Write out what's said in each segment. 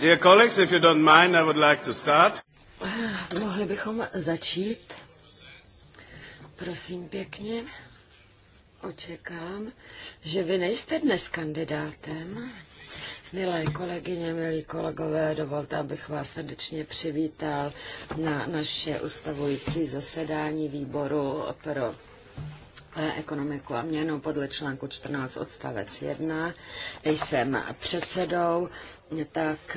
Dear colleagues, if you don't mind, I would like to start. Mohli bychom začít. Prosím pěkně. Očekám, že vy nejste dnes kandidátem. Milé kolegyně, milí kolegové, dovolte, abych vás srdečně přivítal na naše ustavující zasedání výboru pro E, ekonomiku a měnu podle článku 14 odstavec 1. Jsem předsedou, tak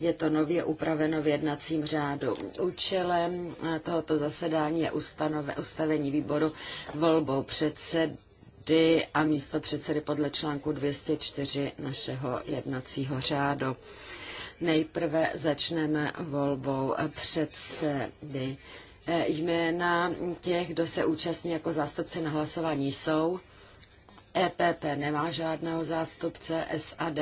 je to nově upraveno v jednacím řádu. Účelem tohoto zasedání je ustanove, ustavení výboru volbou předsedy a místo předsedy podle článku 204 našeho jednacího řádu. Nejprve začneme volbou předsedy Eh, jména těch, kdo se účastní jako zástupci na hlasování jsou. EPP nemá žádného zástupce, SAD,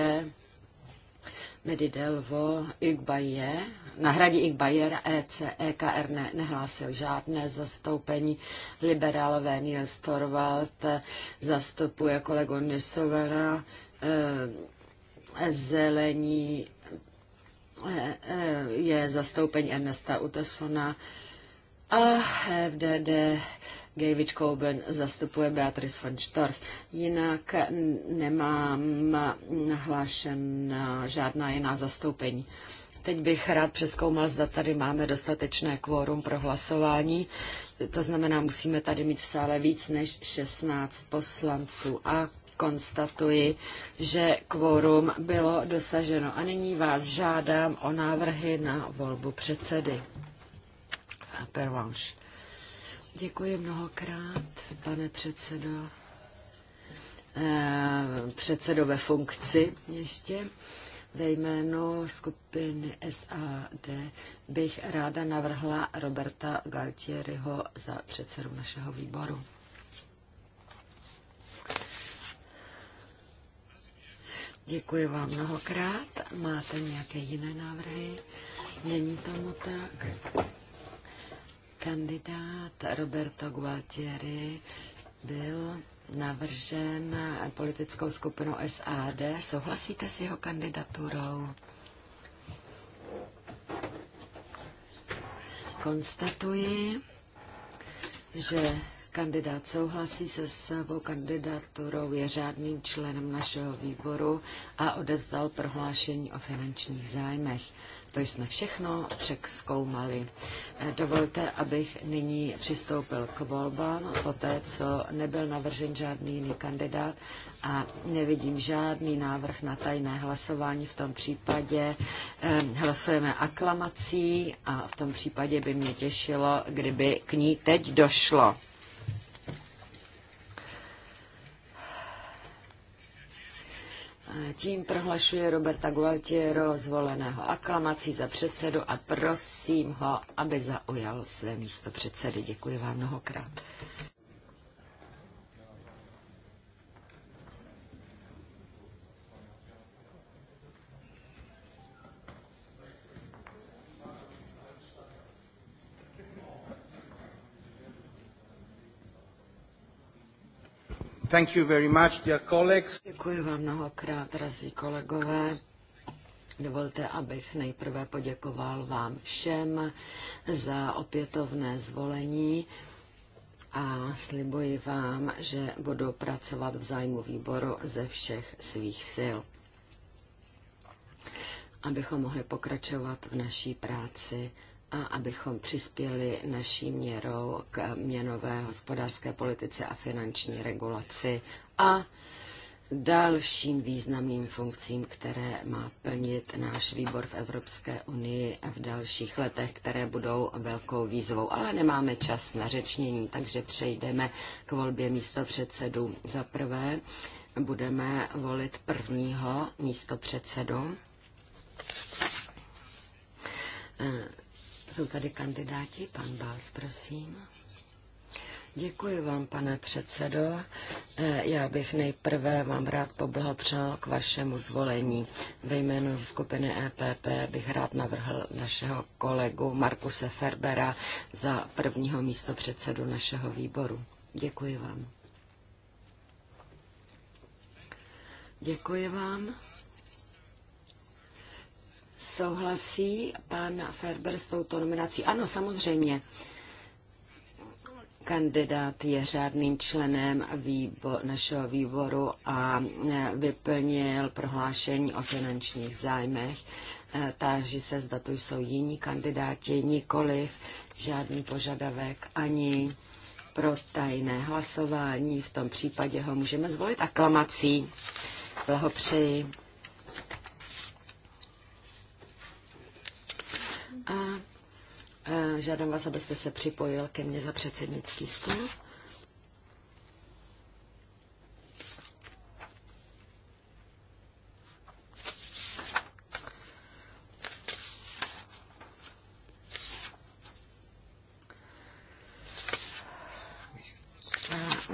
Medidelvo, Igbaje, nahradí Igbajer, EC, EKR ne, nehlásil žádné zastoupení. Liberálové Niels Torvald eh, zastupuje kolegu Nisovera, eh, zelení eh, eh, je zastoupení Ernesta Utesona, eh, a FDD Gejvič Kouben zastupuje Beatrice von Storch. Jinak nemám nahlášen žádná jiná zastoupení. Teď bych rád přeskoumal, zda tady máme dostatečné kvórum pro hlasování. To znamená, musíme tady mít v sále víc než 16 poslanců. A konstatuji, že kvórum bylo dosaženo. A nyní vás žádám o návrhy na volbu předsedy. Pervanš. Děkuji mnohokrát, pane předsedo. Eh, předsedo ve funkci ještě. Ve jménu skupiny SAD bych ráda navrhla Roberta Galtieriho za předsedu našeho výboru. Děkuji vám mnohokrát. Máte nějaké jiné návrhy? Není tomu tak. Kandidát Roberto Gualtieri byl navržen politickou skupinou SAD. Souhlasíte s jeho kandidaturou? Konstatuji, že kandidát souhlasí se svou kandidaturou, je řádným členem našeho výboru a odevzdal prohlášení o finančních zájmech. To jsme všechno zkoumali. Eh, dovolte, abych nyní přistoupil k volbám, poté co nebyl navržen žádný jiný kandidát a nevidím žádný návrh na tajné hlasování. V tom případě eh, hlasujeme aklamací a v tom případě by mě těšilo, kdyby k ní teď došlo. Tím prohlašuje Roberta Gualtiero zvoleného aklamací za předsedu a prosím ho, aby zaujal své místo předsedy. Děkuji vám mnohokrát. Thank you very much, dear colleagues. Děkuji vám mnohokrát, drazí kolegové. Dovolte, abych nejprve poděkoval vám všem za opětovné zvolení a slibuji vám, že budu pracovat v zájmu výboru ze všech svých sil, abychom mohli pokračovat v naší práci a abychom přispěli naší měrou k měnové hospodářské politice a finanční regulaci a dalším významným funkcím, které má plnit náš výbor v Evropské unii a v dalších letech, které budou velkou výzvou. Ale nemáme čas na řečnění, takže přejdeme k volbě místopředsedů. Za prvé budeme volit prvního místopředsedu. Jsou tady kandidáti, pan Bás, prosím. Děkuji vám, pane předsedo. Eh, já bych nejprve vám rád poblahopřál k vašemu zvolení. Ve jménu skupiny EPP bych rád navrhl našeho kolegu Markuse Ferbera za prvního místo předsedu našeho výboru. Děkuji vám. Děkuji vám. Souhlasí pan Ferber s touto nominací? Ano, samozřejmě. Kandidát je řádným členem výbor, našeho výboru a e, vyplnil prohlášení o finančních zájmech. E, Táží se, zda tu jsou jiní kandidáti, nikoliv žádný požadavek ani pro tajné hlasování. V tom případě ho můžeme zvolit aklamací. Blahopřeji. a žádám vás, abyste se připojil ke mně za předsednický stůl.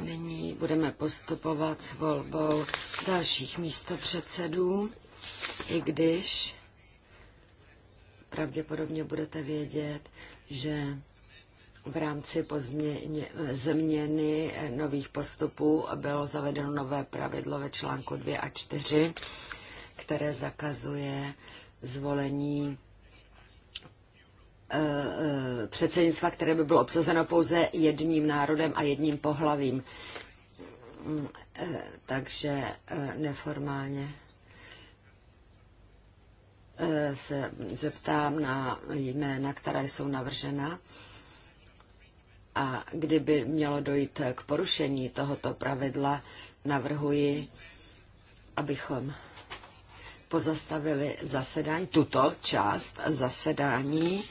nyní budeme postupovat s volbou dalších místopředsedů, i když pravděpodobně budete vědět, že v rámci pozměně, změny nových postupů bylo zavedeno nové pravidlo ve článku 2 a 4, které zakazuje zvolení eh, eh, předsednictva, které by bylo obsazeno pouze jedním národem a jedním pohlavím. Mm, eh, takže neformálně Eh, se zeptám na jména, která jsou navržena. A kdyby mělo dojít k porušení tohoto pravidla, navrhuji, abychom pozastavili zasedání, tuto část zasedání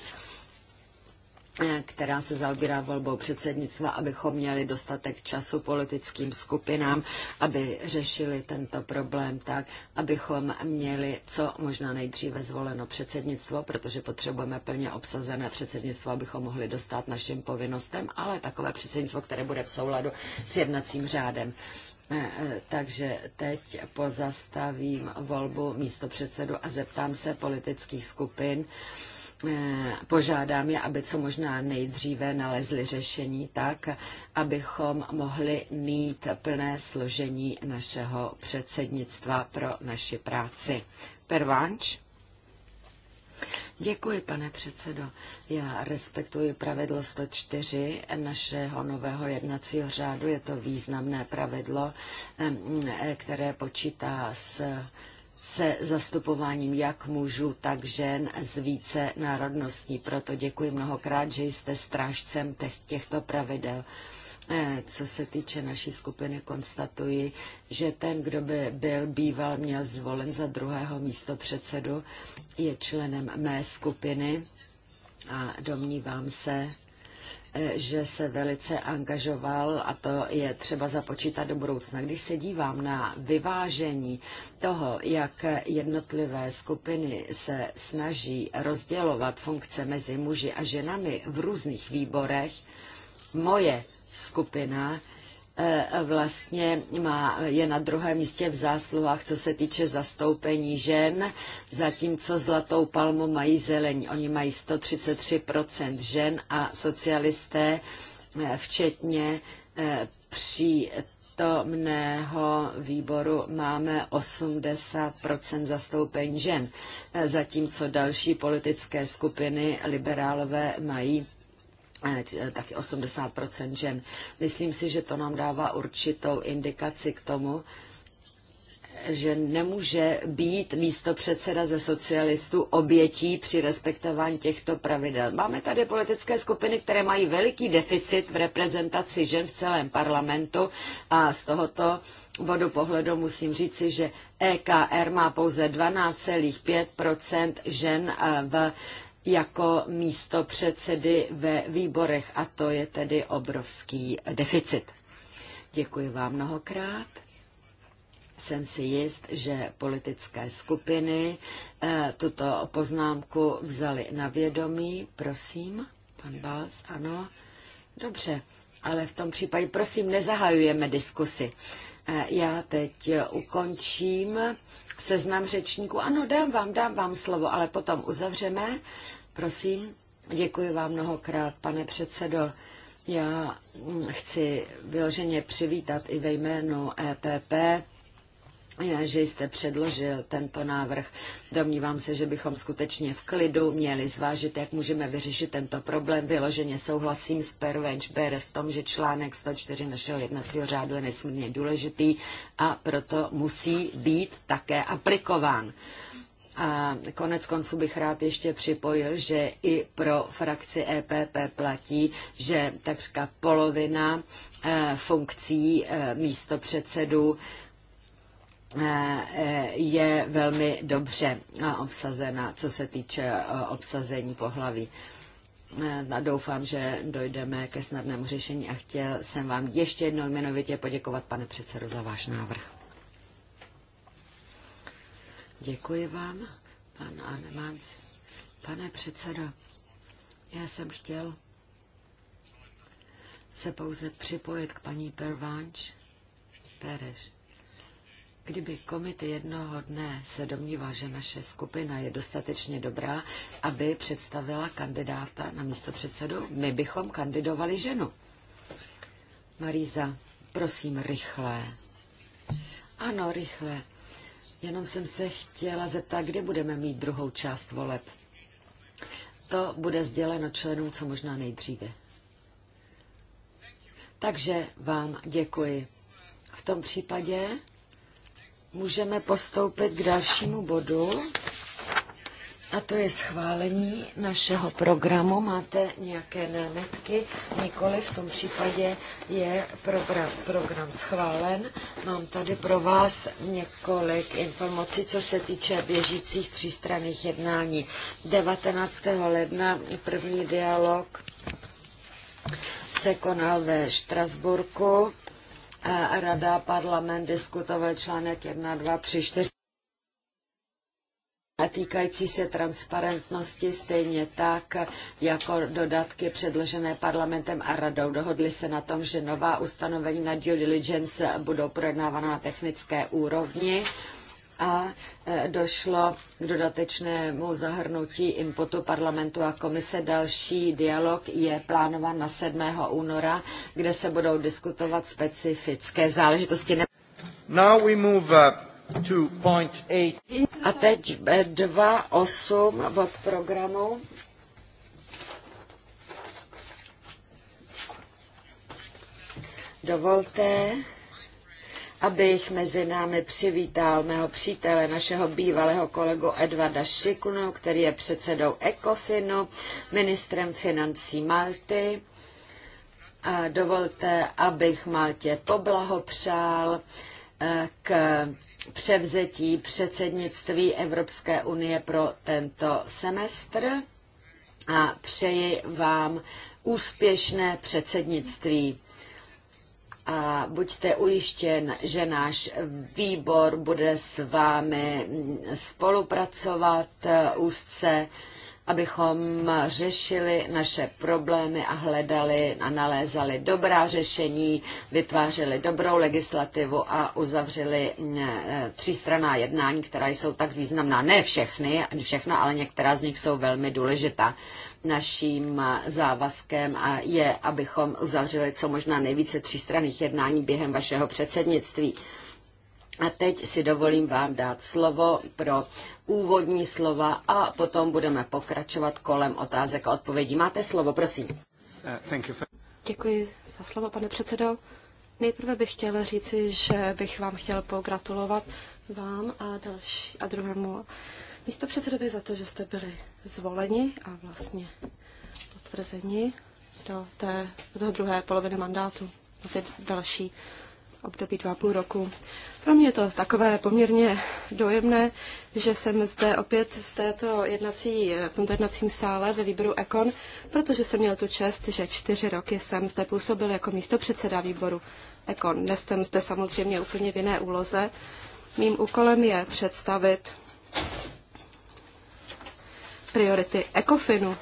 která se zaobírá volbou předsednictva, abychom měli dostatek času politickým skupinám, aby řešili tento problém tak, abychom měli co možná nejdříve zvoleno předsednictvo, protože potřebujeme plně obsazené předsednictvo, abychom mohli dostat našim povinnostem, ale takové předsednictvo, které bude v souladu s jednacím řádem. Eh, eh, takže teď pozastavím volbu místo předsedu a zeptám se politických skupin, Eh, požádám je, aby co možná nejdříve nalezli řešení tak, abychom mohli mít plné složení našeho předsednictva pro naši práci. Pervanč? Děkuji, pane předsedo. Já respektuji pravidlo 104 našeho nového jednacího řádu. Je to významné pravidlo, eh, které počítá s se zastupováním jak mužů, tak žen z více národností. Proto děkuji mnohokrát, že jste strážcem těchto pravidel. Eh, co se týče naší skupiny, konstatuji, že ten, kdo by byl býval, měl zvolen za druhého místo předsedu, je členem mé skupiny a domnívám se, že se velice angažoval a to je třeba započítat do budoucna. Když se dívám na vyvážení toho, jak jednotlivé skupiny se snaží rozdělovat funkce mezi muži a ženami v různých výborech, moje skupina Eh, vlastně má, je na druhém místě v zásluhách, co se týče zastoupení žen, zatímco zlatou palmu mají zelení. Oni mají 133% žen a socialisté, eh, včetně eh, při mného výboru máme 80 zastoupení žen, zatímco další politické skupiny liberálové mají Eh, taky 80% žen. Myslím si, že to nám dává určitou indikaci k tomu, že nemůže být místo předseda ze socialistů obětí při respektování těchto pravidel. Máme tady politické skupiny, které mají veliký deficit v reprezentaci žen v celém parlamentu a z tohoto bodu pohledu musím říci, že EKR má pouze 12,5 žen eh, v jako místo předsedy ve výborech a to je tedy obrovský deficit. Děkuji vám mnohokrát. Jsem si jist, že politické skupiny eh, tuto poznámku vzali na vědomí. Prosím, pan Bals, ano. Dobře, ale v tom případě, prosím, nezahajujeme diskusy. Eh, já teď ukončím seznam řečníků. Ano, dám vám, dám vám slovo, ale potom uzavřeme Prosím, děkuji vám mnohokrát, pane předsedo. Já mm, chci vyloženě přivítat i ve jménu EPP eh, že jste předložil tento návrh. Domnívám se, že bychom skutečně v klidu měli zvážit, jak můžeme vyřešit tento problém. Vyloženě souhlasím s Pervenč Ber v tom, že článek 104 našeho jednacího řádu je nesmírně důležitý a proto musí být také aplikován. A konec konců bych rád ještě připojil, že i pro frakci EPP platí, že takřka polovina eh, funkcí eh, místo předsedů eh, je velmi dobře obsazena, co se týče obsazení pohlaví. A doufám, že dojdeme ke snadnému řešení a chtěl jsem vám ještě jednou jmenovitě poděkovat, pane předsedo, za váš návrh. Děkuji vám, pan Anemans. Pane předsedo, já jsem chtěl se pouze připojit k paní Pervánč Pereš. Kdyby komit jednoho dne se domníval, že naše skupina je dostatečně dobrá, aby představila kandidáta na místo předsedu, my bychom kandidovali ženu. Maríza, prosím, rychle. Ano, rychle. Jenom jsem se chtěla zeptat, kde budeme mít druhou část voleb. To bude sděleno členům co možná nejdříve. Takže vám děkuji. V tom případě můžeme postoupit k dalšímu bodu. A to je schválení našeho programu. Máte nějaké námitky? Nikoli v tom případě je program, program schválen. Mám tady pro vás několik informací, co se týče běžících třístranných jednání. 19. ledna první dialog se konal ve Štrasburku. Rada parlament diskutoval článek 1, 2, 3, 4 a týkající se transparentnosti stejně tak jako dodatky předložené parlamentem a radou. Dohodli se na tom, že nová ustanovení na due diligence budou projednávána na technické úrovni a e, došlo k dodatečnému zahrnutí inputu parlamentu a komise. Další dialog je plánován na 7. února, kde se budou diskutovat specifické záležitosti. Now we move uh, a teď 2.8 od programu. Dovolte, abych mezi námi přivítal mého přítele, našeho bývalého kolegu Edvarda Šikunu, který je předsedou ECOFINu, ministrem financí Malty. A dovolte, abych Maltě poblahopřál k převzetí předsednictví Evropské unie pro tento semestr a přeji vám úspěšné předsednictví. A buďte ujištěn, že náš výbor bude s vámi spolupracovat úzce abychom řešili naše problémy a hledali a nalézali dobrá řešení, vytvářeli dobrou legislativu a uzavřeli eh, třístraná jednání, která jsou tak významná. Ne všechny, všechna, ale některá z nich jsou velmi důležitá. Naším eh, závazkem je, abychom uzavřeli co možná nejvíce třístraných jednání během vašeho předsednictví. A teď si dovolím vám dát slovo pro úvodní slova a potom budeme pokračovat kolem otázek a odpovědí. Máte slovo, prosím. Uh, Děkuji za slovo, pane předsedo. Nejprve bych chtěla říci, že bych vám chtěl pogratulovat vám a další a druhému místo předsedovi za to, že jste byli zvoleni a vlastně potvrzeni do té do druhé poloviny mandátu, na té další období půl roku. Pro mě je to takové poměrně dojemné, že jsem zde opět v, této jednací, v tomto jednacím sále ve výboru Ekon, protože jsem měl tu čest, že čtyři roky jsem zde působil jako místo předseda výboru Ekon. Dnes jsem zde samozřejmě úplně v jiné úloze. Mým úkolem je představit priority Ekofinu,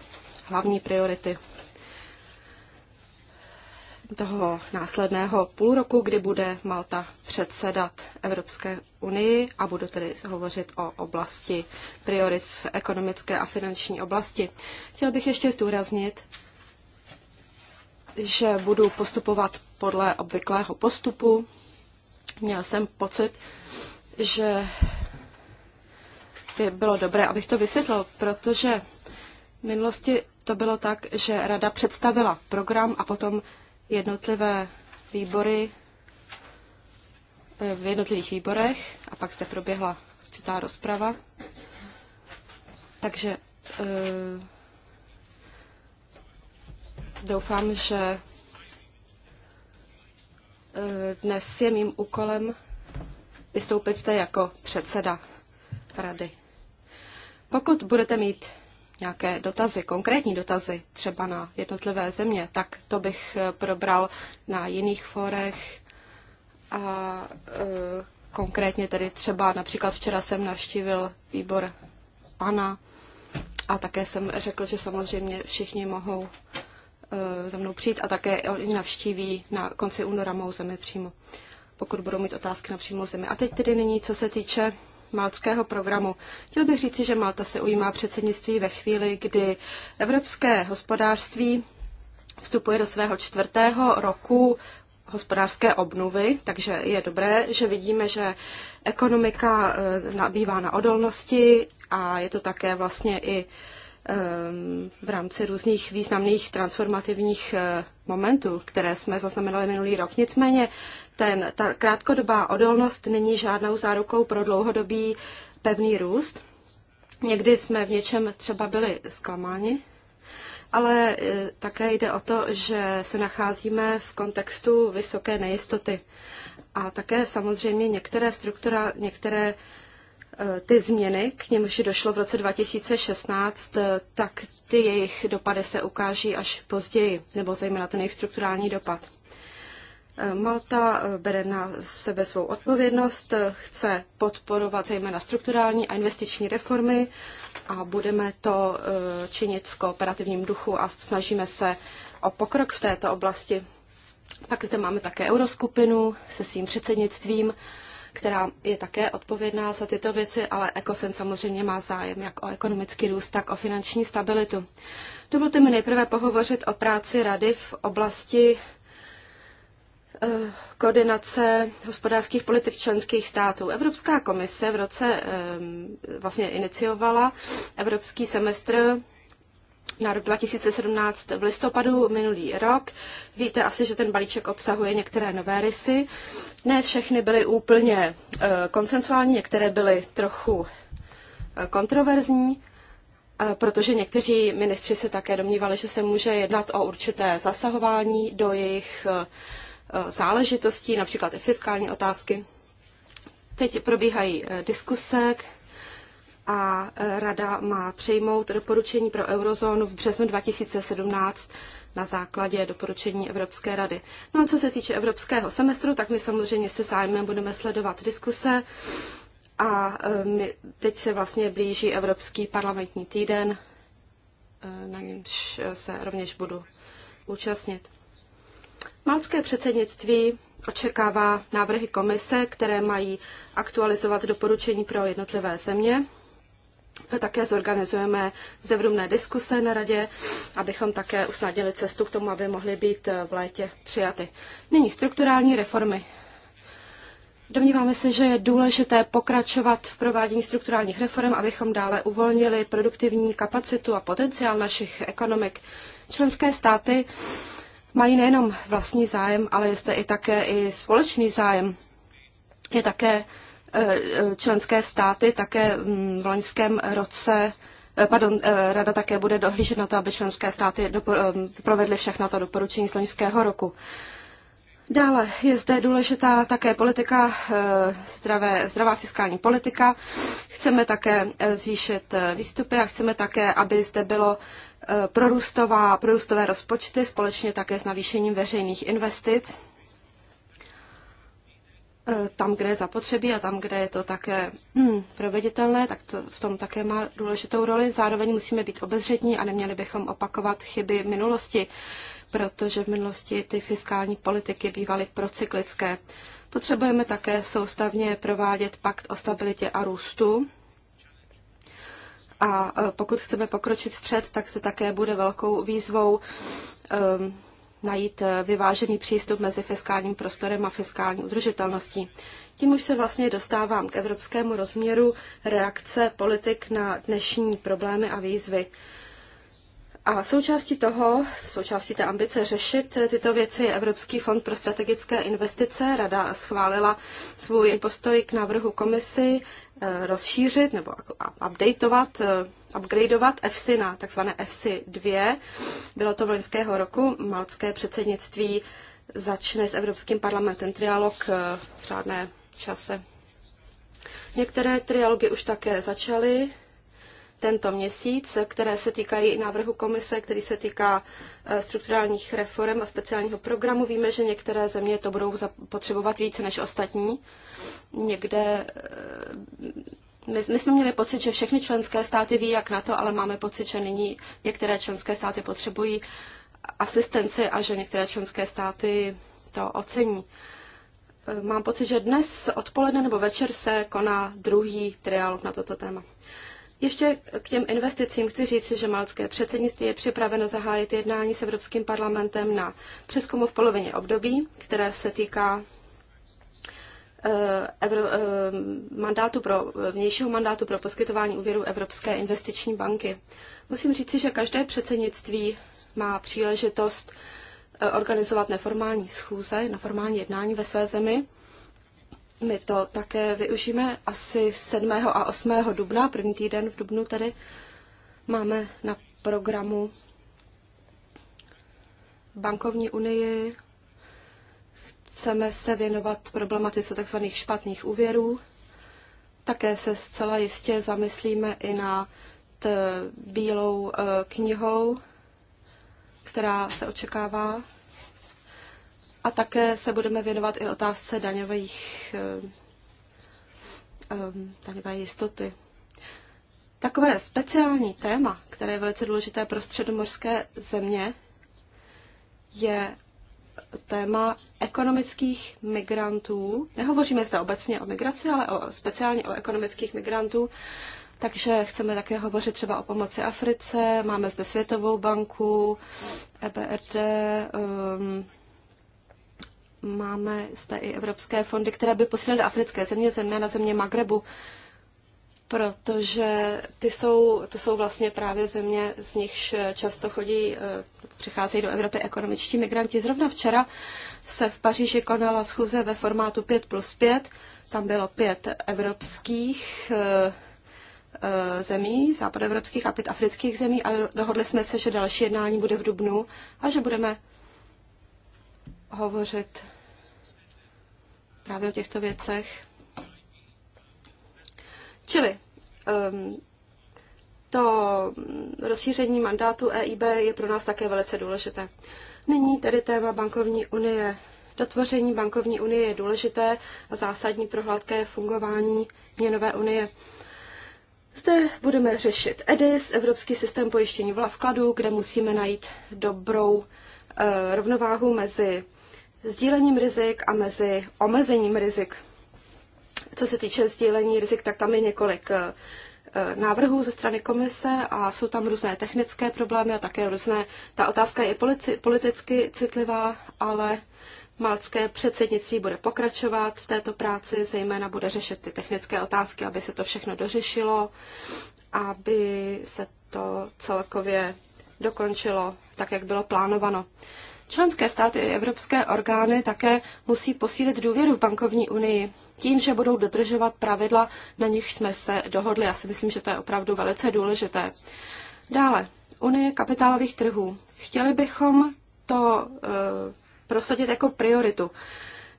hlavní priority toho následného půl roku, kdy bude Malta předsedat Evropské unii a budu tedy hovořit o oblasti priorit v ekonomické a finanční oblasti. Chtěl bych ještě zdůraznit, že budu postupovat podle obvyklého postupu. Měl jsem pocit, že by bylo dobré, abych to vysvětlil, protože v minulosti to bylo tak, že rada představila program a potom jednotlivé výbory eh, v jednotlivých výborech a pak zde proběhla určitá rozprava. Takže eh, doufám, že eh, dnes je mým úkolem vystoupit zde jako předseda rady. Pokud budete mít nějaké dotazy, konkrétní dotazy třeba na jednotlivé země, tak to bych eh, probral na jiných forech a e, konkrétně tedy třeba například včera jsem navštívil výbor pana a také jsem řekl, že samozřejmě všichni mohou e, za mnou přijít a také oni navštíví na konci února mou zemi přímo, pokud budou mít otázky na přímo zemi. A teď tedy nyní, co se týče maltského programu. Chtěl bych říci, že Malta se ujímá předsednictví ve chvíli, kdy evropské hospodářství vstupuje do svého čtvrtého roku hospodářské obnovy, takže je dobré, že vidíme, že ekonomika eh, nabývá na odolnosti a je to také vlastně i eh, v rámci různých významných transformativních eh, momentů, které jsme zaznamenali minulý rok. Nicméně ten, ta krátkodobá odolnost není žádnou zárukou pro dlouhodobý pevný růst. Někdy jsme v něčem třeba byli zklamáni, ale e, také jde o to, že se nacházíme v kontextu vysoké nejistoty. A také samozřejmě některé struktura, některé e, ty změny, k němž došlo v roce 2016, e, tak ty jejich dopady se ukáží až později, nebo zejména ten jejich strukturální dopad. Malta eh, bere na sebe svou odpovědnost, eh, chce podporovat zejména strukturální a investiční reformy a budeme to eh, činit v kooperativním duchu a snažíme se o pokrok v této oblasti. Pak zde máme také euroskupinu se svým předsednictvím, která je také odpovědná za tyto věci, ale ECOFIN samozřejmě má zájem jak o ekonomický růst, tak o finanční stabilitu. Dovolte mi nejprve pohovořit o práci Rady v oblasti Eh, koordinace hospodářských politik členských států. Evropská komise v roce eh, vlastně iniciovala evropský semestr na rok 2017 v listopadu minulý rok. Víte asi, že ten balíček obsahuje některé nové rysy. Ne všechny byly úplně eh, konsensuální, některé byly trochu kontroverzní, protože někteří ministři se také domnívali, že se může jednat o určité zasahování do jejich Eh, záležitostí, například i fiskální otázky. Teď probíhají eh, diskuse a eh, Rada má přejmout doporučení pro eurozónu v březnu 2017 na základě doporučení Evropské rady. No a co se týče evropského semestru, tak my samozřejmě se zájmem budeme sledovat diskuse a my, teď se vlastně blíží Evropský parlamentní týden, na němž se rovněž budu účastnit. Malské předsednictví očekává návrhy komise, které mají aktualizovat doporučení pro jednotlivé země. Také zorganizujeme zevrumné diskuse na radě, abychom také usnadnili cestu k tomu, aby mohly být eh, v létě přijaty. Nyní strukturální reformy. Domníváme se, že je důležité pokračovat v provádění strukturálních reform, abychom dále uvolnili produktivní kapacitu a potenciál našich ekonomik. Členské státy mají nejenom vlastní zájem, ale je zde i také i společný zájem. Je také e, e, členské státy také mm, v loňském roce e, Pardon, rada také bude dohlížet na to, aby členské státy provedly všechna ta doporučení z loňského roku. Dále je zde důležitá také politika, zdravé, zdravá fiskální politika. Chceme také zvýšit výstupy a chceme také, aby zde bylo Eh, prorůstová, prorůstové rozpočty společně také s navýšením veřejných investic eh, tam, kde je zapotřebí a tam, kde je to také hmm, proveditelné, tak to v tom také má důležitou roli. Zároveň musíme být obezřetní a neměli bychom opakovat chyby minulosti, protože v minulosti ty fiskální politiky bývaly procyklické. Potřebujeme také soustavně provádět pakt o stabilitě a růstu, a e, pokud chceme pokročit vpřed, tak se také bude velkou výzvou e, najít e, vyvážený přístup mezi fiskálním prostorem a fiskální udržitelností. Tím už se vlastně dostávám k evropskému rozměru reakce politik na dnešní problémy a výzvy. A součástí toho, součástí té ambice řešit tyto věci je Evropský fond pro strategické investice. Rada schválila svůj postoj k návrhu komisi eh, rozšířit nebo jako updateovat, eh, upgradeovat EFSI na tzv. EFSI 2. Bylo to v loňského roku. Malcké předsednictví začne s Evropským parlamentem trialog eh, v řádné čase. Některé trialogy už také začaly tento měsíc, které se týkají návrhu komise, který se týká eh, strukturálních reform a speciálního programu. Víme, že některé země to budou potřebovat více než ostatní. Někde eh, my, my jsme měli pocit, že všechny členské státy ví, jak na to, ale máme pocit, že nyní některé členské státy potřebují asistenci a že některé členské státy to ocení. Eh, mám pocit, že dnes odpoledne nebo večer se koná druhý trialog na toto téma. Ještě k těm investicím chci říct, že malcké předsednictví je připraveno zahájit jednání s Evropským parlamentem na přeskumu v polovině období, které se týká eh, evro, eh, mandátu pro, vnějšího mandátu pro poskytování úvěru Evropské investiční banky. Musím říci, že každé předsednictví má příležitost eh, organizovat neformální schůze, neformální jednání ve své zemi. My to také využijeme asi 7. a 8. dubna, první týden v dubnu tady máme na programu bankovní unii. Chceme se věnovat problematice tzv. špatných úvěrů. Také se zcela jistě zamyslíme i na eh, bílou eh, knihou, která se očekává a také se budeme věnovat i otázce daňových, eh, daňové jistoty. Takové speciální téma, které je velice důležité pro středomorské země, je téma ekonomických migrantů. Nehovoříme zde obecně o migraci, ale o, speciálně o ekonomických migrantů. Takže chceme také hovořit třeba o pomoci Africe, máme zde Světovou banku, EBRD, um, Máme zde i evropské fondy, které by posílily africké země, země na země Magrebu, protože ty jsou, to jsou vlastně právě země, z nichž často chodí, eh, přicházejí do Evropy ekonomičtí migranti. Zrovna včera se v Paříži konala schůze ve formátu 5 plus 5. Tam bylo pět evropských eh, eh, zemí, západoevropských a pět afrických zemí, ale dohodli jsme se, že další jednání bude v Dubnu a že budeme hovořit právě o těchto věcech. Čili um, to rozšíření mandátu EIB je pro nás také velice důležité. Nyní tedy téma bankovní unie. Dotvoření bankovní unie je důležité a zásadní pro hladké fungování měnové unie. Zde budeme řešit EDIS, Evropský systém pojištění vkladů, kde musíme najít dobrou eh, rovnováhu mezi sdílením rizik a mezi omezením rizik. Co se týče sdílení rizik, tak tam je několik eh, návrhů ze strany komise a jsou tam různé technické problémy a také různé. Ta otázka je politicky citlivá, ale malcké předsednictví bude pokračovat v této práci, zejména bude řešit ty technické otázky, aby se to všechno dořešilo, aby se to celkově dokončilo tak, jak bylo plánovano. Členské státy i evropské orgány také musí posílit důvěru v bankovní unii tím, že budou dodržovat pravidla, na nich jsme se dohodli. Já si myslím, že to je opravdu velice důležité. Dále, Unie kapitálových trhů. Chtěli bychom to e, prosadit jako prioritu.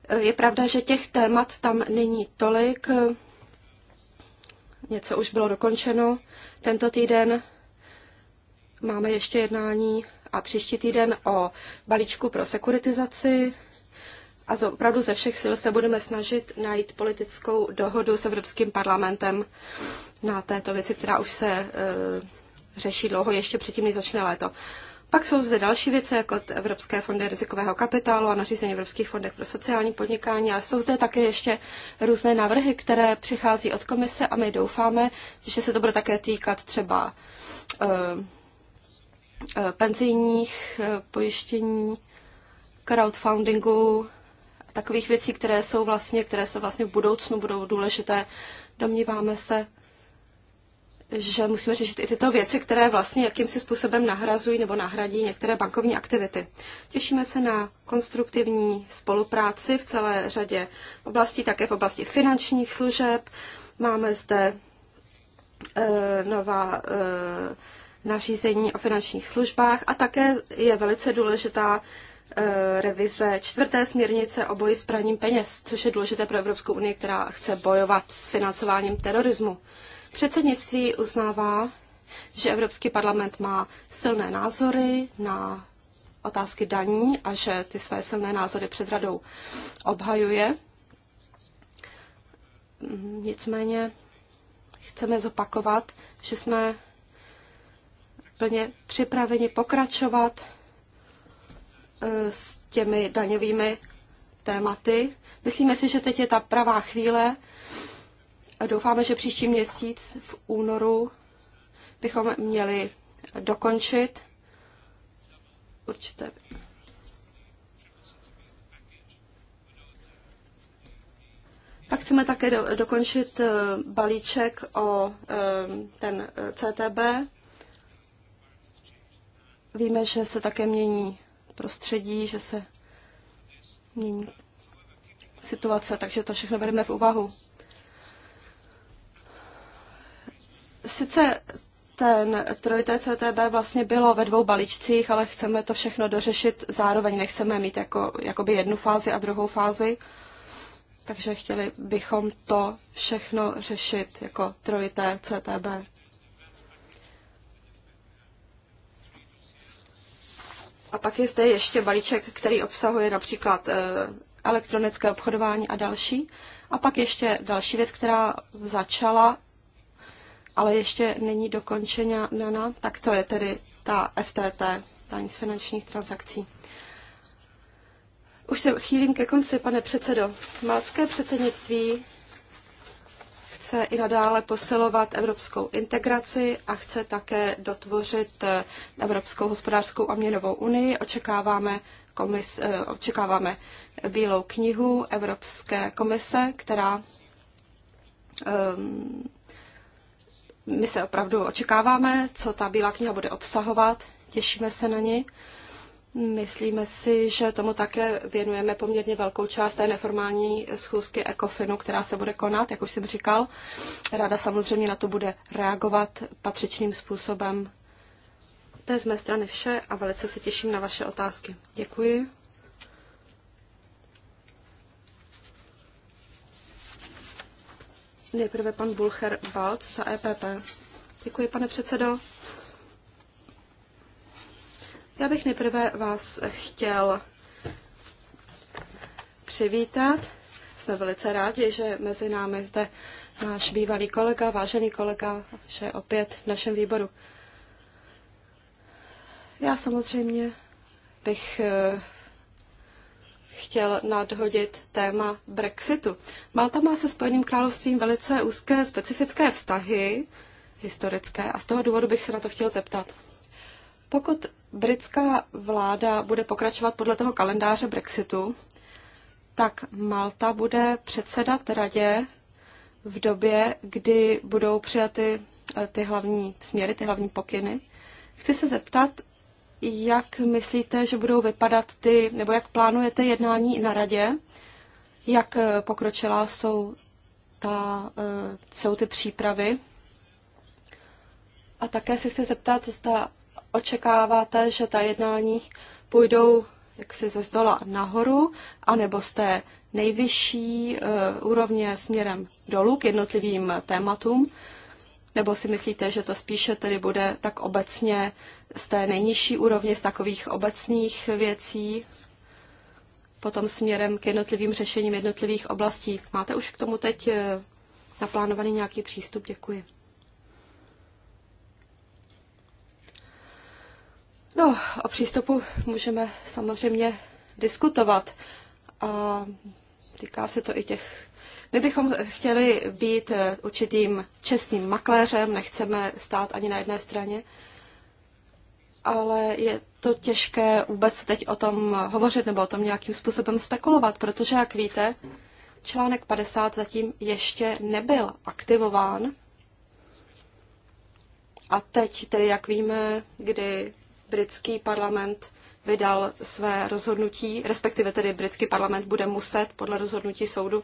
Eh, je pravda, že těch témat tam není tolik. Něco už bylo dokončeno tento týden. Máme ještě jednání a příští týden o balíčku pro sekuritizaci. A z opravdu ze všech sil se budeme snažit najít politickou dohodu s Evropským parlamentem na této věci, která už se uh, řeší dlouho, ještě předtím, než začne léto. Pak jsou zde další věci, jako Evropské fondy rizikového kapitálu a nařízení Evropských fondech pro sociální podnikání. A jsou zde také ještě různé návrhy, které přichází od komise a my doufáme, že se to bude také týkat třeba uh, Eh, penzijních eh, pojištění, crowdfundingu, takových věcí, které jsou vlastně, které se vlastně v budoucnu budou důležité. Domníváme se, že musíme řešit i tyto věci, které vlastně jakýmsi způsobem nahrazují nebo nahradí některé bankovní aktivity. Těšíme se na konstruktivní spolupráci v celé řadě oblastí, také v oblasti finančních služeb. Máme zde e, nová e, nařízení o finančních službách a také je velice důležitá eh, revize čtvrté směrnice o boji s praním peněz, což je důležité pro Evropskou unii, která chce bojovat s financováním terorismu. Předsednictví uznává, že Evropský parlament má silné názory na otázky daní a že ty své silné názory před radou obhajuje. Nicméně chceme zopakovat, že jsme plně připraveni pokračovat eh, s těmi daňovými tématy. Myslíme si, že teď je ta pravá chvíle. a Doufáme, že příští měsíc v únoru bychom měli dokončit určité. Pak chceme také do, dokončit eh, balíček o eh, ten CTB, Víme, že se také mění prostředí, že se mění situace, takže to všechno bereme v úvahu. Sice ten trojité CTB vlastně bylo ve dvou balíčcích, ale chceme to všechno dořešit zároveň. Nechceme mít jako, jakoby jednu fázi a druhou fázi, takže chtěli bychom to všechno řešit jako trojité CTB. A pak je zde ještě balíček, který obsahuje například eh, elektronické obchodování a další. A pak ještě další věc, která začala, ale ještě není dokončena, nana, tak to je tedy ta FTT, daň z finančních transakcí. Už se chýlím ke konci, pane předsedo. Malcké předsednictví chce i nadále posilovat evropskou integraci a chce také dotvořit eh, Evropskou hospodářskou a měnovou unii. Očekáváme, komis, eh, očekáváme bílou knihu Evropské komise, která um, my se opravdu očekáváme, co ta bílá kniha bude obsahovat. Těšíme se na ní. Uh, Myslíme si, že tomu také věnujeme poměrně velkou část té neformální schůzky ECOFINu, která se bude konat, jak už jsem říkal. Rada samozřejmě na to bude reagovat patřičným způsobem. To je z mé strany vše a velice se těším na vaše otázky. Děkuji. Nejprve pan Bulcher Balc za EPP. Děkuji, pane předsedo. Já bych nejprve vás chtěl přivítat. Jsme velice rádi, že mezi námi zde náš bývalý kolega, vážený kolega, že opět v našem výboru. Já samozřejmě bych eh, chtěl nadhodit téma Brexitu. Malta má se Spojeným královstvím velice úzké specifické vztahy, historické, a z toho důvodu bych se na to chtěl zeptat. Pokud britská vláda bude pokračovat podle toho kalendáře Brexitu, tak Malta bude předsedat radě v době, kdy budou přijaty eh, ty hlavní směry, ty hlavní pokyny. Chci se zeptat, jak myslíte, že budou vypadat ty, nebo jak plánujete jednání na radě, jak eh, pokročila jsou, ta, eh, jsou ty přípravy. A také se chci zeptat, zda očekáváte, že ta jednání půjdou jaksi ze zdola nahoru, anebo z té nejvyšší e, úrovně směrem dolů k jednotlivým tématům, nebo si myslíte, že to spíše tedy bude tak obecně z té nejnižší úrovně, z takových obecných věcí, potom směrem k jednotlivým řešením jednotlivých oblastí. Máte už k tomu teď e, naplánovaný nějaký přístup? Děkuji. No, o přístupu můžeme samozřejmě diskutovat. A týká se to i těch my bychom chtěli být eh, určitým čestným makléřem, nechceme stát ani na jedné straně, ale je to těžké vůbec teď o tom hovořit nebo o tom nějakým způsobem spekulovat, protože, jak víte, článek 50 zatím ještě nebyl aktivován. A teď tedy, jak víme, kdy britský parlament vydal své rozhodnutí, respektive tedy britský parlament bude muset podle rozhodnutí soudu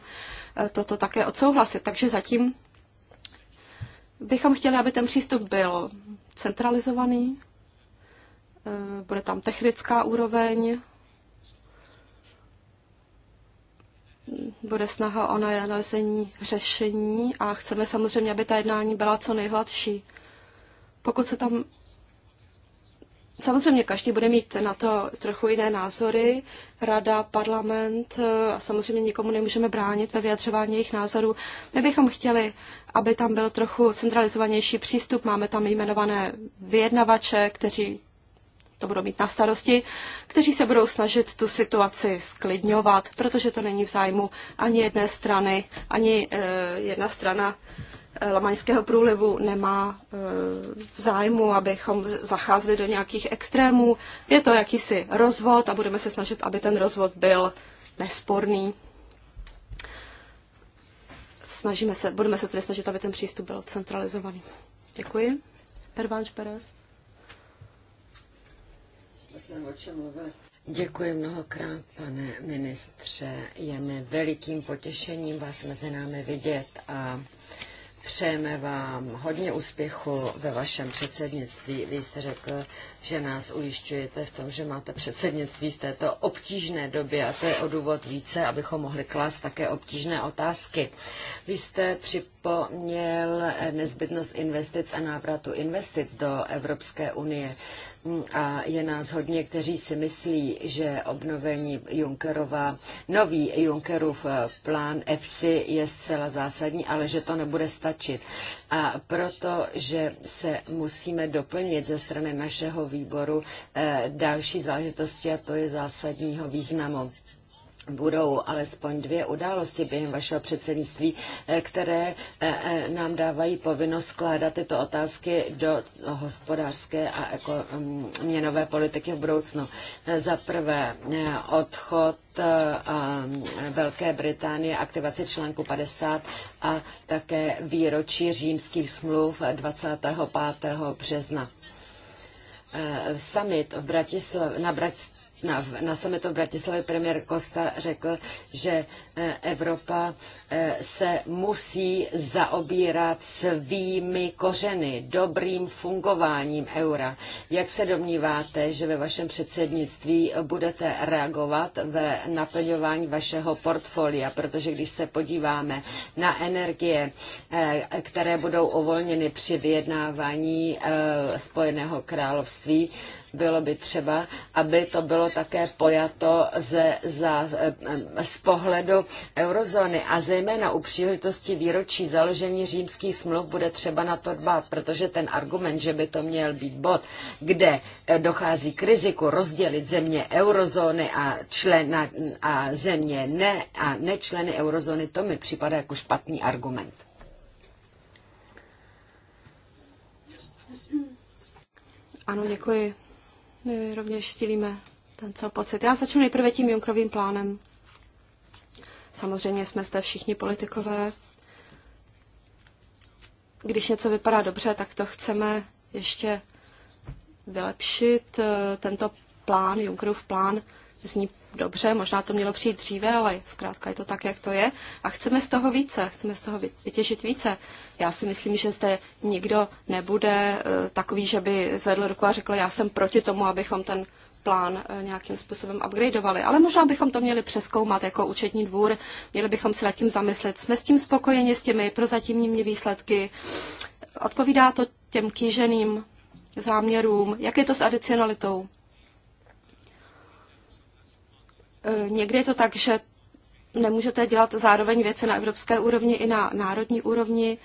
eh, toto také odsouhlasit. Takže zatím bychom chtěli, aby ten přístup byl centralizovaný, eh, bude tam technická úroveň, bude snaha o nalezení řešení a chceme samozřejmě, aby ta jednání byla co nejhladší. Pokud se tam Samozřejmě každý bude mít na to trochu jiné názory, rada, parlament eh, a samozřejmě nikomu nemůžeme bránit ve vyjadřování jejich názorů. My bychom chtěli, aby tam byl trochu centralizovanější přístup. Máme tam jmenované vyjednavače, kteří to budou mít na starosti, kteří se budou snažit tu situaci sklidňovat, protože to není v zájmu ani jedné strany, ani eh, jedna strana Eh, Lamaňského průlivu nemá eh, v zájmu, abychom zacházeli do nějakých extrémů. Je to jakýsi rozvod a budeme se snažit, aby ten rozvod byl nesporný. Snažíme se, budeme se tedy snažit, aby ten přístup byl centralizovaný. Děkuji. Pervánč Perez. Děkuji mnohokrát, pane ministře. Je mi velikým potěšením vás mezi námi vidět a Přejeme vám hodně úspěchu ve vašem předsednictví. Vy jste řekl, že nás ujišťujete v tom, že máte předsednictví v této obtížné době a to je o důvod více, abychom mohli klást také obtížné otázky. Vy jste připomněl nezbytnost investic a návratu investic do Evropské unie a je nás hodně, kteří si myslí, že obnovení Junckerova, nový Junckerův eh, plán EFSI je zcela zásadní, ale že to nebude stačit. A proto, že se musíme doplnit ze strany našeho výboru eh, další záležitosti a to je zásadního významu budou alespoň dvě události během vašeho předsednictví, eh, které eh, eh, nám dávají povinnost skládat tyto otázky do hospodářské a jako měnové politiky v budoucnu. Za prvé odchod Velké Británie, aktivace článku 50 a také výročí římských smluv 25. března summit v Bratislav, na Brat, na, na summitu v Bratislavě premiér Costa řekl, že eh, Evropa eh, se musí zaobírat svými kořeny, dobrým fungováním eura. Jak se domníváte, že ve vašem předsednictví budete reagovat ve naplňování vašeho portfolia? Protože když se podíváme na energie, eh, které budou uvolněny při vyjednávání Spojeného království, bylo by třeba, aby to bylo také pojato z, za, eh, z pohledu eurozóny a zejména u příležitosti výročí založení římských smluv bude třeba na to dbát, protože ten argument, že by to měl být bod, kde eh, dochází k riziku rozdělit země eurozóny a, člen, a země ne a nečleny eurozóny, to mi připadá jako špatný argument. Ano, děkuji. My rovněž stílíme ten cel pocit. Já začnu nejprve tím Junkrovým plánem. Samozřejmě jsme zde všichni politikové. Když něco vypadá dobře, tak to chceme ještě vylepšit. Tento plán, Junckerův plán, zní dobře, možná to mělo přijít dříve, ale zkrátka je to tak, jak to je. A chceme z toho více, chceme z toho vytěžit více. Já si myslím, že zde nikdo nebude eh, takový, že by zvedl ruku a řekl, já jsem proti tomu, abychom ten plán eh, nějakým způsobem upgradeovali. Ale možná bychom to měli přeskoumat jako účetní dvůr, měli bychom se nad tím zamyslet. Jsme s tím spokojeni, s těmi prozatímními výsledky. Odpovídá to těm kýženým záměrům? Jak je to s adicionalitou? Eh, někdy je to tak, že nemůžete dělat zároveň věci na evropské úrovni i na národní úrovni.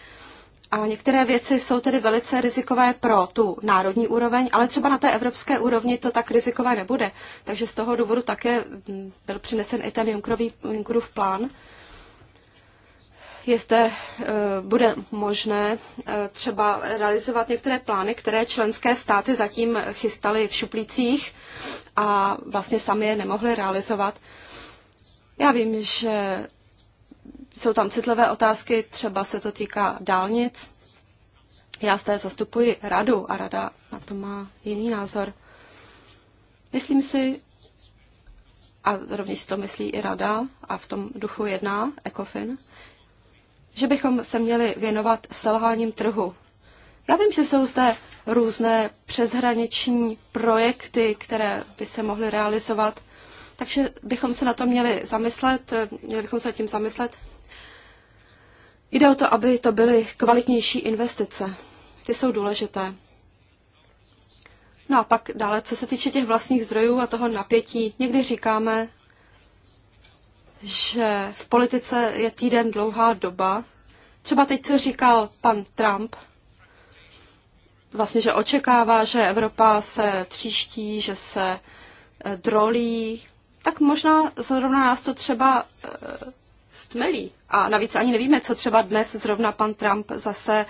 A některé věci jsou tedy velice rizikové pro tu národní úroveň, ale třeba na té evropské úrovni to tak rizikové nebude. Takže z toho důvodu také mm, byl přinesen i ten Junckerův plán je zde, eh, bude možné eh, třeba realizovat některé plány, které členské státy zatím chystaly v šuplících a vlastně sami je nemohly realizovat. Já vím, že jsou tam citlivé otázky, třeba se to týká dálnic. Já zde zastupuji radu a rada na to má jiný názor. Myslím si, a rovněž to myslí i rada a v tom duchu jedná ECOFIN, že bychom se měli věnovat selháním trhu. Já vím, že jsou zde různé přeshraniční projekty, které by se mohly realizovat, takže bychom se na to měli zamyslet, měli bychom se tím zamyslet. Jde o to, aby to byly kvalitnější investice. Ty jsou důležité. No a pak dále, co se týče těch vlastních zdrojů a toho napětí, někdy říkáme, že v politice je týden dlouhá doba. Třeba teď, co říkal pan Trump, vlastně, že očekává, že Evropa se tříští, že se eh, drolí, tak možná zrovna nás to třeba eh, stmelí. A navíc ani nevíme, co třeba dnes zrovna pan Trump zase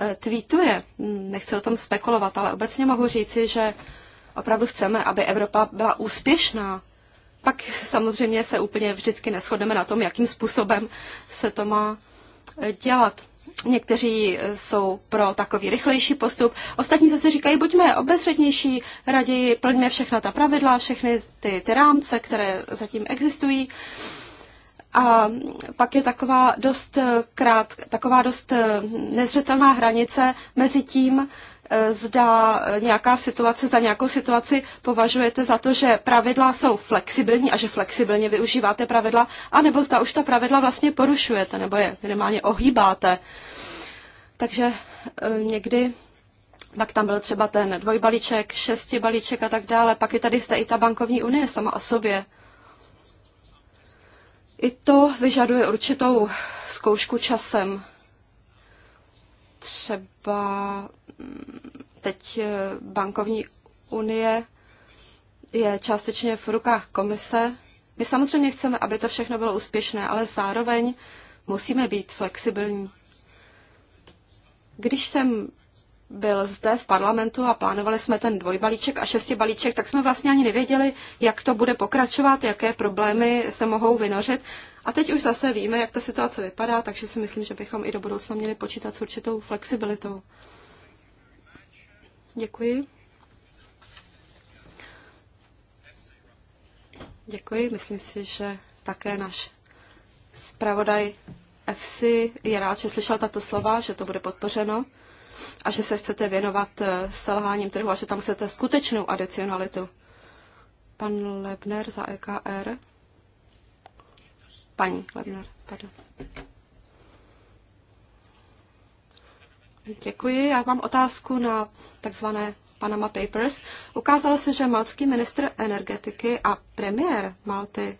eh, tweetuje. Nechci o tom spekulovat, ale obecně mohu říci, že opravdu chceme, aby Evropa byla úspěšná pak samozřejmě se úplně vždycky neschodeme na tom, jakým způsobem se to má eh, dělat. Někteří eh, jsou pro takový rychlejší postup, ostatní zase říkají, buďme obezřetnější, raději plňme všechna ta pravidla, všechny ty, ty rámce, které zatím existují. A pak je taková dost eh, krát, taková dost nezřetelná hranice mezi tím, E, zda nějaká situace, zda nějakou situaci považujete za to, že pravidla jsou flexibilní a že flexibilně využíváte pravidla, anebo zda už ta pravidla vlastně porušujete nebo je minimálně ohýbáte. Takže e, někdy pak tam byl třeba ten dvojbalíček, šesti balíček a tak dále. Pak je tady jste i ta bankovní unie sama o sobě. I to vyžaduje určitou zkoušku časem třeba mm, teď eh, bankovní unie je částečně v rukách komise. My samozřejmě chceme, aby to všechno bylo úspěšné, ale zároveň musíme být flexibilní. Když jsem byl zde v parlamentu a plánovali jsme ten dvojbalíček a šesti balíček, tak jsme vlastně ani nevěděli, jak to bude pokračovat, jaké problémy se mohou vynořit. A teď už zase víme, jak ta situace vypadá, takže si myslím, že bychom i do budoucna měli počítat s určitou flexibilitou. Děkuji. Děkuji. Myslím si, že také náš zpravodaj FC je rád, že slyšel tato slova, že to bude podpořeno a že se chcete věnovat eh, selháním trhu a že tam chcete skutečnou adicionalitu. Pan Lebner za EKR. Paní Lebner, pardon. Děkuji. Já mám otázku na takzvané Panama Papers. Ukázalo se, že maltský ministr energetiky a premiér Malty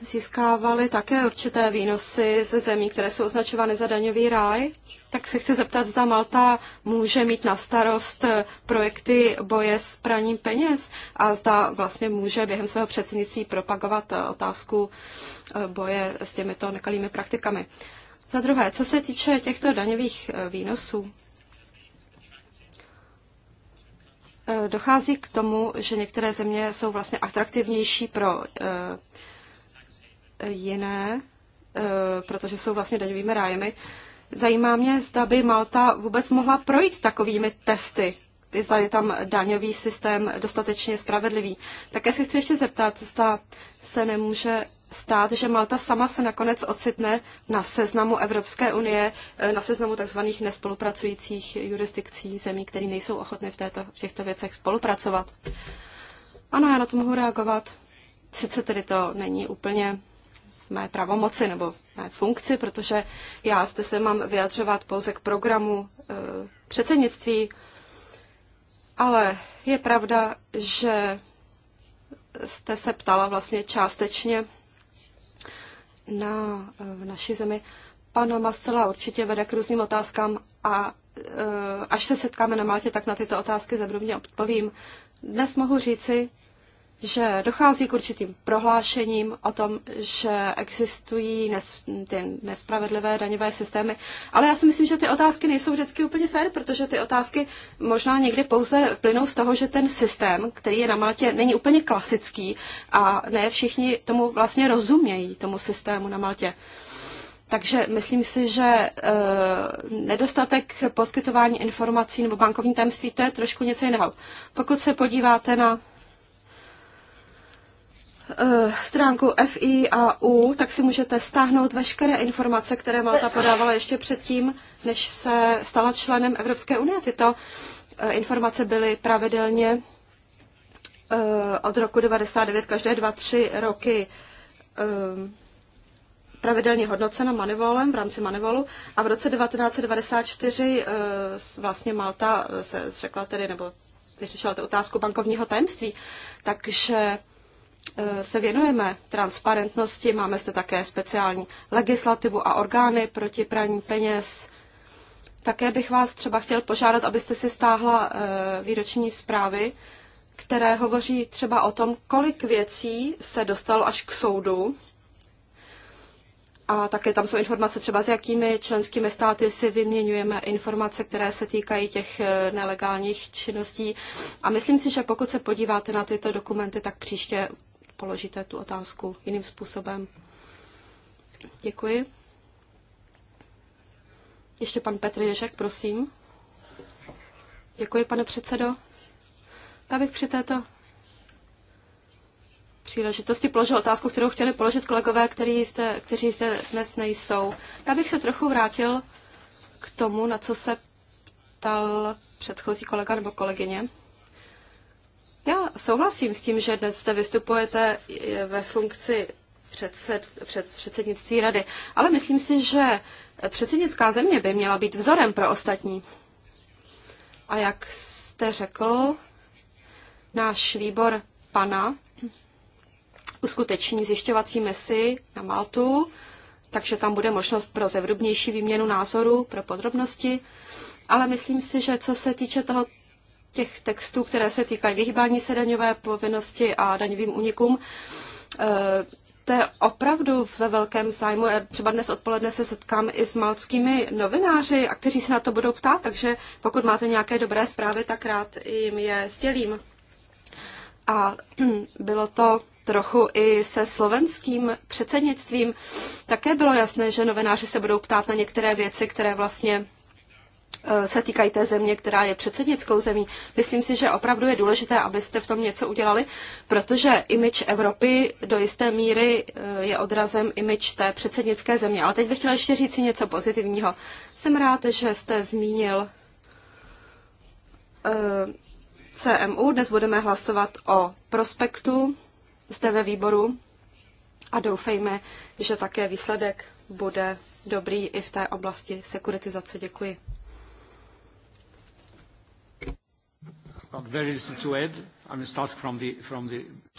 získávali také určité výnosy ze zemí, které jsou označovány za daňový ráj. Tak se chci zeptat, zda Malta může mít na starost eh, projekty boje s praním peněz a zda vlastně může během svého předsednictví propagovat eh, otázku eh, boje s těmito nekalými praktikami. Za druhé, co se týče těchto daňových výnosů, dochází k tomu, že některé země jsou vlastně atraktivnější pro jiné, eh, protože jsou vlastně daňovými rájemi. Zajímá mě, zda by Malta vůbec mohla projít takovými testy, zda je tam daňový systém dostatečně spravedlivý. Také se chci ještě zeptat, zda se nemůže stát, že Malta sama se nakonec ocitne na seznamu Evropské unie, eh, na seznamu tzv. nespolupracujících jurisdikcí zemí, které nejsou ochotny v, této, v těchto věcech spolupracovat. Ano, já na to mohu reagovat. Sice tedy to není úplně mé pravomoci nebo mé funkci, protože já zde se mám vyjadřovat pouze k programu e, předsednictví, ale je pravda, že jste se ptala vlastně částečně na eh, v naší zemi. Panama Mascela určitě vede k různým otázkám a eh, až se setkáme na Maltě, tak na tyto otázky zebrovně odpovím. Dnes mohu říci, že dochází k určitým prohlášením o tom, že existují nes, ty nespravedlivé daňové systémy. Ale já si myslím, že ty otázky nejsou vždycky úplně fair, protože ty otázky možná někdy pouze plynou z toho, že ten systém, který je na Maltě, není úplně klasický a ne všichni tomu vlastně rozumějí, tomu systému na Maltě. Takže myslím si, že e, nedostatek poskytování informací nebo bankovní tajemství, to je trošku něco jiného. Pokud se podíváte na Eh, stránku FI a U, tak si můžete stáhnout veškeré informace, které Malta podávala ještě předtím, než se stala členem Evropské unie. Tyto eh, informace byly pravidelně eh, od roku 99 každé dva, tři roky pravidelně hodnocena manivolem v rámci manivolu a v roce 1994 vlastně Malta se řekla tedy, nebo vyřešila tu otázku bankovního tajemství, takže Eh, se věnujeme transparentnosti, máme zde také speciální legislativu a orgány proti praní peněz. Také bych vás třeba chtěl požádat, abyste si stáhla eh, výroční zprávy, které hovoří třeba o tom, kolik věcí se dostalo až k soudu. A také tam jsou informace třeba, s jakými členskými státy si vyměňujeme informace, které se týkají těch eh, nelegálních činností. A myslím si, že pokud se podíváte na tyto dokumenty, tak příště položíte tu otázku jiným způsobem. Děkuji. Ještě pan Petr Ježek, prosím. Děkuji, pane předsedo. Já bych při této příležitosti položil otázku, kterou chtěli položit kolegové, který zde, kteří zde dnes nejsou. Já bych se trochu vrátil k tomu, na co se ptal předchozí kolega nebo kolegyně. Já souhlasím s tím, že dnes jste vystupujete eh, ve funkci předsed, před předsednictví rady, ale myslím si, že předsednická země by měla být vzorem pro ostatní. A jak jste řekl, náš výbor pana uskuteční zjišťovací misi na Maltu, takže tam bude možnost pro zevrubnější výměnu názoru, pro podrobnosti. Ale myslím si, že co se týče toho těch textů, které se týkají vyhýbání se daňové povinnosti a daňovým únikům. Eh, to je opravdu ve velkém zájmu. Já třeba dnes odpoledne se setkám i s malckými novináři, a kteří se na to budou ptát, takže pokud máte nějaké dobré zprávy, tak rád jim je sdělím. A bylo to trochu i se slovenským předsednictvím. Také bylo jasné, že novináři se budou ptát na některé věci, které vlastně Eh, se týkají té země, která je předsednickou zemí. Myslím si, že opravdu je důležité, abyste v tom něco udělali, protože image Evropy do jisté míry eh, je odrazem image té předsednické země. Ale teď bych chtěla ještě říct si něco pozitivního. Jsem rád, že jste zmínil eh, CMU. Dnes budeme hlasovat o prospektu zde ve výboru a doufejme, že také výsledek bude dobrý i v té oblasti sekuritizace. Děkuji.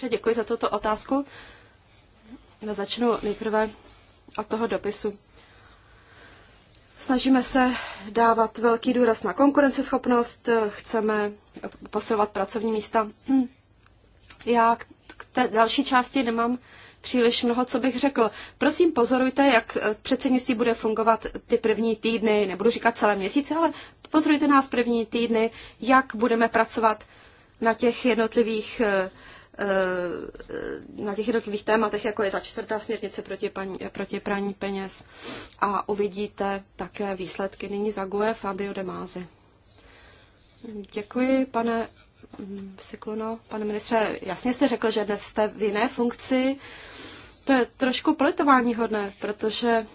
Děkuji za tuto otázku. Já začnu nejprve od toho dopisu. Snažíme se dávat velký důraz na konkurenceschopnost, chceme posilovat pracovní místa. Hm. Já k té další části nemám příliš mnoho, co bych řekl. Prosím, pozorujte, jak eh, předsednictví bude fungovat ty první týdny, nebudu říkat celé měsíce, ale pozorujte nás první týdny, jak budeme pracovat na těch jednotlivých eh, eh, na těch jednotlivých tématech, jako je ta čtvrtá směrnice proti, paní, proti praní peněz. A uvidíte také výsledky. Nyní za GUE Fabio de Mázy. Děkuji, pane Sikluno, pane ministře, jasně jste řekl, že dnes jste v jiné funkci. To je trošku politování hodné, protože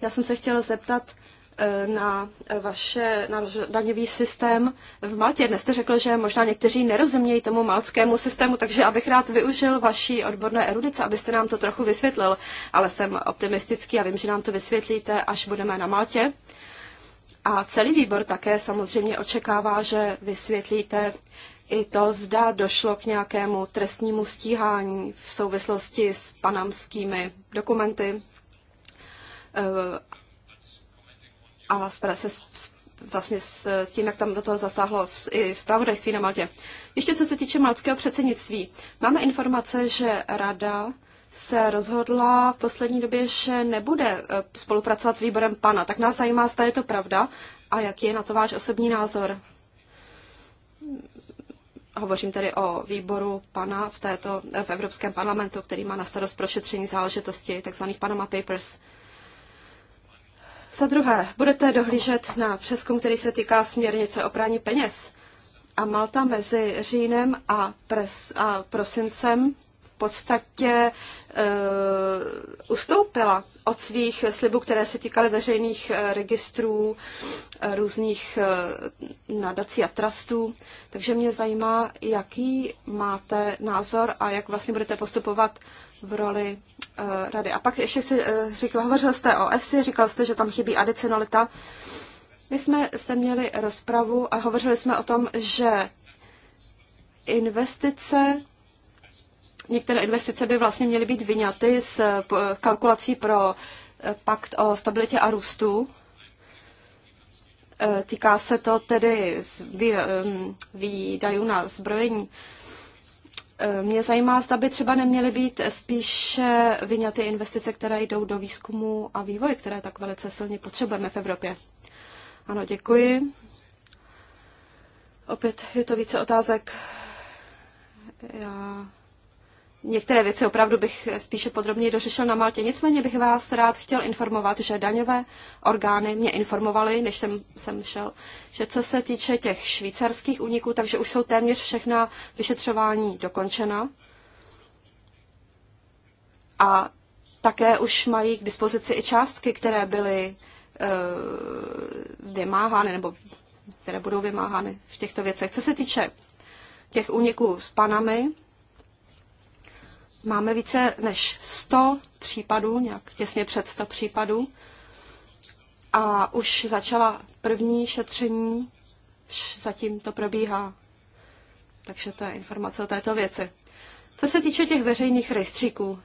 já jsem se chtěla zeptat eh, na vaše na daňový systém v Maltě. Dnes jste řekl, že možná někteří nerozumějí tomu maltskému systému, takže abych rád využil vaší odborné erudice, abyste nám to trochu vysvětlil, ale jsem optimistický a vím, že nám to vysvětlíte, až budeme na Maltě. A celý výbor také samozřejmě očekává, že vysvětlíte, i to, zda došlo k nějakému trestnímu stíhání v souvislosti s panamskými dokumenty. Eh, a s, vlastně s, s tím, jak tam do toho zasáhlo i zpravodajství na Maltě. Ještě co se týče maltského předsednictví. Máme informace, že rada se rozhodla v poslední době, že nebude eh, spolupracovat s výborem pana. Tak nás zajímá, zda je to pravda a jaký je na to váš osobní názor. Hovořím tedy o výboru pana v, této, v Evropském parlamentu, který má na starost prošetření záležitosti tzv. Panama Papers. Za druhé, budete dohlížet na přeskum, který se týká směrnice o prání peněz. A Malta mezi říjnem a, pres, a prosincem podstatě eh, ustoupila od svých slibů, které se týkaly veřejných eh, registrů, eh, různých nadací a trustů. Takže mě zajímá, jaký máte názor a jak vlastně budete postupovat v roli rady. A pak ještě chci, říkal, hovořil jste o EFSI, říkal jste, že tam chybí adicionalita. My jsme jste měli rozpravu a hovořili jsme o tom, že investice některé investice by vlastně měly být vyňaty z eh, eh, kalkulací pro eh, pakt o stabilitě a růstu. Týká se to tedy výdajů na zbrojení. Mě zajímá, zda by třeba neměly být spíše vyňaty investice, které jdou do výzkumu a vývoje, které tak velice silně potřebujeme v Evropě. Ano, děkuji. Opět je to více otázek. Já Některé věci opravdu bych spíše podrobněji dořešil na Maltě. Nicméně bych vás rád chtěl informovat, že daňové orgány mě informovaly, než jsem, jsem šel, že co se týče těch švýcarských úniků, takže už jsou téměř všechna vyšetřování dokončena. A také už mají k dispozici i částky, které byly uh, vymáhány nebo které budou vymáhány v těchto věcech. Co se týče těch úniků s Panamy, Máme více než 100 případů, nějak těsně před 100 případů. A už začala první šetření, zatím to probíhá. Takže to je informace o této věci. Co se týče těch veřejných rejstříků,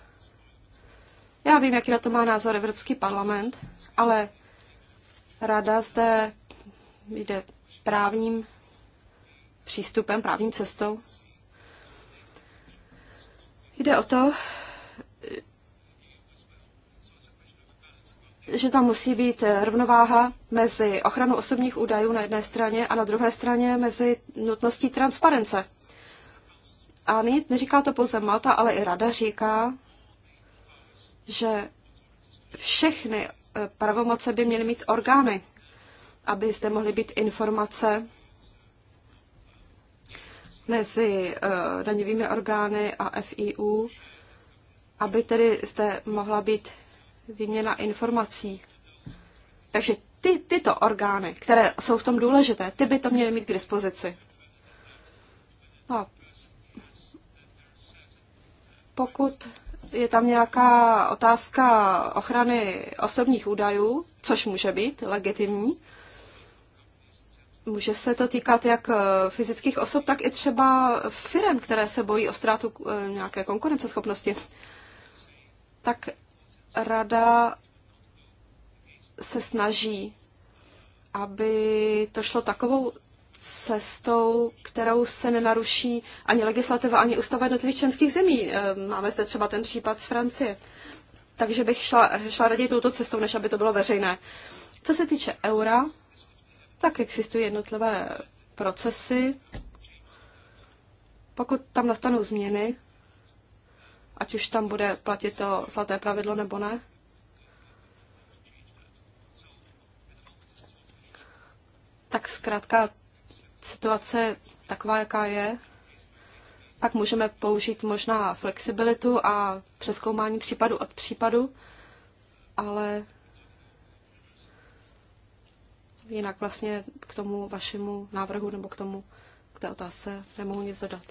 já vím, jaký na to má názor Evropský parlament, ale rada zde jde právním přístupem, právní cestou. Jde o to, že tam musí být eh, rovnováha mezi ochranou osobních údajů na jedné straně a na druhé straně mezi nutností transparence. A nyní neříká to pouze Malta, ale i Rada říká, že všechny eh, pravomoce by měly mít orgány, aby zde mohly být informace mezi eh, daňovými orgány a FIU, aby tedy zde mohla být výměna informací. Takže ty, tyto orgány, které jsou v tom důležité, ty by to měly mít k dispozici. No, pokud je tam nějaká otázka ochrany osobních údajů, což může být legitimní, Může se to týkat jak eh, fyzických osob, tak i třeba firm, které se bojí o ztrátu eh, nějaké konkurenceschopnosti. Tak rada se snaží, aby to šlo takovou cestou, kterou se nenaruší ani legislativa, ani ústava jednotlivých členských zemí. Ehm, máme zde třeba ten případ z Francie. Takže bych šla, šla raději touto cestou, než aby to bylo veřejné. Co se týče eura, tak existují jednotlivé procesy. Pokud tam nastanou změny, ať už tam bude platit to zlaté pravidlo nebo ne, tak zkrátka situace taková, jaká je, pak můžeme použít možná flexibilitu a přeskoumání případu od případu, ale jinak vlastně k tomu vašemu návrhu nebo k tomu, k té otázce nemohu nic dodat.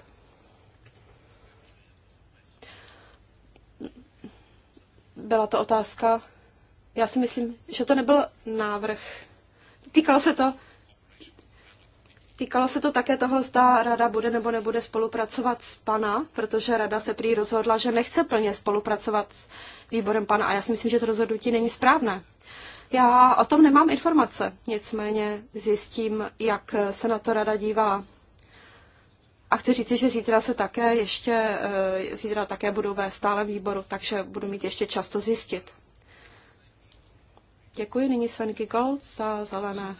Byla to otázka, já si myslím, že to nebyl návrh. Týkalo se to, týkalo se to také toho, zda rada bude nebo nebude spolupracovat s pana, protože rada se prý rozhodla, že nechce plně spolupracovat s výborem pana a já si myslím, že to rozhodnutí není správné. Já o tom nemám informace, nicméně zjistím, jak se na to rada dívá. A chci říci, že zítra se také ještě, eh, zítra také budu ve stálem výboru, takže budu mít ještě často zjistit. Děkuji, nyní Sven Kikol za zelené.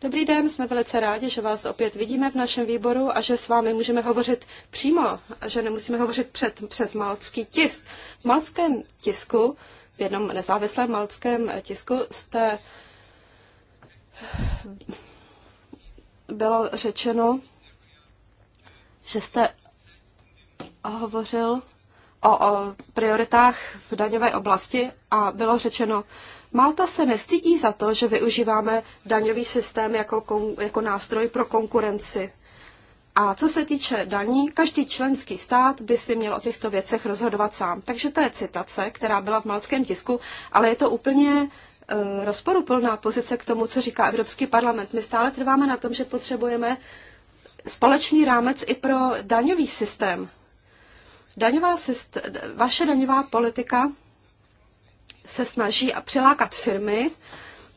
Dobrý den, jsme velice rádi, že vás opět vidíme v našem výboru a že s vámi můžeme hovořit přímo, že nemusíme hovořit před, přes malcký tisk. V malském tisku v jednom nezávislém malckém tisku jste bylo řečeno, že jste hovořil o, o prioritách v daňové oblasti a bylo řečeno, Malta se nestydí za to, že využíváme daňový systém jako, jako nástroj pro konkurenci. A co se týče daní, každý členský stát by si měl o těchto věcech rozhodovat sám. Takže to je citace, která byla v malském tisku, ale je to úplně eh, rozporuplná pozice k tomu, co říká Evropský parlament. My stále trváme na tom, že potřebujeme společný rámec i pro daňový systém. Daňová systém vaše daňová politika se snaží přilákat firmy,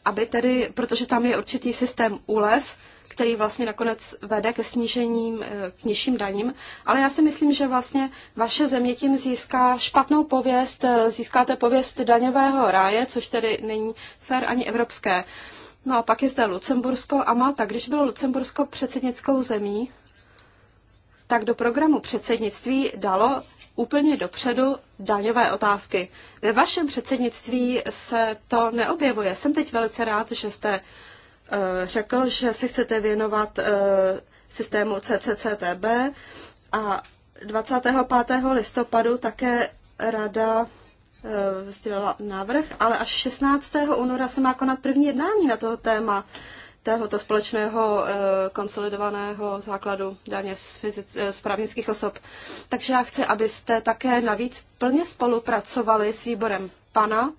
aby tedy, protože tam je určitý systém úlev, který vlastně nakonec vede ke snížením, eh, k nižším daním. Ale já si myslím, že vlastně vaše země tím získá špatnou pověst, eh, získáte pověst daňového ráje, což tedy není fér ani evropské. No a pak je zde Lucembursko a Malta. Když bylo Lucembursko předsednickou zemí, tak do programu předsednictví dalo úplně dopředu daňové otázky. Ve vašem předsednictví se to neobjevuje. Jsem teď velice rád, že jste Eh, řekl, že se chcete věnovat eh, systému CCCTB a 25. listopadu také rada eh, sdělila návrh, ale až 16. února se má konat první jednání na toho téma tohoto společného konsolidovaného základu daně z, fyzic- z právnických osob. Takže já chci, abyste také navíc plně spolupracovali s výborem PANA,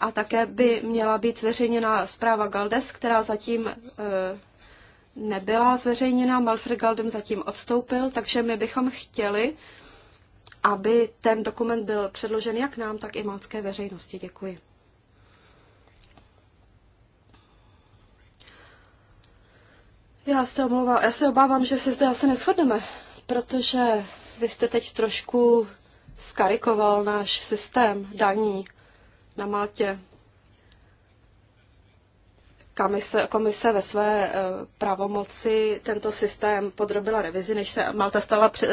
a také by měla být zveřejněna zpráva Galdes, která zatím e, nebyla zveřejněna. Malfred Galdem zatím odstoupil, takže my bychom chtěli, aby ten dokument byl předložen jak nám, tak i malcké veřejnosti. Děkuji. Já se omlouvám, já se obávám, že se zde asi neschodneme, protože vy jste teď trošku skarikoval náš systém daní na Maltě. Komise, komise ve své eh, pravomoci tento systém podrobila revizi, než se Malta stala eh,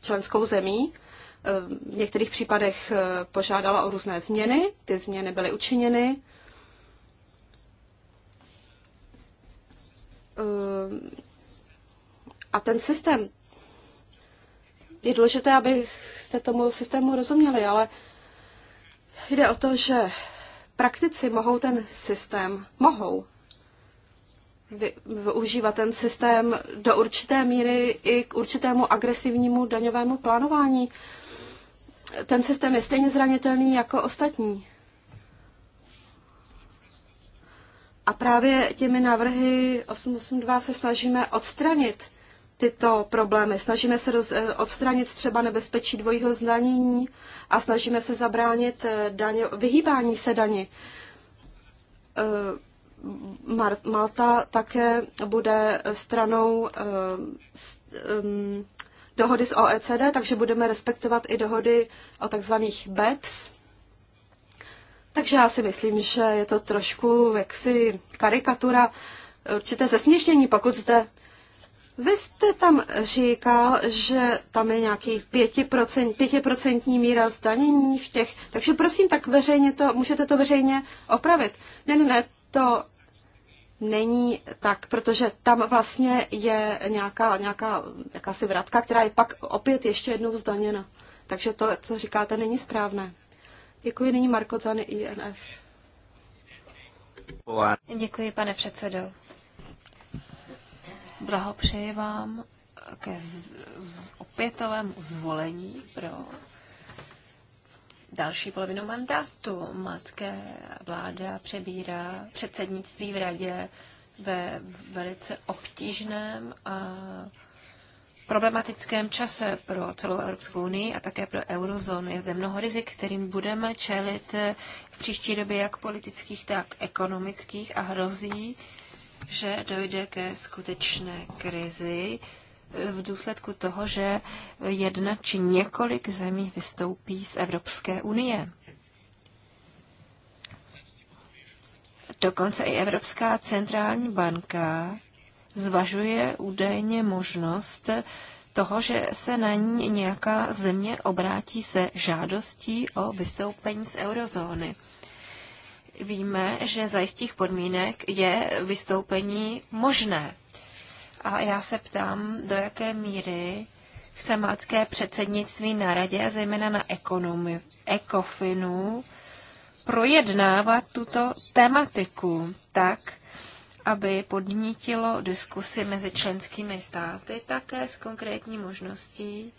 členskou zemí. Eh, v některých případech požádala o různé změny, ty změny byly učiněny. A ten systém, je důležité, abyste tomu systému rozuměli, ale Jde o to, že praktici mohou ten systém, mohou využívat ten systém do určité míry i k určitému agresivnímu daňovému plánování. Ten systém je stejně zranitelný jako ostatní. A právě těmi návrhy 882 se snažíme odstranit tyto problémy. Snažíme se roz, eh, odstranit třeba nebezpečí dvojího zdanění a snažíme se zabránit eh, daně, vyhýbání se daní. Eh, Malta také bude stranou dohody s OECD, takže budeme respektovat i dohody o takzvaných BEPS. Takže já si myslím, že je to trošku jaksi karikatura, určité zesměšnění, pokud zde vy jste tam říkal, že tam je nějaký 5%, 5% míra zdanění v těch, takže prosím, tak veřejně to, můžete to veřejně opravit. Ne, ne, ne, to není tak, protože tam vlastně je nějaká, nějaká jakási vratka, která je pak opět ještě jednou zdaněna. Takže to, co říkáte, není správné. Děkuji, nyní Marko Zany INF. Děkuji, pane předsedo. Blahopřeji vám ke z, z opětovému zvolení pro další polovinu mandátu. Matské vláda přebírá předsednictví v radě ve velice obtížném a problematickém čase pro celou Evropskou unii a také pro eurozónu. Je zde mnoho rizik, kterým budeme čelit v příští době jak politických, tak ekonomických a hrozí, že dojde ke skutečné krizi eh, v důsledku toho, že jedna či několik zemí vystoupí z Evropské unie. Dokonce i Evropská centrální banka zvažuje údajně možnost toho, že se na ní nějaká země obrátí se žádostí o vystoupení z eurozóny víme, že za jistých podmínek je vystoupení možné. A já se ptám, do jaké míry chce mácké předsednictví na radě, zejména na ekonomi, ekofinu, projednávat tuto tematiku tak, aby podnítilo diskusy mezi členskými státy také s konkrétní možností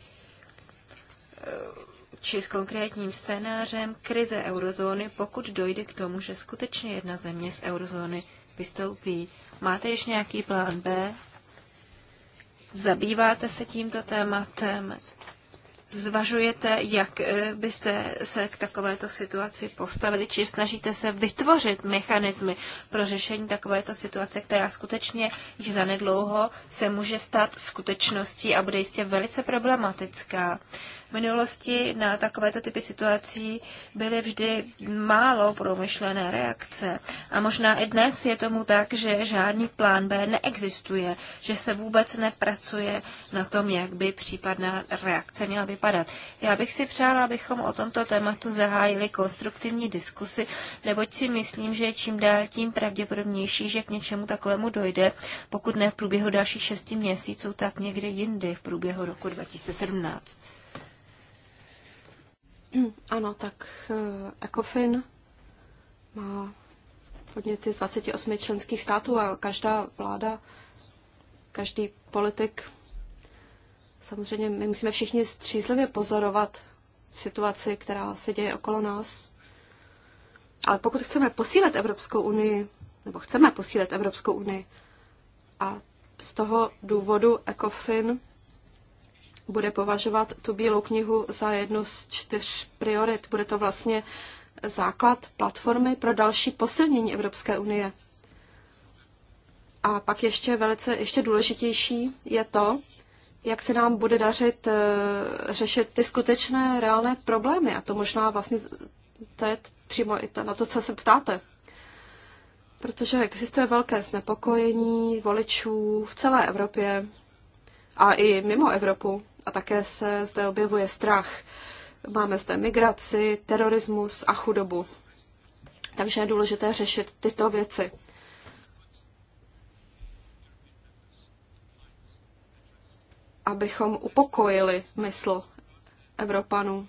či s konkrétním scénářem krize eurozóny, pokud dojde k tomu, že skutečně jedna země z eurozóny vystoupí. Máte ještě nějaký plán B? Zabýváte se tímto tématem? Zvažujete, jak eh, byste se k takovéto situaci postavili, či snažíte se vytvořit mechanismy pro řešení takovéto situace, která skutečně již zanedlouho se může stát skutečností a bude jistě velice problematická. V minulosti na takovéto typy situací byly vždy málo promyšlené reakce. A možná i dnes je tomu tak, že žádný plán B neexistuje, že se vůbec nepracuje na tom, jak by případná reakce měla vypadat. Já bych si přála, abychom o tomto tématu zahájili konstruktivní diskusy, neboť si myslím, že čím dál tím pravděpodobnější, že k něčemu takovému dojde, pokud ne v průběhu dalších šesti měsíců, tak někde jindy v průběhu roku 2017. Ano, tak eh, ECOFIN má podněty z 28 členských států a každá vláda, každý politik, samozřejmě my musíme všichni střízlivě pozorovat situaci, která se děje okolo nás. Ale pokud chceme posílit Evropskou unii, nebo chceme posílit Evropskou unii, a z toho důvodu ECOFIN bude považovat tu bílou knihu za jednu z čtyř priorit. Bude to vlastně základ platformy pro další posilnění Evropské unie. A pak ještě velice ještě důležitější je to, jak se nám bude dařit eh, řešit ty skutečné reálné problémy. A to možná vlastně to je přímo i to, na to, co se ptáte. Protože existuje velké znepokojení voličů v celé Evropě a i mimo Evropu a také se zde objevuje strach. Máme zde migraci, terorismus a chudobu. Takže je důležité řešit tyto věci. Abychom upokojili mysl Evropanů.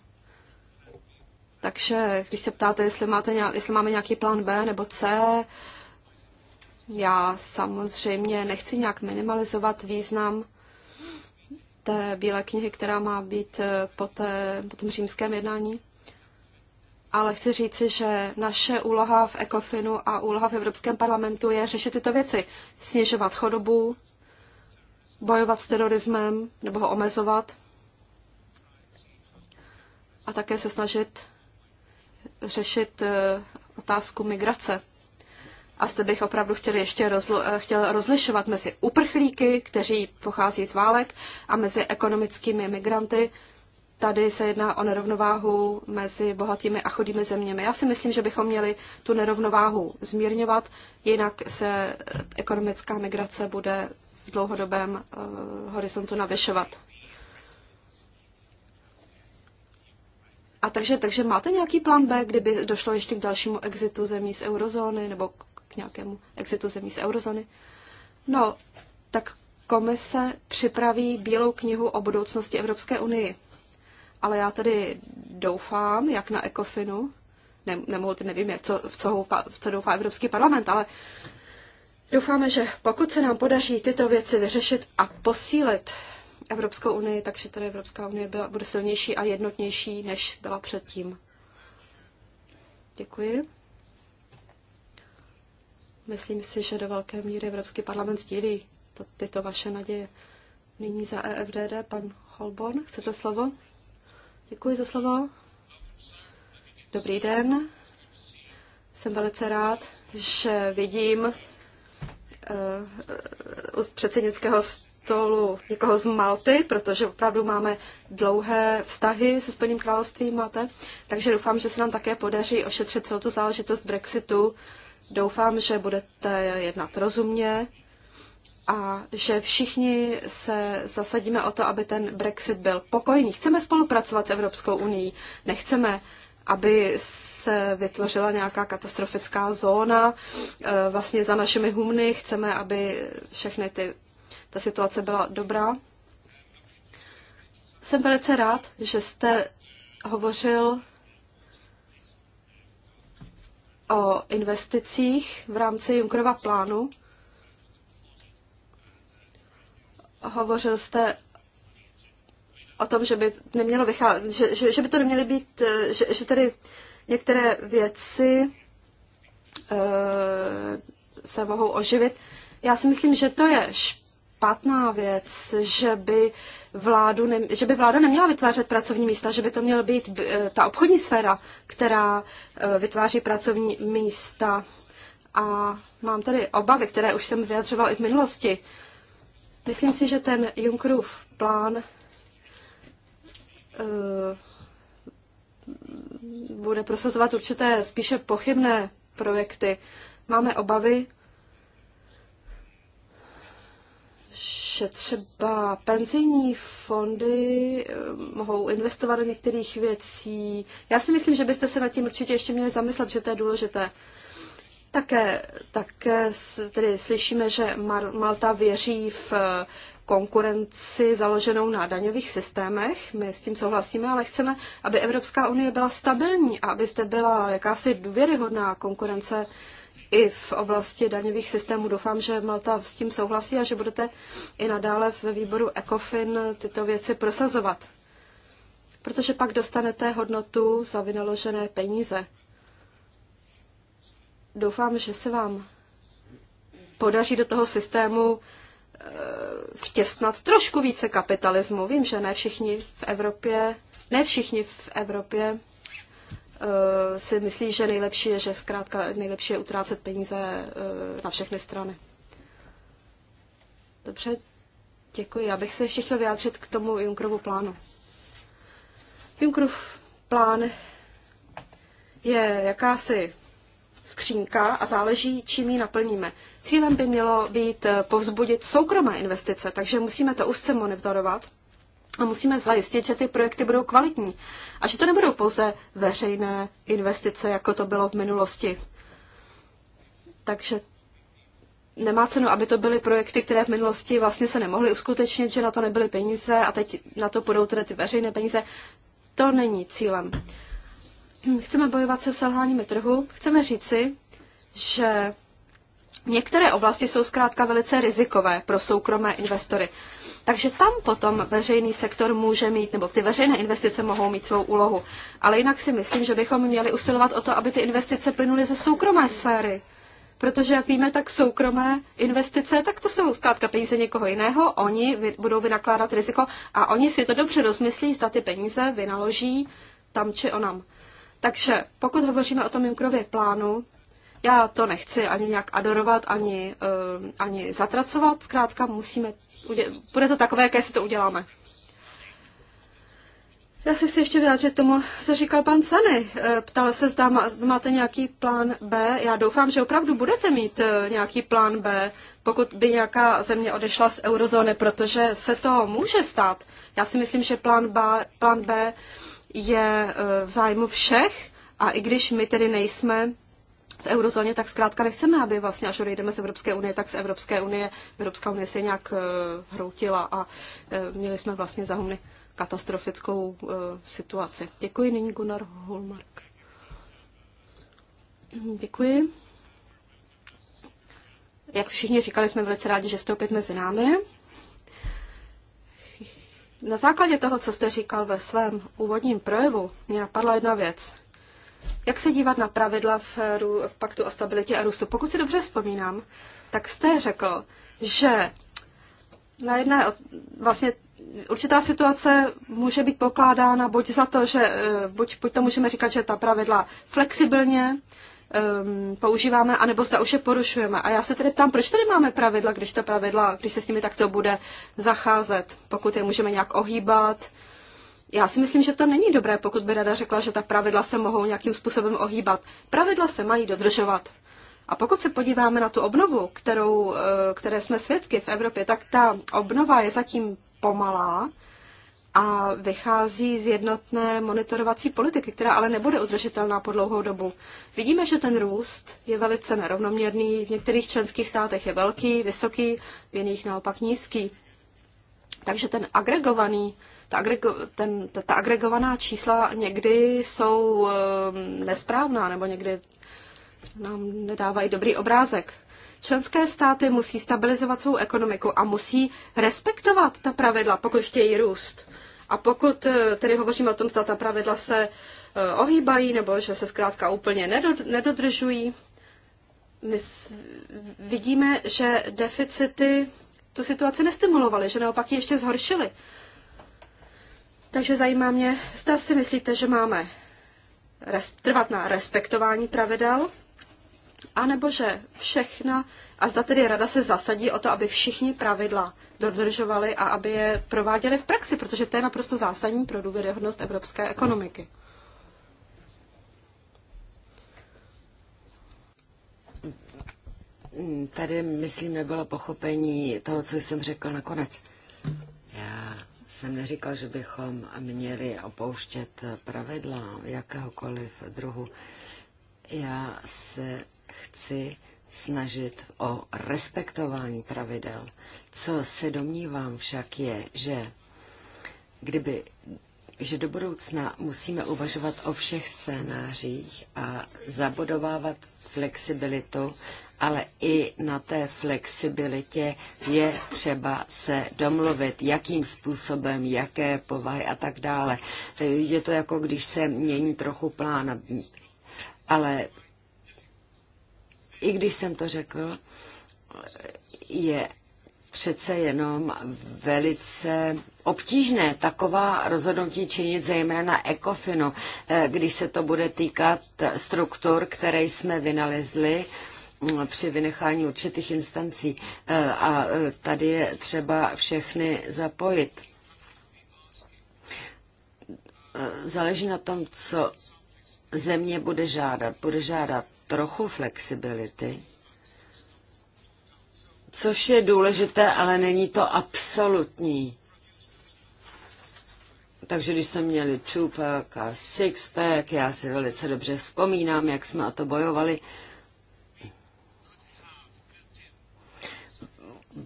Takže když se ptáte, jestli, máte nějak, jestli máme nějaký plán B nebo C, já samozřejmě nechci nějak minimalizovat význam té bílé knihy, která má být eh, po, té, po tom římském jednání. Ale chci říci, že naše úloha v ECOFINu a úloha v Evropském parlamentu je řešit tyto věci. Snižovat chodobu, bojovat s terorismem nebo ho omezovat a také se snažit řešit eh, otázku migrace. A zde bych opravdu chtěl ještě rozlo, eh, chtěl rozlišovat mezi uprchlíky, kteří pochází z válek, a mezi ekonomickými migranty. Tady se jedná o nerovnováhu mezi bohatými a chudými zeměmi. Já si myslím, že bychom měli tu nerovnováhu zmírňovat, jinak se eh, ekonomická migrace bude v dlouhodobém uh, horizontu navyšovat. A takže, takže máte nějaký plán B, kdyby došlo ještě k dalšímu exitu zemí z eurozóny nebo k k nějakému exitu zemí z eurozóny. No, tak komise připraví bílou knihu o budoucnosti Evropské unii. Ale já tedy doufám, jak na ECOFINu, ne, nemohu, nevím, jak, co, v, co, v co doufá Evropský parlament, ale doufáme, že pokud se nám podaří tyto věci vyřešit a posílit Evropskou unii, takže tady Evropská unie byla, bude silnější a jednotnější, než byla předtím. Děkuji. Myslím si, že do velké míry Evropský parlament sdílí to, tyto vaše naděje. Nyní za EFDD pan Holborn. Chcete slovo? Děkuji za slovo. Dobrý den. Jsem velice rád, že vidím uh, eh, z předsednického stolu někoho z Malty, protože opravdu máme dlouhé vztahy se Spojeným královstvím máte, takže doufám, že se nám také podaří ošetřit celou tu záležitost Brexitu Doufám, že budete jednat rozumně a že všichni se zasadíme o to, aby ten Brexit byl pokojný. Chceme spolupracovat s Evropskou unii, nechceme, aby se vytvořila nějaká katastrofická zóna e, vlastně za našimi humny. Chceme, aby všechny ty, ta situace byla dobrá. Jsem velice rád, že jste hovořil o investicích v rámci Junckerova plánu. Hovořil jste o tom, že by, nemělo vycházet, že, že, že by to neměly být, že, že tedy některé věci uh, se mohou oživit. Já si myslím, že to je špatné špatná věc, že by, vládu ne, že by vláda neměla vytvářet pracovní místa, že by to měla být eh, ta obchodní sféra, která eh, vytváří pracovní místa. A mám tady obavy, které už jsem vyjadřoval i v minulosti. Myslím si, že ten Junckerův plán eh, bude prosazovat určité spíše pochybné projekty. Máme obavy, že Třeba penzijní fondy eh, mohou investovat do některých věcí. Já si myslím, že byste se nad tím určitě ještě měli zamyslet, že to je důležité. Také, také tedy slyšíme, že Malta věří v eh, konkurenci založenou na daňových systémech. My s tím souhlasíme, ale chceme, aby Evropská unie byla stabilní a aby zde byla jakási důvěryhodná konkurence i v oblasti daňových systémů. Doufám, že Malta s tím souhlasí a že budete i nadále ve výboru ECOFIN tyto věci prosazovat. Protože pak dostanete hodnotu za vynaložené peníze. Doufám, že se vám podaří do toho systému eh, vtěsnat trošku více kapitalismu. Vím, že ne všichni v Evropě, ne všichni v Evropě Eh, si myslí, že nejlepší je, že zkrátka nejlepší je utrácet peníze eh, na všechny strany. Dobře, děkuji. Já bych se ještě chtěl vyjádřit k tomu Junkrovu plánu. Junkrov plán je jakási skřínka a záleží, čím ji naplníme. Cílem by mělo být eh, povzbudit soukromé investice, takže musíme to úzce monitorovat a musíme zajistit, že ty projekty budou kvalitní a že to nebudou pouze veřejné investice, jako to bylo v minulosti. Takže nemá cenu, aby to byly projekty, které v minulosti vlastně se nemohly uskutečnit, že na to nebyly peníze a teď na to budou tedy ty veřejné peníze. To není cílem. Chceme bojovat se selháními trhu. Chceme říci, že některé oblasti jsou zkrátka velice rizikové pro soukromé investory. Takže tam potom veřejný sektor může mít, nebo ty veřejné investice mohou mít svou úlohu. Ale jinak si myslím, že bychom měli usilovat o to, aby ty investice plynuly ze soukromé sféry. Protože, jak víme, tak soukromé investice, tak to jsou zkrátka peníze někoho jiného, oni vy, budou vynakládat riziko a oni si to dobře rozmyslí, zda ty peníze vynaloží tam či onam. Takže pokud hovoříme o tom Junckerově plánu, já to nechci ani nějak adorovat, ani, uh, ani zatracovat. Zkrátka musíme, bude to takové, jaké si to uděláme. Já si chci ještě vyjádřit tomu, co říkal pan Sany. Eh, Ptal se, zda má, máte nějaký plán B. Já doufám, že opravdu budete mít eh, nějaký plán B, pokud by nějaká země odešla z eurozóny, protože se to může stát. Já si myslím, že plán B, plán B je v zájmu všech a i když my tedy nejsme v eurozóně, tak zkrátka nechceme, aby vlastně, až odejdeme z Evropské unie, tak z Evropské unie, Evropská unie se nějak eh, hroutila a eh, měli jsme vlastně za humny katastrofickou eh, situaci. Děkuji, nyní Gunnar Holmark. Děkuji. Jak všichni říkali, jsme velice rádi, že jste opět mezi námi. Na základě toho, co jste říkal ve svém úvodním projevu, mě napadla jedna věc. Jak se dívat na pravidla v, v Paktu o stabilitě a růstu? Pokud si dobře vzpomínám, tak jste řekl, že na jedné vlastně určitá situace může být pokládána buď za to, že eh, buď, buď to můžeme říkat, že ta pravidla flexibilně um, používáme, anebo zda už je porušujeme. A já se tedy ptám, proč tady máme pravidla, když ta pravidla, když se s nimi takto bude zacházet, pokud je můžeme nějak ohýbat, já si myslím, že to není dobré, pokud by rada řekla, že ta pravidla se mohou nějakým způsobem ohýbat. Pravidla se mají dodržovat. A pokud se podíváme na tu obnovu, kterou, eh, které jsme svědky v Evropě, tak ta obnova je zatím pomalá a vychází z jednotné monitorovací politiky, která ale nebude udržitelná po dlouhou dobu. Vidíme, že ten růst je velice nerovnoměrný, v některých členských státech je velký, vysoký, v jiných naopak nízký. Takže ten agregovaný ta, agrego, ten, ta, ta agregovaná čísla někdy jsou ehm, nesprávná nebo někdy nám nedávají dobrý obrázek. Členské státy musí stabilizovat svou ekonomiku a musí respektovat ta pravidla, pokud chtějí růst. A pokud eh, tedy hovoříme o tom, zda ta pravidla se eh, ohýbají nebo že se zkrátka úplně nedodržují, my vidíme, že deficity tu situaci nestimulovaly, že naopak ji ještě zhoršily. Takže zajímá mě, zda si myslíte, že máme res, trvat na respektování pravidel, anebo že všechna, a zda tedy rada se zasadí o to, aby všichni pravidla dodržovali a aby je prováděli v praxi, protože to je naprosto zásadní pro důvěryhodnost evropské ekonomiky. Tady, myslím, nebylo pochopení toho, co jsem řekl nakonec. Já jsem neříkal, že bychom měli opouštět pravidla jakéhokoliv druhu. Já se chci snažit o respektování pravidel. Co se domnívám však je, že kdyby že do budoucna musíme uvažovat o všech scénářích a zabudovávat flexibilitu ale i na té flexibilitě je třeba se domluvit, jakým způsobem, jaké povahy a tak dále. Je to jako když se mění trochu plán, ale i když jsem to řekl, je přece jenom velice obtížné taková rozhodnutí činit zejména na ECOFINu, eh, když se to bude týkat struktur, které jsme vynalezli při vynechání určitých instancí. Eh, a eh, tady je třeba všechny zapojit. Eh, záleží na tom, co země bude žádat. Bude žádat trochu flexibility, což je důležité, ale není to absolutní. Takže když jsme měli Čupak a Sixpack, já si velice dobře vzpomínám, jak jsme o to bojovali,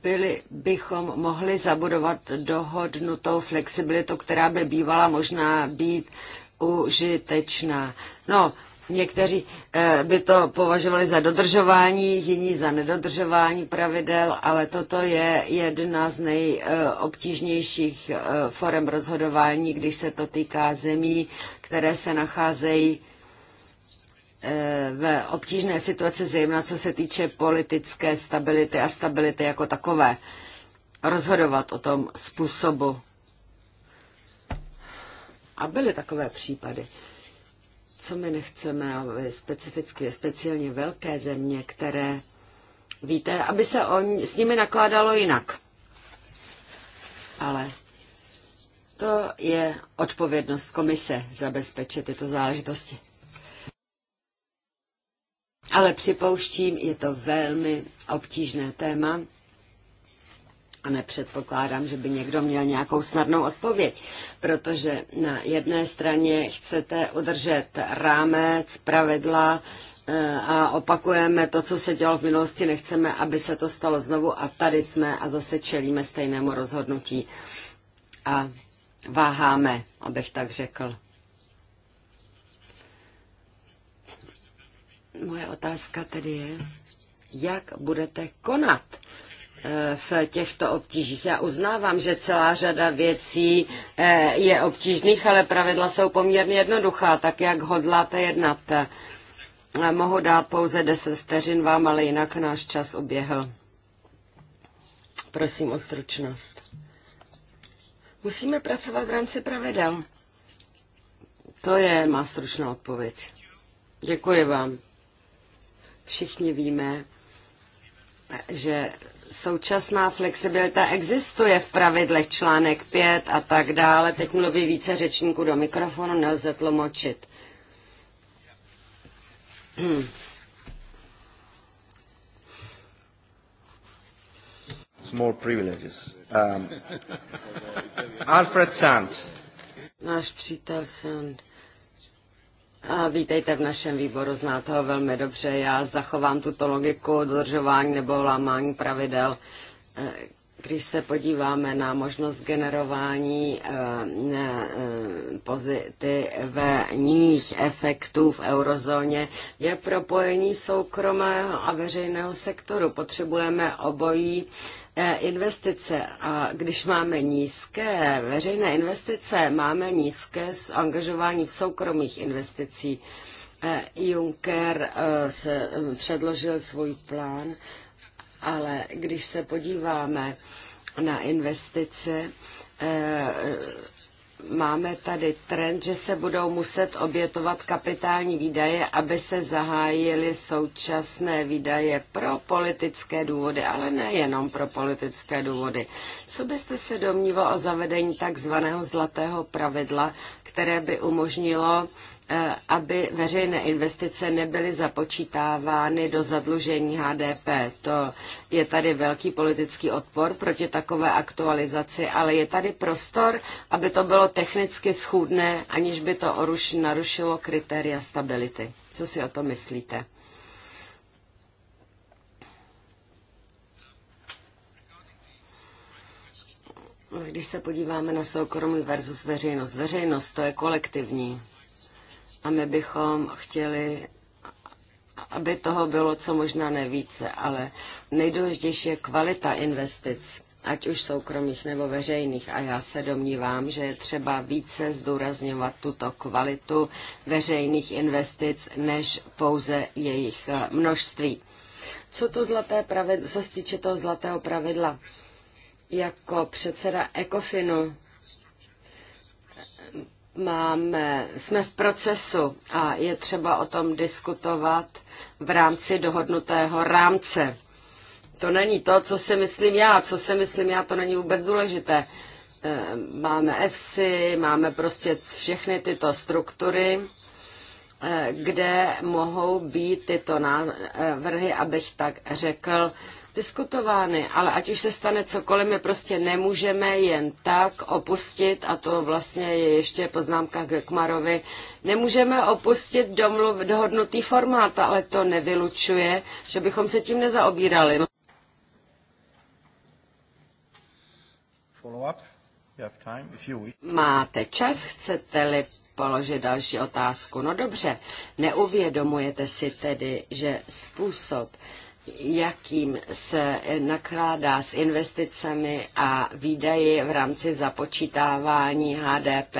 byli, bychom mohli zabudovat dohodnutou flexibilitu, která by bývala možná být užitečná. No, Někteří eh, by to považovali za dodržování, jiní za nedodržování pravidel, ale toto je jedna z nejobtížnějších eh, forem rozhodování, když se to týká zemí, které se nacházejí Eh, v obtížné situaci, zejména co se týče politické stability a stability jako takové, rozhodovat o tom způsobu. A byly takové případy. Co my nechceme, aby specificky, speciálně velké země, které, víte, aby se on, s nimi nakládalo jinak. Ale to je odpovědnost komise zabezpečit tyto záležitosti. Ale připouštím, je to velmi obtížné téma a nepředpokládám, že by někdo měl nějakou snadnou odpověď, protože na jedné straně chcete udržet rámec, pravidla, eh, a opakujeme to, co se dělo v minulosti, nechceme, aby se to stalo znovu a tady jsme a zase čelíme stejnému rozhodnutí a váháme, abych tak řekl. Moje otázka tedy je, jak budete konat eh, v těchto obtížích. Já uznávám, že celá řada věcí eh, je obtížných, ale pravidla jsou poměrně jednoduchá, tak jak hodláte jednat. Eh, mohu dát pouze 10 vteřin vám, ale jinak náš čas uběhl. Prosím o stručnost. Musíme pracovat v rámci pravidel. To je má stručná odpověď. Děkuji vám. Všichni víme, že současná flexibilita existuje v pravidlech článek 5 a tak dále. Teď mluví více řečníků do mikrofonu, nelze tlumočit. Small privileges. Um, Alfred Sand. Náš přítel Sand. A vítejte v našem výboru, znáte ho velmi dobře. Já zachovám tuto logiku dodržování nebo lámání pravidel. Eh, Když se podíváme na možnost generování eh, eh, pozitivních efektů v eurozóně, je propojení soukromého a veřejného sektoru. Potřebujeme obojí investice a když máme nízké veřejné investice, máme nízké angažování v soukromých investicích. Eh, Juncker eh, se eh, předložil svůj plán, ale když se podíváme na investice, máme tady trend, že se budou muset obětovat kapitální výdaje, aby se zahájily současné výdaje pro politické důvody, ale nejenom pro politické důvody. Co byste se domníval o zavedení takzvaného zlatého pravidla, které by umožnilo aby veřejné investice nebyly započítávány do zadlužení HDP. To je tady velký politický odpor proti takové aktualizaci, ale je tady prostor, aby to bylo technicky schůdné, aniž by to narušilo kritéria stability. Co si o to myslíte? Když se podíváme na soukromý versus veřejnost, veřejnost to je kolektivní a my bychom chtěli, aby toho bylo co možná nevíce, ale nejdůležitější je kvalita investic ať už soukromých nebo veřejných. A já se domnívám, že je třeba více zdůrazňovat tuto kvalitu veřejných investic než pouze jejich eh, množství. Co, to zlaté pravidlo, co se týče toho zlatého pravidla? Jako předseda Ecofinu máme, jsme v procesu a je třeba o tom diskutovat v rámci dohodnutého rámce. To není to, co si myslím já. Co si myslím já, to není vůbec důležité. E, máme EFSI, máme prostě všechny tyto struktury, e, kde mohou být tyto návrhy, e, abych tak řekl, diskutovány, ale ať už se stane cokoliv, my prostě nemůžeme jen tak opustit, a to vlastně je ještě poznámka k Kmarovi, nemůžeme opustit domluv, dohodnutý formát, ale to nevylučuje, že bychom se tím nezaobírali. Máte čas, chcete-li položit další otázku? No dobře, neuvědomujete si tedy, že způsob, jakým se nakládá s investicemi a výdaji v rámci započítávání HDP,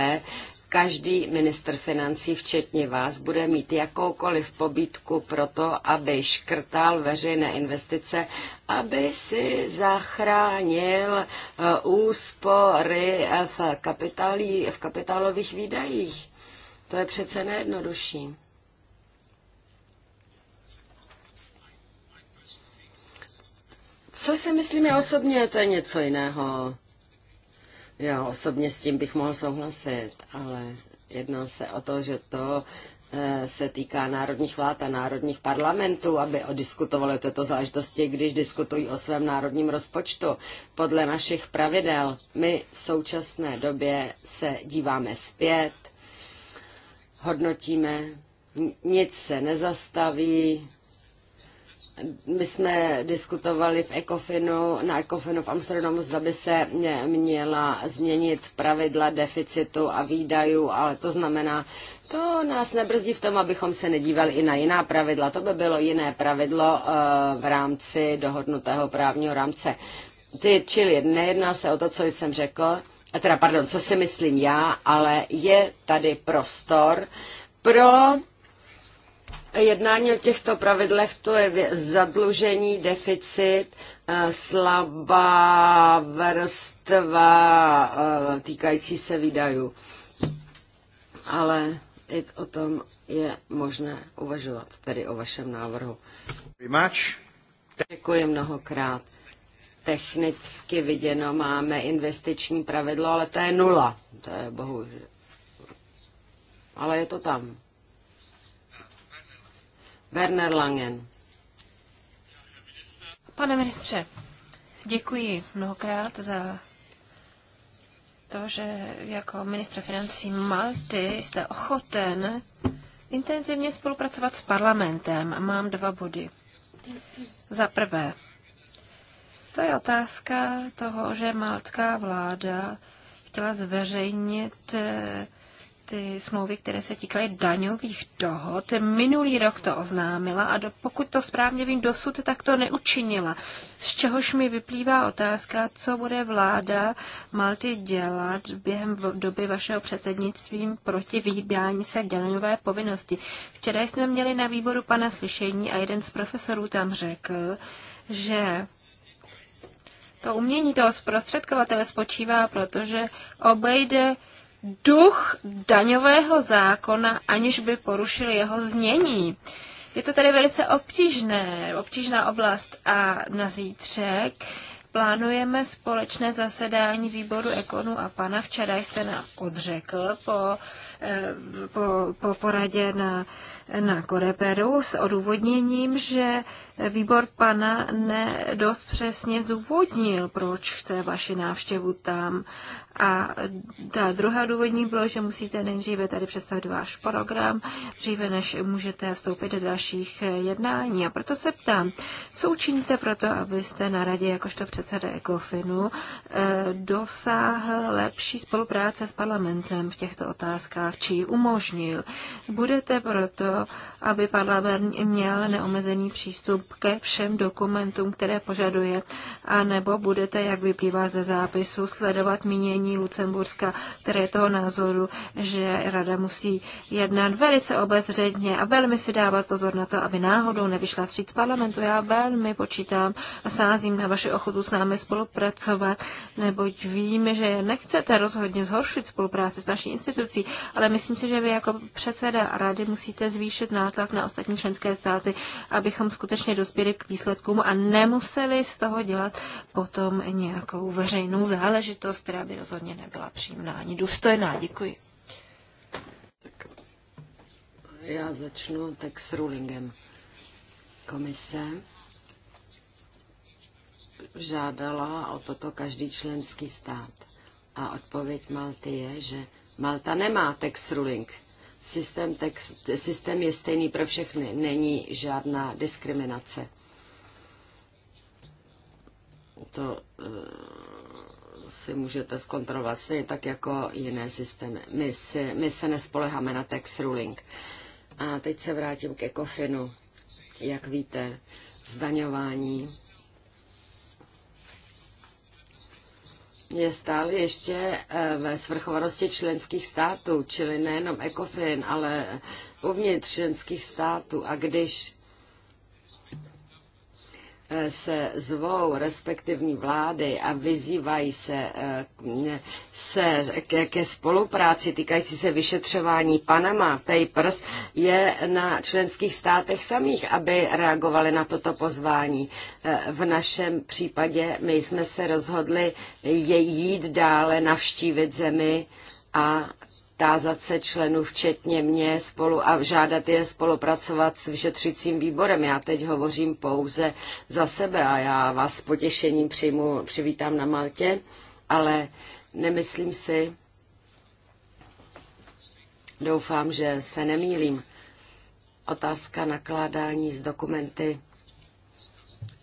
každý ministr financí, včetně vás, bude mít jakoukoliv pobítku pro to, aby škrtal veřejné investice, aby si zachránil eh, úspory v, kapitálí, v kapitálových výdajích. To je přece nejjednodušší. Co si myslím já osobně, to je něco jiného. Já osobně s tím bych mohl souhlasit, ale jedná se o to, že to eh, se týká národních vlád a národních parlamentů, aby odiskutovali tyto záležitosti, když diskutují o svém národním rozpočtu. Podle našich pravidel my v současné době se díváme zpět, hodnotíme, nic se nezastaví, my jsme diskutovali v Ecofinu, na Ecofinu v Amsterdamu, zda by se měla změnit pravidla deficitu a výdajů, ale to znamená, to nás nebrzdí v tom, abychom se nedívali i na jiná pravidla. To by bylo jiné pravidlo eh, v rámci dohodnutého právního rámce. Ty, čili nejedná se o to, co jsem řekl, eh, teda pardon, co si myslím já, ale je tady prostor pro Jednání o těchto pravidlech to je zadlužení, deficit, eh, slabá vrstva eh, týkající se výdajů. Ale i o tom je možné uvažovat, tedy o vašem návrhu. Děkuji mnohokrát. Technicky viděno máme investiční pravidlo, ale to je nula. To je bohužel. Ale je to tam. Werner Langen. Pane ministře, děkuji mnohokrát za to, že jako ministr financí Malty jste ochoten intenzivně spolupracovat s parlamentem. Mám dva body. Za prvé, to je otázka toho, že maltská vláda chtěla zveřejnit eh, ty smlouvy, které se týkaly daňových dohod. Minulý rok to oznámila a do, pokud to správně vím dosud, tak to neučinila. Z čehož mi vyplývá otázka, co bude vláda Malty dělat během doby vašeho předsednictví proti vyhýbání se daňové povinnosti. Včera jsme měli na výboru pana slyšení a jeden z profesorů tam řekl, že to umění toho zprostředkovatele spočívá, protože obejde duch daňového zákona, aniž by porušil jeho znění. Je to tady velice obtížné, obtížná oblast a na zítřek plánujeme společné zasedání výboru ekonu a pana. Včera jste nám odřekl po Eh, po, po poradě na, na Koreperu s odůvodněním, že výbor pana nedost přesně zdůvodnil, proč chce vaši návštěvu tam. A ta druhá důvodní bylo, že musíte nejdříve tady představit váš program, dříve než můžete vstoupit do dalších eh, jednání. A proto se ptám, co učiníte pro to, abyste na radě jakožto předseda Ecofinu eh, dosáhl lepší spolupráce s parlamentem v těchto otázkách? práv či ji umožnil. Budete proto, aby parlament měl neomezený přístup ke všem dokumentům, které požaduje, a nebo budete, jak vyplývá ze zápisu, sledovat mínění Lucemburska, které je toho názoru, že rada musí jednat velice obezředně a velmi si dávat pozor na to, aby náhodou nevyšla vstříc parlamentu. Já velmi počítám a sázím na vaši ochotu s námi spolupracovat, neboť víme, že nechcete rozhodně zhoršit spolupráci s naší institucí, ale ale myslím si, že vy jako předseda rady musíte zvýšit nátlak na ostatní členské státy, abychom skutečně dospěli k výsledkům a nemuseli z toho dělat potom nějakou veřejnou záležitost, která by rozhodně nebyla příjemná ani důstojná. Děkuji. Tak já začnu tak s rulingem. Komise žádala o toto každý členský stát. A odpověď Malty je, že Malta nemá tax ruling. Systém, tax, systém je stejný pro všechny, není žádná diskriminace. To eh, si můžete zkontrolovat stejně tak jako jiné systémy. My, si, my se nespoleháme na tax ruling. A teď se vrátím ke kofinu. Jak víte, zdaňování je stále ještě eh, ve svrchovanosti členských států, čili nejenom ECOFIN, ale uvnitř členských států. A když se zvou respektivní vlády a vyzývají se, eh, se ke, ke spolupráci týkající se vyšetřování Panama Papers, je na členských státech samých, aby reagovali na toto pozvání. Eh, v našem případě my jsme se rozhodli jít dále navštívit zemi a tázat se členů, včetně mě, spolu a žádat je spolupracovat s vyšetřujícím výborem. Já teď hovořím pouze za sebe a já vás s potěšením přijmu, přivítám na Maltě, ale nemyslím si, doufám, že se nemýlím. Otázka nakládání s dokumenty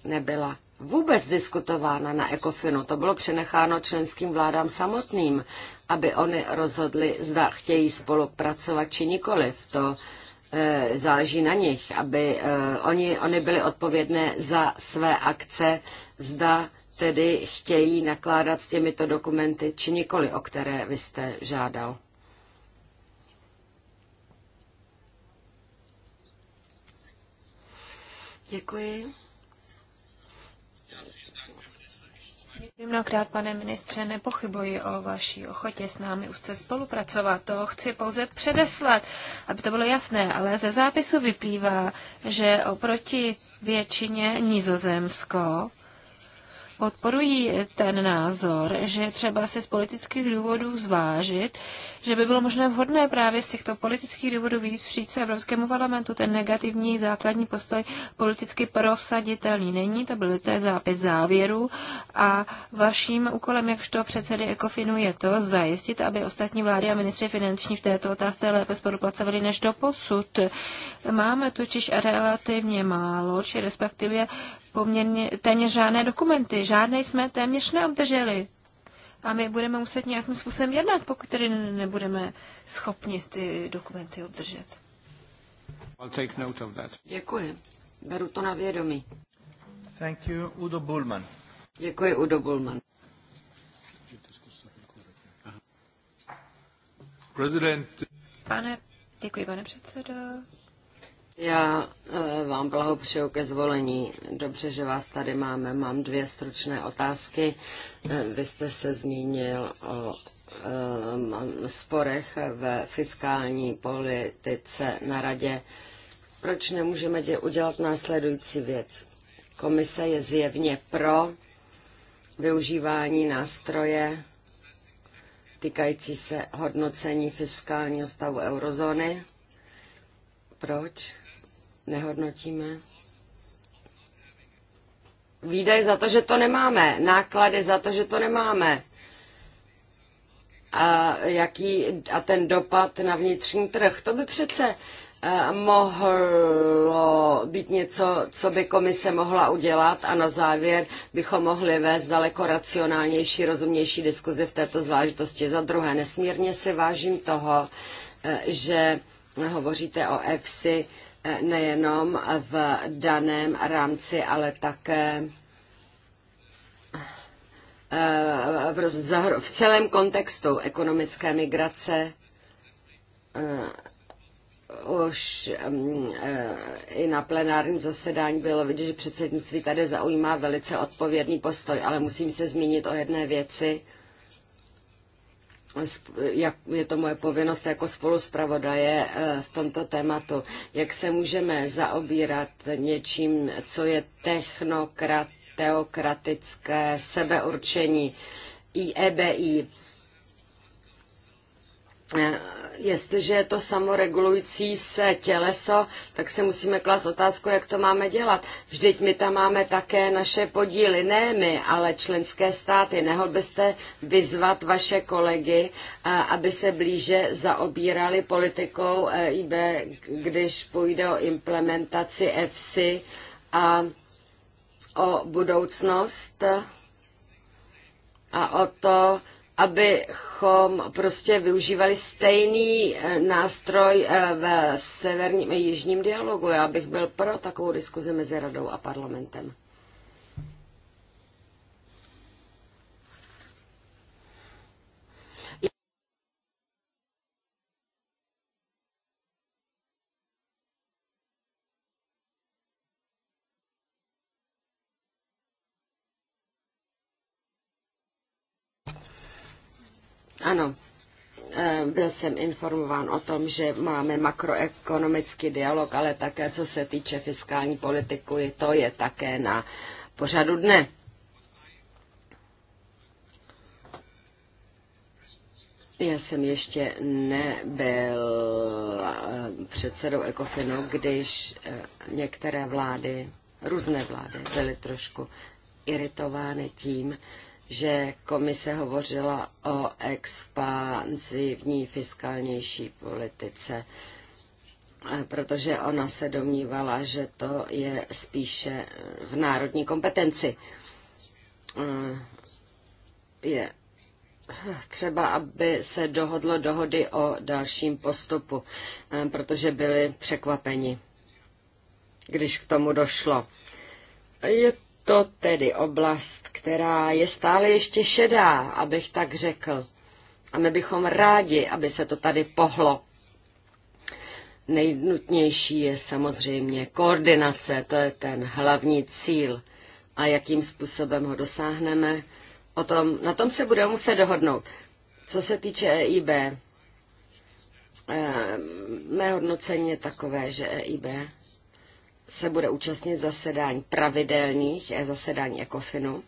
nebyla vůbec diskutována na ECOFINu. To bylo přenecháno členským vládám samotným aby oni rozhodli, zda chtějí spolupracovat či nikoliv. To e, záleží na nich, aby e, oni, oni byli odpovědné za své akce, zda tedy chtějí nakládat s těmito dokumenty či nikoli, o které vy jste žádal. Děkuji. Mnohokrát, pane ministře, nepochybuji o vaší ochotě s námi se spolupracovat. To chci pouze předeslat, aby to bylo jasné, ale ze zápisu vyplývá, že oproti většině Nizozemsko podporují ten názor, že třeba se z politických důvodů zvážit, že by bylo možné vhodné právě z těchto politických důvodů víc říct se Evropskému parlamentu. Ten negativní základní postoj politicky prosaditelný není, to byl to zápis závěru a vaším úkolem jakžto předsedy Ekofinu je to zajistit, aby ostatní vlády a ministři finanční v této otázce lépe spolupracovali než do posud. Máme totiž relativně málo, či respektive poměrně téměř žádné dokumenty. Žádné jsme téměř neobdrželi. A my budeme muset nějakým způsobem jednat, pokud tedy nebudeme schopni ty dokumenty obdržet. I'll take note of that. Děkuji. Beru to na vědomí. Thank you, Udo Bullman. Děkuji, Udo Bullman. President. Pane, děkuji, pane předsedo. Já eh, vám blahopřeju ke zvolení. Dobře, že vás tady máme. Mám dvě stručné otázky. Eh, vy jste se zmínil o eh, sporech ve fiskální politice na radě. Proč nemůžeme udělat následující věc? Komise je zjevně pro využívání nástroje týkající se hodnocení fiskálního stavu eurozóny. Proč? nehodnotíme. Výdaj za to, že to nemáme, náklady za to, že to nemáme. A, jaký, a ten dopad na vnitřní trh, to by přece eh, mohlo být něco, co by komise mohla udělat a na závěr bychom mohli vést daleko racionálnější, rozumnější diskuzi v této záležitosti. Za druhé, nesmírně si vážím toho, eh, že hovoříte o EFSI nejenom v daném rámci, ale také eh, v celém kontextu ekonomické migrace eh, už mm, eh, i na plenárním zasedání bylo vidět, že předsednictví tady zaujímá velice odpovědný postoj, ale musím se zmínit o jedné věci, jak je to moje povinnost jako spoluzpravodaje eh, v tomto tématu, jak se můžeme zaobírat něčím, co je technokrat, teokratické sebeurčení IEBI e jestliže je to samoregulující se těleso, tak se musíme klas otázku, jak to máme dělat. Vždyť my tam máme také naše podíly, ne my, ale členské státy. Nehl byste vyzvat vaše kolegy, aby se blíže zaobírali politikou e, IB, když půjde o implementaci EFSI a o budoucnost a o to, abychom prostě využívali stejný eh, nástroj eh, v severním a jižním dialogu. Já bych byl pro takovou diskuzi mezi radou a parlamentem. Ano, eh, byl jsem informován o tom, že máme makroekonomický dialog, ale také co se týče fiskální politiky, to je také na pořadu dne. Já jsem ještě nebyl eh, předsedou Ekofinu, když eh, některé vlády, různé vlády, byly trošku iritovány tím, že komise hovořila o expansivní fiskálnější politice, eh, protože ona se domnívala, že to je spíše v národní kompetenci. Eh, je třeba, aby se dohodlo dohody o dalším postupu, eh, protože byli překvapeni, když k tomu došlo. Je to tedy oblast, která je stále ještě šedá, abych tak řekl. A my bychom rádi, aby se to tady pohlo. Nejnutnější je samozřejmě koordinace, to je ten hlavní cíl. A jakým způsobem ho dosáhneme, o tom, na tom se budeme muset dohodnout. Co se týče EIB, eh, mé hodnocení je takové, že EIB se bude účastnit zasedání pravidelných, eh, zasedání ECOFINu.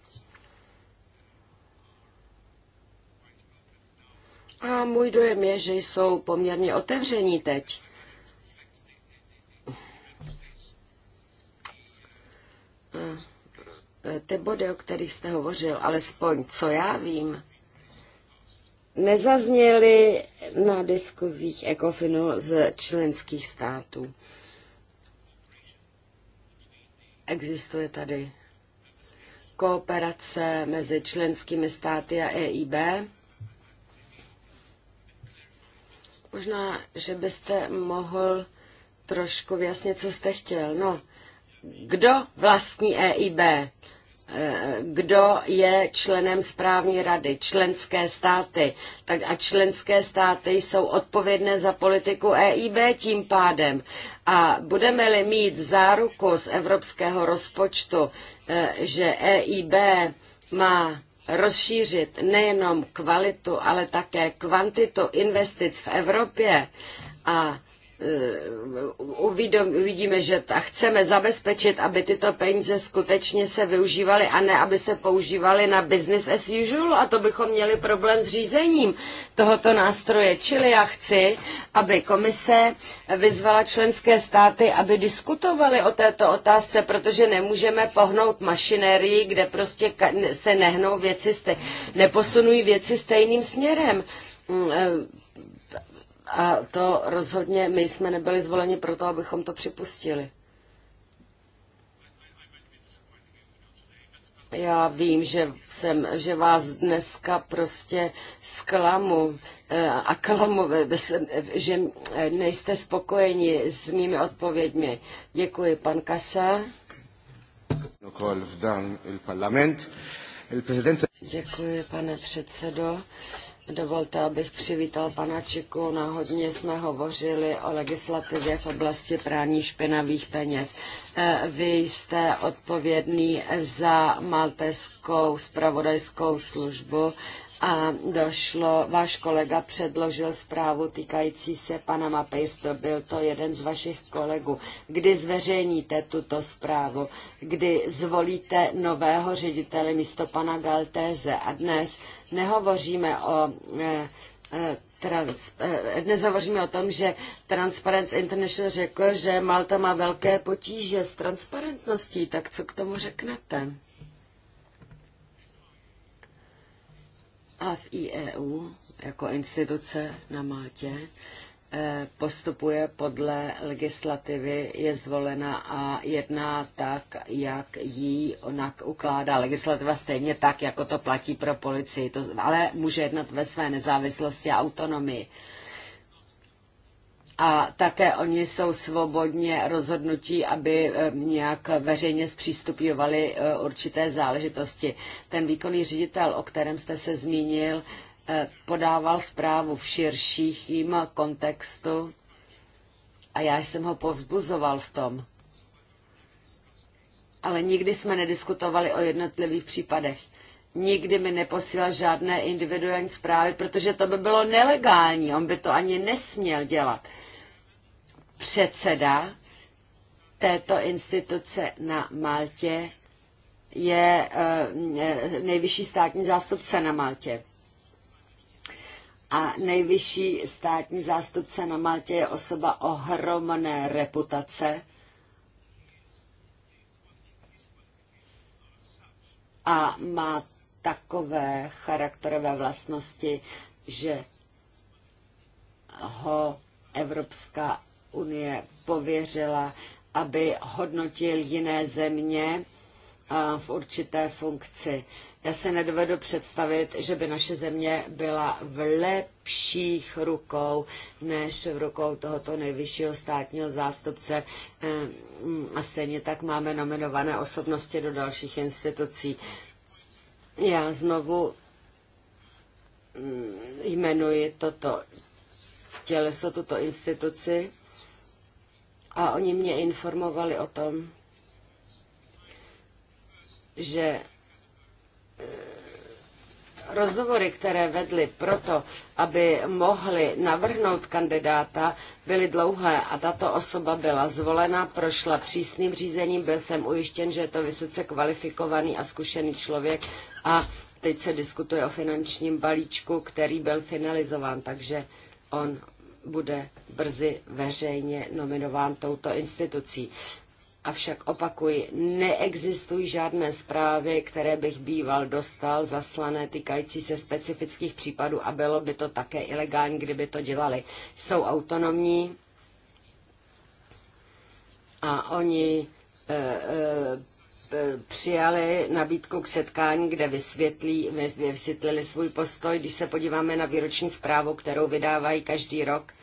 A můj dojem je, že jsou poměrně otevření teď. Eh, eh, ty body, o kterých jste hovořil, alespoň co já vím, nezazněly na diskuzích ECOFINu z členských států. Existuje tady kooperace mezi členskými státy a EIB. Možná, že byste mohl trošku vyjasnit, co jste chtěl. No, kdo vlastní EIB? kdo je členem správní rady, členské státy. Tak a členské státy jsou odpovědné za politiku EIB tím pádem. A budeme-li mít záruku z evropského rozpočtu, eh, že EIB má rozšířit nejenom kvalitu, ale také kvantitu investic v Evropě a Eh, uvidíme, že ta chceme zabezpečit, aby tyto peníze skutečně se využívaly a ne, aby se používaly na business as usual a to bychom měli problém s řízením tohoto nástroje. Čili já chci, aby komise vyzvala členské státy, aby diskutovali o této otázce, protože nemůžeme pohnout mašinérii, kde prostě se nehnou věci, neposunují věci stejným směrem mm, eh, a to rozhodně my jsme nebyli zvoleni proto, abychom to připustili. Já vím, že, jsem, že vás dneska prostě zklamu eh, a klamu, že nejste spokojeni s mými odpověďmi. Děkuji, pan Kasa. Děkuji, pane předsedo. Dovolte, abych přivítal pana Čiku. Náhodně jsme hovořili o legislativě v oblasti prání špinavých peněz. E, vy jste odpovědný za malteskou spravodajskou službu a došlo, váš kolega předložil zprávu týkající se Panama Papers, to byl to jeden z vašich kolegů. Kdy zveřejníte tuto zprávu? Kdy zvolíte nového ředitele místo pana Galtéze? A dnes nehovoříme o eh, eh, Trans, eh, dnes hovoříme o tom, že Transparency International řekl, že Malta má velké potíže s transparentností, tak co k tomu řeknete? A v IEU jako instituce na Mátě eh, postupuje podle legislativy, je zvolena a jedná tak, jak jí ona ukládá legislativa, stejně tak, jako to platí pro policii, to, ale může jednat ve své nezávislosti a autonomii a také oni jsou svobodně rozhodnutí, aby eh, nějak veřejně zpřístupňovali eh, určité záležitosti. Ten výkonný ředitel, o kterém jste se zmínil, eh, podával zprávu v širších jim kontextu a já jsem ho povzbuzoval v tom. Ale nikdy jsme nediskutovali o jednotlivých případech. Nikdy mi neposílal žádné individuální zprávy, protože to by bylo nelegální. On by to ani nesměl dělat předseda této instituce na Maltě eh, je nejvyšší státní zástupce na Maltě. A nejvyšší státní zástupce na Maltě je osoba ohromné reputace. A má takové charakterové vlastnosti, že ho Evropská unie pověřila, aby hodnotil jiné země v určité funkci. Já se nedovedu představit, že by naše země byla v lepších rukou než v rukou tohoto nejvyššího státního zástupce. Ehm, a stejně tak máme nominované osobnosti do dalších institucí. Já znovu mm, jmenuji toto těleso, tuto instituci a oni mě informovali o tom, že e, rozhovory, které vedly proto, aby mohli navrhnout kandidáta, byly dlouhé a tato osoba byla zvolena, prošla přísným řízením, byl jsem ujištěn, že je to vysoce kvalifikovaný a zkušený člověk a teď se diskutuje o finančním balíčku, který byl finalizován, takže on bude brzy veřejně nominován touto institucí. Avšak opakuji, neexistují žádné zprávy, které bych býval dostal zaslané týkající se specifických případů a bylo by to také ilegální, kdyby to dělali. Jsou autonomní a oni eh, eh, Eh, přijali nabídku k setkání, kde vysvětlí, vysvětlili svůj postoj. Když se podíváme na výroční zprávu, kterou vydávají každý rok,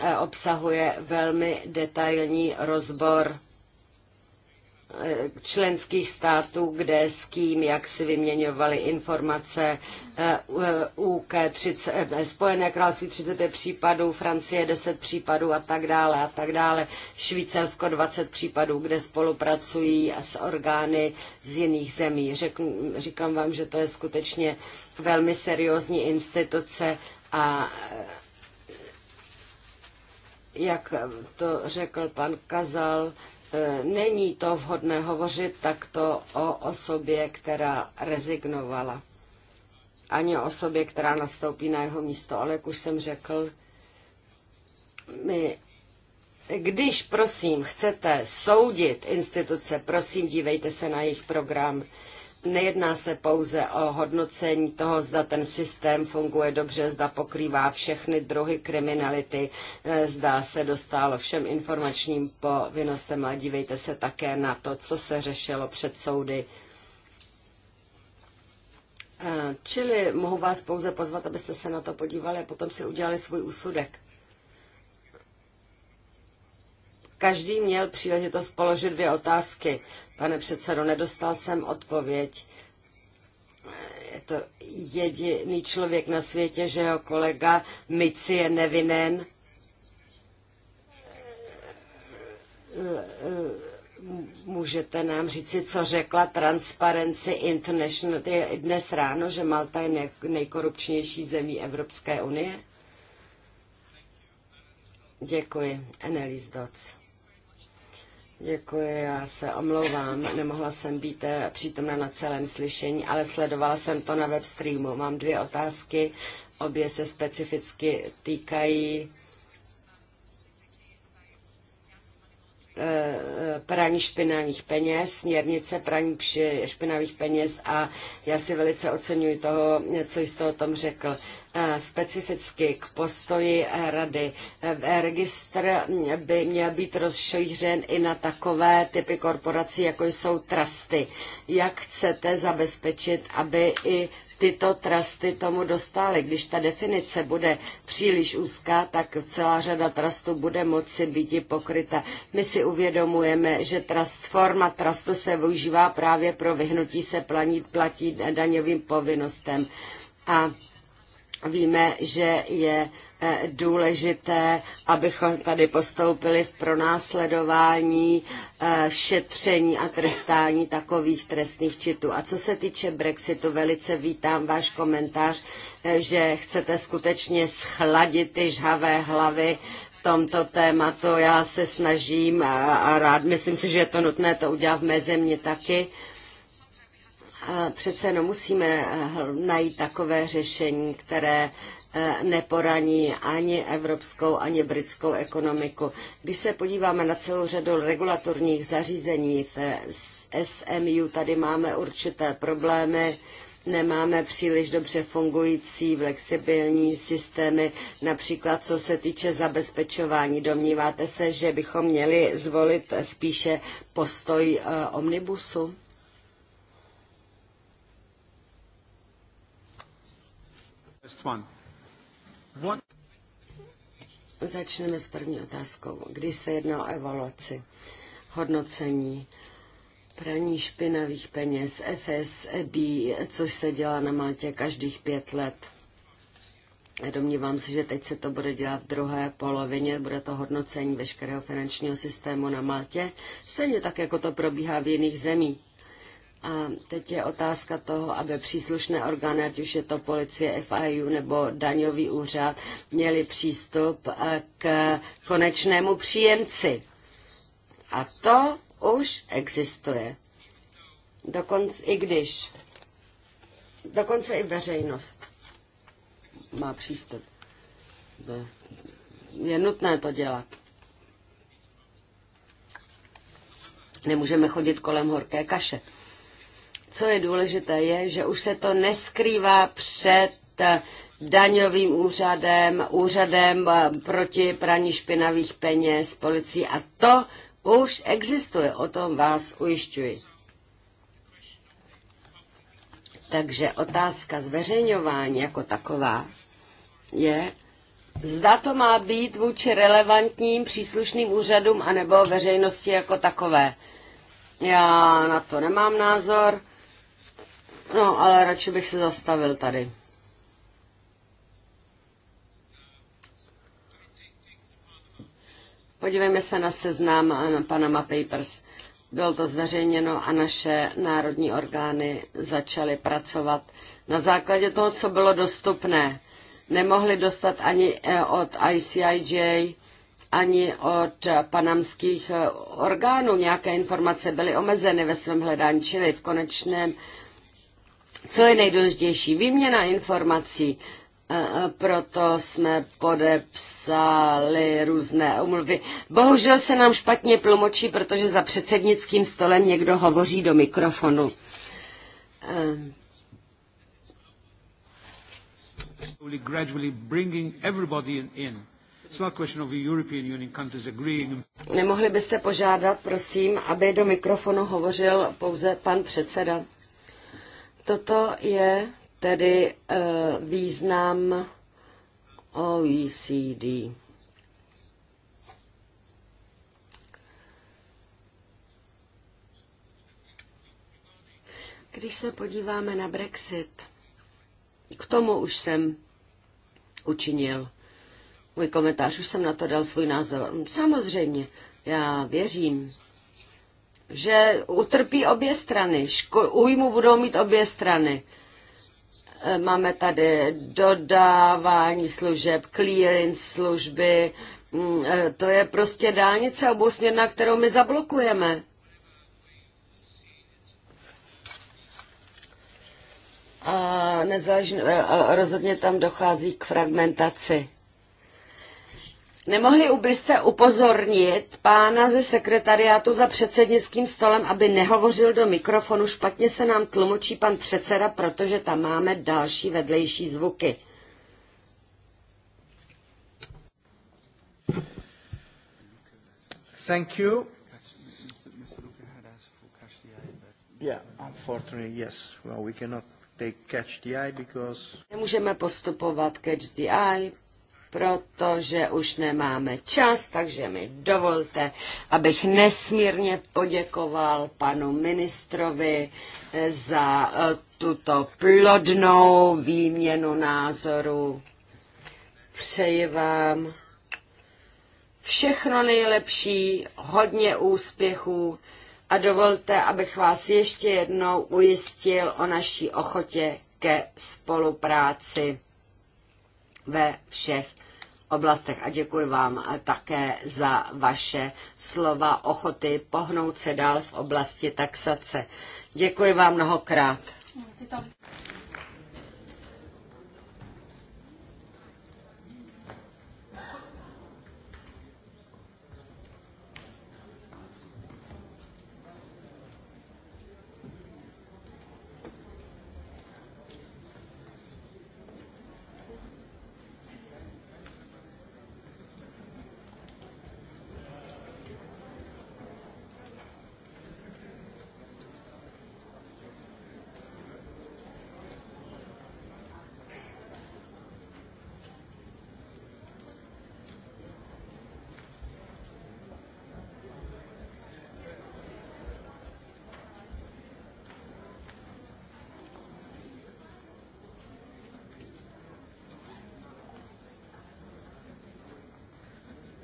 eh, obsahuje velmi detailní rozbor členských států, kde s kým, jak si vyměňovali informace, eh, UK 30, eh, Spojené království 35 případů, Francie 10 případů a tak dále a tak dále, Švýcarsko 20 případů, kde spolupracují s orgány z jiných zemí. Řeknu, říkám vám, že to je skutečně velmi seriózní instituce a eh, jak to řekl pan Kazal, E, není to vhodné hovořit takto o osobě, která rezignovala. Ani o osobě, která nastoupí na jeho místo, ale jak už jsem řekl, my když, prosím, chcete soudit instituce, prosím, dívejte se na jejich program. Nejedná se pouze o hodnocení toho, zda ten systém funguje dobře, zda pokrývá všechny druhy kriminality, eh, zda se dostalo všem informačním povinnostem, ale dívejte se také na to, co se řešilo před soudy. Eh, Čili mohu vás pouze pozvat, abyste se na to podívali a potom si udělali svůj úsudek. Každý měl příležitost položit dvě otázky. Pane předsedo, nedostal jsem odpověď. Je to jediný člověk na světě, že jeho kolega Mici je nevinen. Můžete nám říci, co řekla Transparency International dnes ráno, že Malta je nejkorupčnější zemí Evropské unie? Děkuji, Annelies Dodds. Děkuji, já se omlouvám, nemohla jsem být eh, přítomna na celém slyšení, ale sledovala jsem to na webstreamu. Mám dvě otázky, obě se specificky týkají praní špinavých peněz, směrnice praní špinavých peněz a já si velice oceňuji toho, co jste o tom řekl. Specificky k postoji rady. Registr by měl být rozšířen i na takové typy korporací, jako jsou trusty. Jak chcete zabezpečit, aby i tyto trusty tomu dostály. Když ta definice bude příliš úzká, tak celá řada trustů bude moci být pokryta. My si uvědomujeme, že trust, forma trustu se využívá právě pro vyhnutí se planit, platit daňovým povinnostem. A víme, že je Eh, důležité, abychom tady postoupili v pronásledování, eh, šetření a trestání takových trestných čitů. A co se týče Brexitu, velice vítám váš komentář, eh, že chcete skutečně schladit ty žhavé hlavy tomto tématu. Já se snažím a, rád, myslím si, že je to nutné to udělat v mé země taky přece jenom musíme eh, najít takové řešení, které eh, neporaní ani evropskou, ani britskou ekonomiku. Když se podíváme na celou řadu regulatorních zařízení v SMU, tady máme určité problémy, nemáme příliš dobře fungující flexibilní systémy, například co se týče zabezpečování. Domníváte se, že bychom měli zvolit spíše postoj eh, omnibusu? Začneme s první otázkou. Když se jedná o evaluaci, hodnocení, praní špinavých peněz, FS, EB, což se dělá na Maltě každých pět let. Domnívám se, že teď se to bude dělat v druhé polovině, bude to hodnocení veškerého finančního systému na Maltě, stejně tak, jako to probíhá v jiných zemích a teď je otázka toho, aby příslušné orgány, ať už je to policie, FIU nebo daňový úřad, měli přístup eh, k konečnému příjemci. A to už existuje. Dokonce i když. Dokonce i veřejnost má přístup. Je nutné to dělat. Nemůžeme chodit kolem horké kaše. Co je důležité, je, že už se to neskrývá před daňovým úřadem, úřadem eh, proti praní špinavých peněz, policií a to už existuje, o tom vás ujišťuji. Takže otázka zveřejňování jako taková je, zda to má být vůči relevantním příslušným úřadům anebo veřejnosti jako takové. Já na to nemám názor. No, ale radši bych se zastavil tady. Podívejme se na seznam eh, Panama Papers. Bylo to zveřejněno a naše národní orgány začaly pracovat na základě toho, co bylo dostupné. Nemohli dostat ani eh, od ICIJ, ani od panamských eh, orgánů. Nějaké informace byly omezeny ve svém hledání, čili v konečném co je nejdůležitější? Výměna informací. E, e, proto jsme podepsali různé omluvy. Bohužel se nám špatně tlumočí, protože za předsednickým stolem někdo hovoří do mikrofonu. E, Nemohli byste požádat, prosím, aby do mikrofonu hovořil pouze pan předseda? Toto je tedy eh, význam OECD. Když se podíváme na Brexit, k tomu už jsem učinil můj komentář, už jsem na to dal svůj názor. Samozřejmě, já věřím, že utrpí obě strany, ško- újmu budou mít obě strany. E, máme tady dodávání služeb, clearance služby, mm, e, to je prostě dálnice obousměrná, kterou my zablokujeme. A, nezáleží, e, a rozhodně tam dochází k fragmentaci. Nemohli byste upozornit pána ze sekretariátu za předsednickým stolem, aby nehovořil do mikrofonu? Špatně se nám tlumočí pan předseda, protože tam máme další vedlejší zvuky. Thank you. Yeah, unfortunately, yes. Well, we cannot take catch the eye because... Nemůžeme postupovat catch the eye, protože už nemáme čas, takže mi dovolte, abych nesmírně poděkoval panu ministrovi eh, za eh, tuto plodnou výměnu názorů. Přeji vám všechno nejlepší, hodně úspěchů a dovolte, abych vás ještě jednou ujistil o naší ochotě ke spolupráci ve všech oblastech. A děkuji vám také za vaše slova ochoty pohnout se dál v oblasti taxace. Děkuji vám mnohokrát.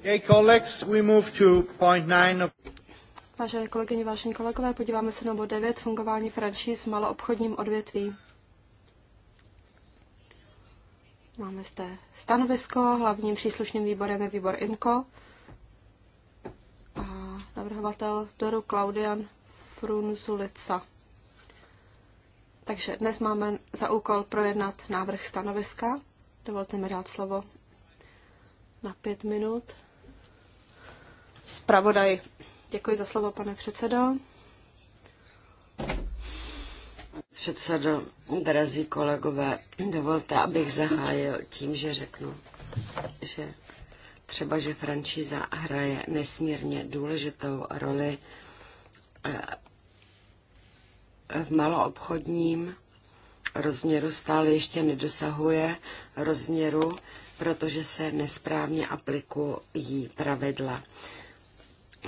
Vážené kolegyně, vážení kolegové, podíváme se na bod 9, fungování franšíz v maloobchodním odvětví. Máme zde stanovisko, hlavním příslušným výborem je výbor IMCO a navrhovatel Doru Claudian Frunzulica. Takže dnes máme za úkol projednat návrh stanoviska. Dovolte mi dát slovo na pět minut zpravodaj. Děkuji za slovo, pane předsedo. Předsedo, drazí kolegové, dovolte, abych zahájil tím, že řeknu, že třeba, že franšíza hraje nesmírně důležitou roli eh, v maloobchodním rozměru stále ještě nedosahuje rozměru, protože se nesprávně aplikují pravidla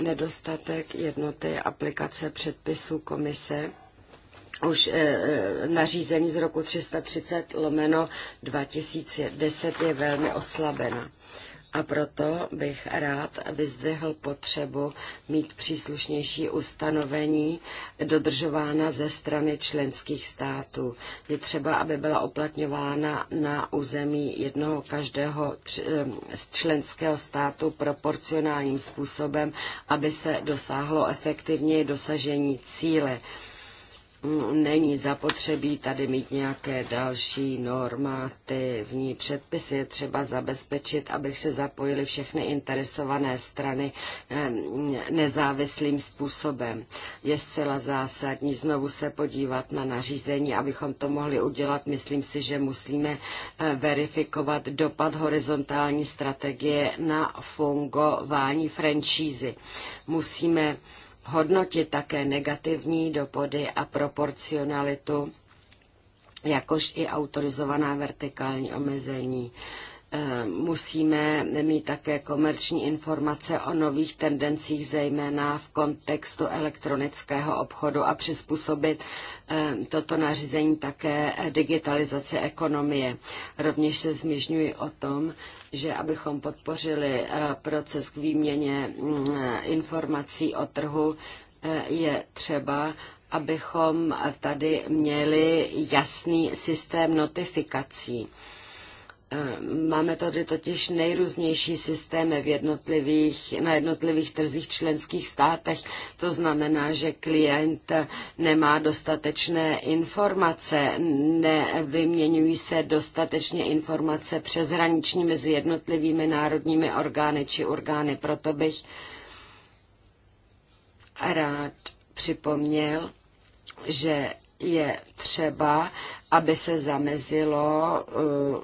nedostatek jednoty aplikace předpisů komise už eh, eh, nařízení z roku 330 lomeno 2010 je velmi oslabena. A proto bych rád vyzdvihl potřebu mít příslušnější ustanovení dodržována ze strany členských států. Je třeba, aby byla uplatňována na území jednoho každého z členského státu proporcionálním způsobem, aby se dosáhlo efektivně dosažení cíle. No, není zapotřebí tady mít nějaké další normativní předpisy. Je třeba zabezpečit, abych se zapojili všechny interesované strany nezávislým způsobem. Je zcela zásadní znovu se podívat na nařízení, abychom to mohli udělat. Myslím si, že musíme eh, verifikovat dopad horizontální strategie na fungování franšízy. Musíme hodnotit také negativní dopady a proporcionalitu, jakož i autorizovaná vertikální omezení. Eh, musíme mít také komerční informace o nových tendencích, zejména v kontextu elektronického obchodu a přizpůsobit eh, toto nařízení také digitalizaci ekonomie. Rovněž se zmižňuji o tom, že abychom podpořili eh, proces k výměně mm, informací o trhu, eh, je třeba, abychom tady měli jasný systém notifikací Máme tady totiž nejrůznější systémy v jednotlivých, na jednotlivých trzích členských státech. To znamená, že klient nemá dostatečné informace, nevyměňují se dostatečně informace hraniční mezi jednotlivými národními orgány či orgány. Proto bych rád připomněl, že je třeba, aby se zamezilo uh,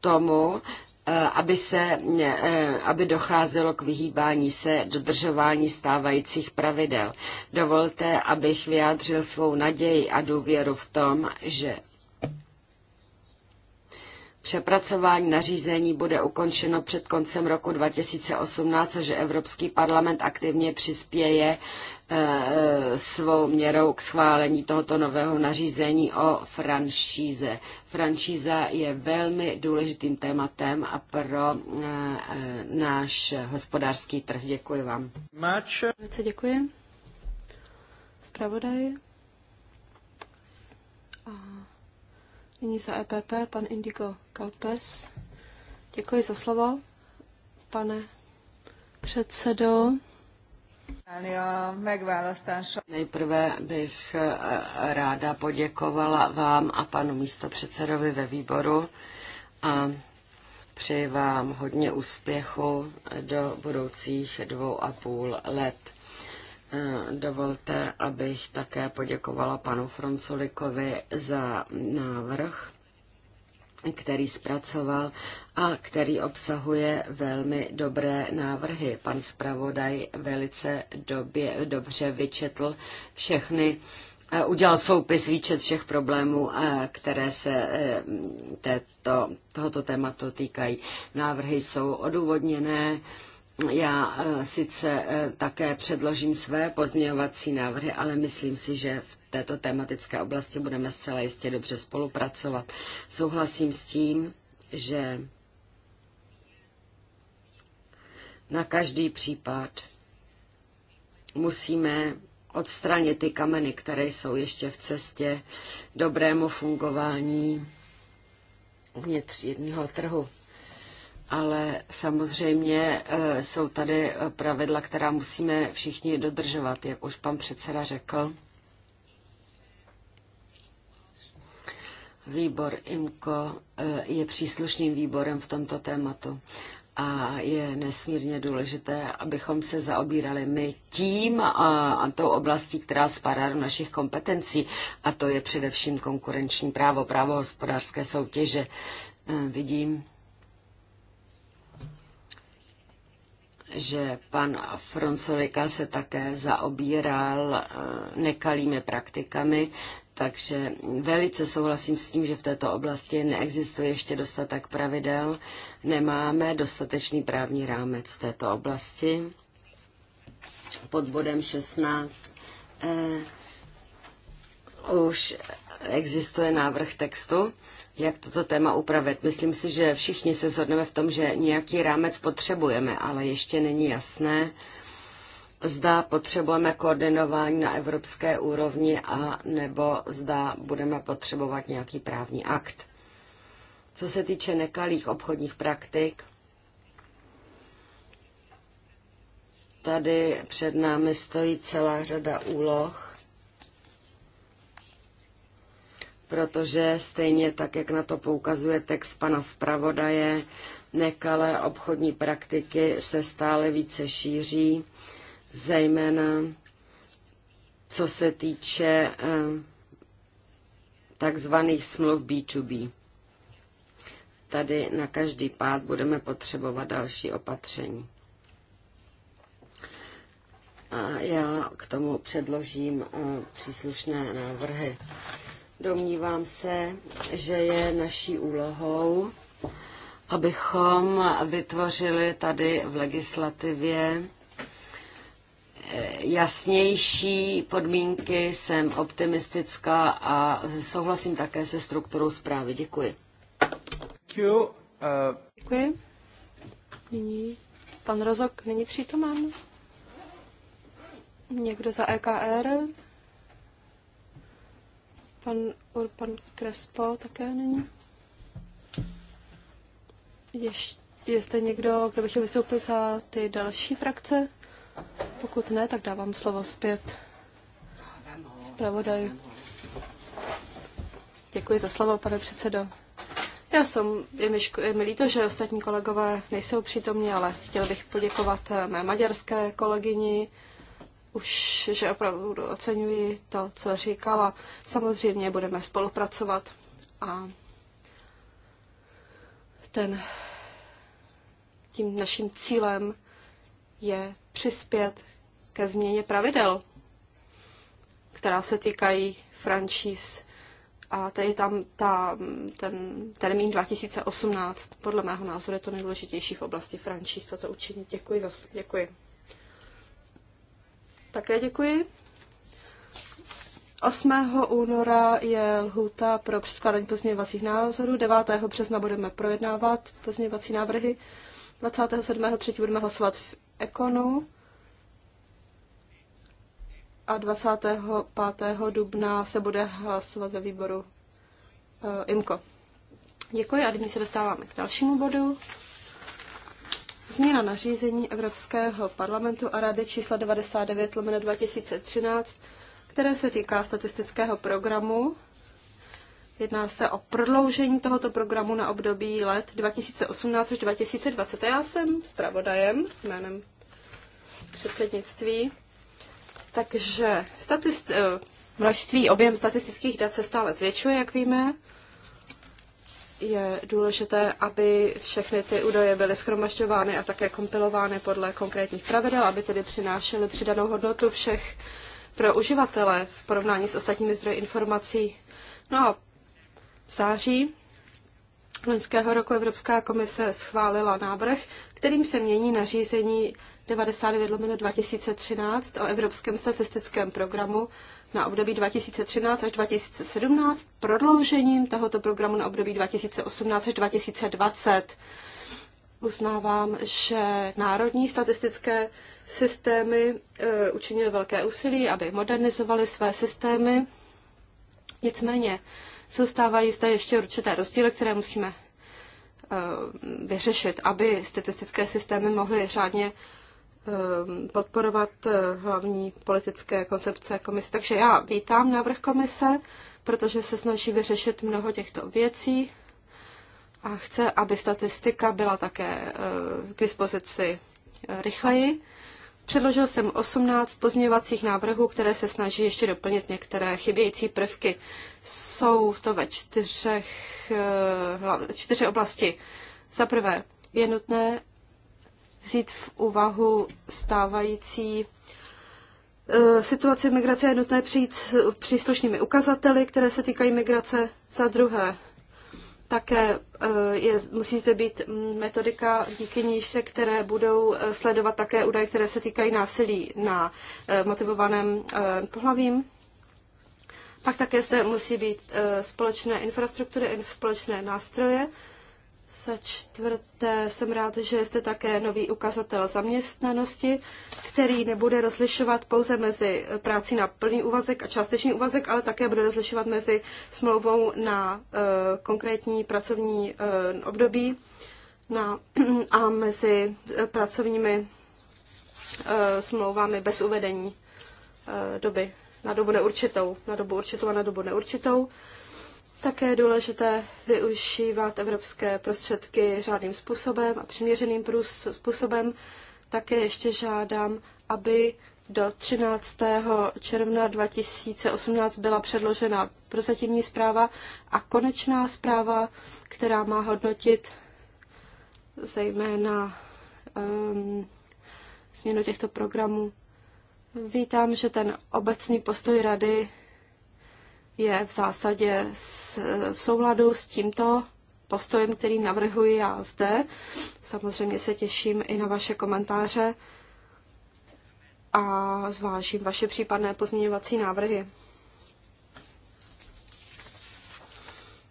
tomu, eh, aby, se, eh, aby docházelo k vyhýbání se dodržování stávajících pravidel. Dovolte, abych vyjádřil svou naději a důvěru v tom, že Přepracování nařízení bude ukončeno před koncem roku 2018 a že Evropský parlament aktivně přispěje Eh, svou měrou k schválení tohoto nového nařízení o franšíze. Franšíza je velmi důležitým tématem a pro eh, náš hospodářský trh. Děkuji vám. Velice děkuji. Zpravodaj. A nyní za EPP pan Indigo Kalpes. Děkuji za slovo, pane předsedo. Nejprve bych eh, ráda poděkovala vám a panu místopředsedovi ve výboru a přeji vám hodně úspěchu do budoucích dvou a půl let. Eh, dovolte, abych také poděkovala panu Francolikovi za návrh který zpracoval a který obsahuje velmi dobré návrhy. Pan zpravodaj velice době, dobře vyčetl všechny, udělal soupis výčet všech problémů, které se e, této, tohoto tématu týkají. Návrhy jsou odůvodněné, já e, sice e, také předložím své pozměňovací návrhy, ale myslím si, že v této tematické oblasti budeme zcela jistě dobře spolupracovat. Souhlasím s tím, že na každý případ musíme odstranit ty kameny, které jsou ještě v cestě dobrému fungování uvnitř jedního trhu. Ale samozřejmě eh, jsou tady eh, pravidla, která musíme všichni dodržovat, jak už pan předseda řekl. Výbor IMCO eh, je příslušným výborem v tomto tématu a je nesmírně důležité, abychom se zaobírali my tím a, eh, a tou oblastí, která spadá do našich kompetencí, a to je především konkurenční právo, právo hospodářské soutěže. Eh, vidím, že pan Fronsolika se také zaobíral nekalými praktikami takže velice souhlasím s tím, že v této oblasti neexistuje ještě dostatek pravidel, nemáme dostatečný právní rámec v této oblasti. Pod bodem 16 eh, už existuje návrh textu, jak toto téma upravit. Myslím si, že všichni se shodneme v tom, že nějaký rámec potřebujeme, ale ještě není jasné, eh, zda potřebujeme koordinování na evropské úrovni a nebo zda budeme potřebovat nějaký právní akt. Co se týče nekalých obchodních praktik, tady před námi stojí celá řada úloh, protože stejně tak, jak na to poukazuje text pana zpravodaje, nekalé obchodní praktiky se stále více šíří zejména co se týče eh, takzvaných smluv B2B. Tady na každý pád budeme potřebovat další opatření. A já k tomu předložím eh, příslušné návrhy. Domnívám se, že je naší úlohou, abychom vytvořili tady v legislativě jasnější podmínky, jsem optimistická a souhlasím také se strukturou zprávy. Děkuji. Uh, Děkuji. Nyní pan Rozok není přítomen. Někdo za EKR? Pan Urpan Krespo také není. Ještě, je někdo, kdo by chtěl vystoupit za ty další frakce? Pokud ne, tak dávám slovo zpět zpravodaj. Děkuji za slovo, pane předsedo. Já jsem, je mi, ško- je mi líto, že ostatní kolegové nejsou přítomní, ale chtěl bych poděkovat eh, mé maďarské kolegyni, už, že opravdu oceňuji to, co říkala. Samozřejmě budeme spolupracovat a ten, tím naším cílem je přispět ke změně pravidel, která se týkají franšíz. A tady tam ta, ten termín 2018, podle mého názoru, je to nejdůležitější v oblasti franšíz, toto učinit. Děkuji za děkuji. Také děkuji. 8. února je lhůta pro předkládání pozměňovacích názorů, 9. března budeme projednávat pozměňovací návrhy, 27. 3. budeme hlasovat Ekonu a 25. dubna se bude hlasovat ve výboru uh, eh, IMKO. Děkuji a nyní se dostáváme k dalšímu bodu. Změna nařízení Evropského parlamentu a rady číslo 99 2013, které se týká statistického programu Jedná se o prodloužení tohoto programu na období let 2018 až 2020. Já jsem zpravodajem jménem předsednictví. Takže statist, eh, množství, objem statistických dat se stále zvětšuje, jak víme. Je důležité, aby všechny ty údaje byly schromažďovány a také kompilovány podle konkrétních pravidel, aby tedy přinášely přidanou hodnotu všech pro uživatele v porovnání s ostatními zdroji informací. No a v září loňského roku Evropská komise schválila návrh, kterým se mění nařízení 99 2013 o Evropském statistickém programu na období 2013 až 2017 prodloužením tohoto programu na období 2018 až 2020. Uznávám, že národní statistické systémy e, učinily velké úsilí, aby modernizovaly své systémy. Nicméně zůstávají zde ještě určité rozdíly, které musíme eh, vyřešit, aby statistické systémy mohly řádně eh, podporovat eh, hlavní politické koncepce komise. Takže já vítám návrh komise, protože se snaží vyřešit mnoho těchto věcí a chce, aby statistika byla také k dispozici rychleji. Předložil jsem 18 pozměňovacích návrhů, které se snaží ještě doplnit některé chybějící prvky. Jsou to ve čtyřech, eh, čtyři oblasti. Za prvé, je nutné vzít v úvahu stávající eh, situaci migrace, je nutné přijít s příslušnými ukazateli, které se týkají migrace. Za druhé, také eh, je, musí zde být metodika, díky níž se, které budou eh, sledovat také údaje, které se týkají násilí na eh, motivovaném pohlavím. Pak také zde musí být společné infrastruktury, společné nástroje, za čtvrté jsem rád, že jste také nový ukazatel zaměstnanosti, který nebude rozlišovat pouze mezi práci na plný úvazek a částečný úvazek, ale také bude rozlišovat mezi smlouvou na eh, konkrétní pracovní eh, období na, a mezi eh, pracovními smlouvami bez uvedení doby na dobu neurčitou, na dobu určitou a na dobu neurčitou. Také je důležité využívat evropské prostředky řádným způsobem a přiměřeným způsobem. Také ještě žádám, aby do 13. června 2018 byla předložena prozatímní zpráva a konečná zpráva, která má hodnotit zejména um, změnu těchto programů. Vítám, že ten obecný postoj rady je v zásadě s, v souladu s tímto postojem, který navrhuji já zde. Samozřejmě se těším i na vaše komentáře a zvážím vaše případné pozměňovací návrhy.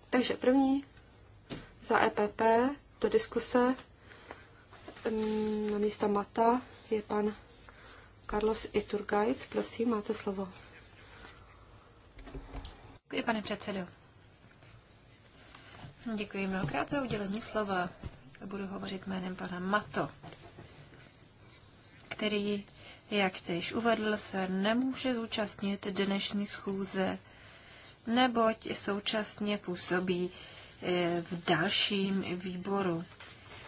Takže první za EPP do diskuse mm, na místa Mata je pan Carlos Iturgajc. Prosím, máte slovo. Děkuji, pane předsedo. Děkuji mnohokrát za udělení slova. Budu hovořit jménem pana Mato, který, jak jste již uvedl, se nemůže zúčastnit dnešní schůze, neboť současně působí eh, v dalším výboru.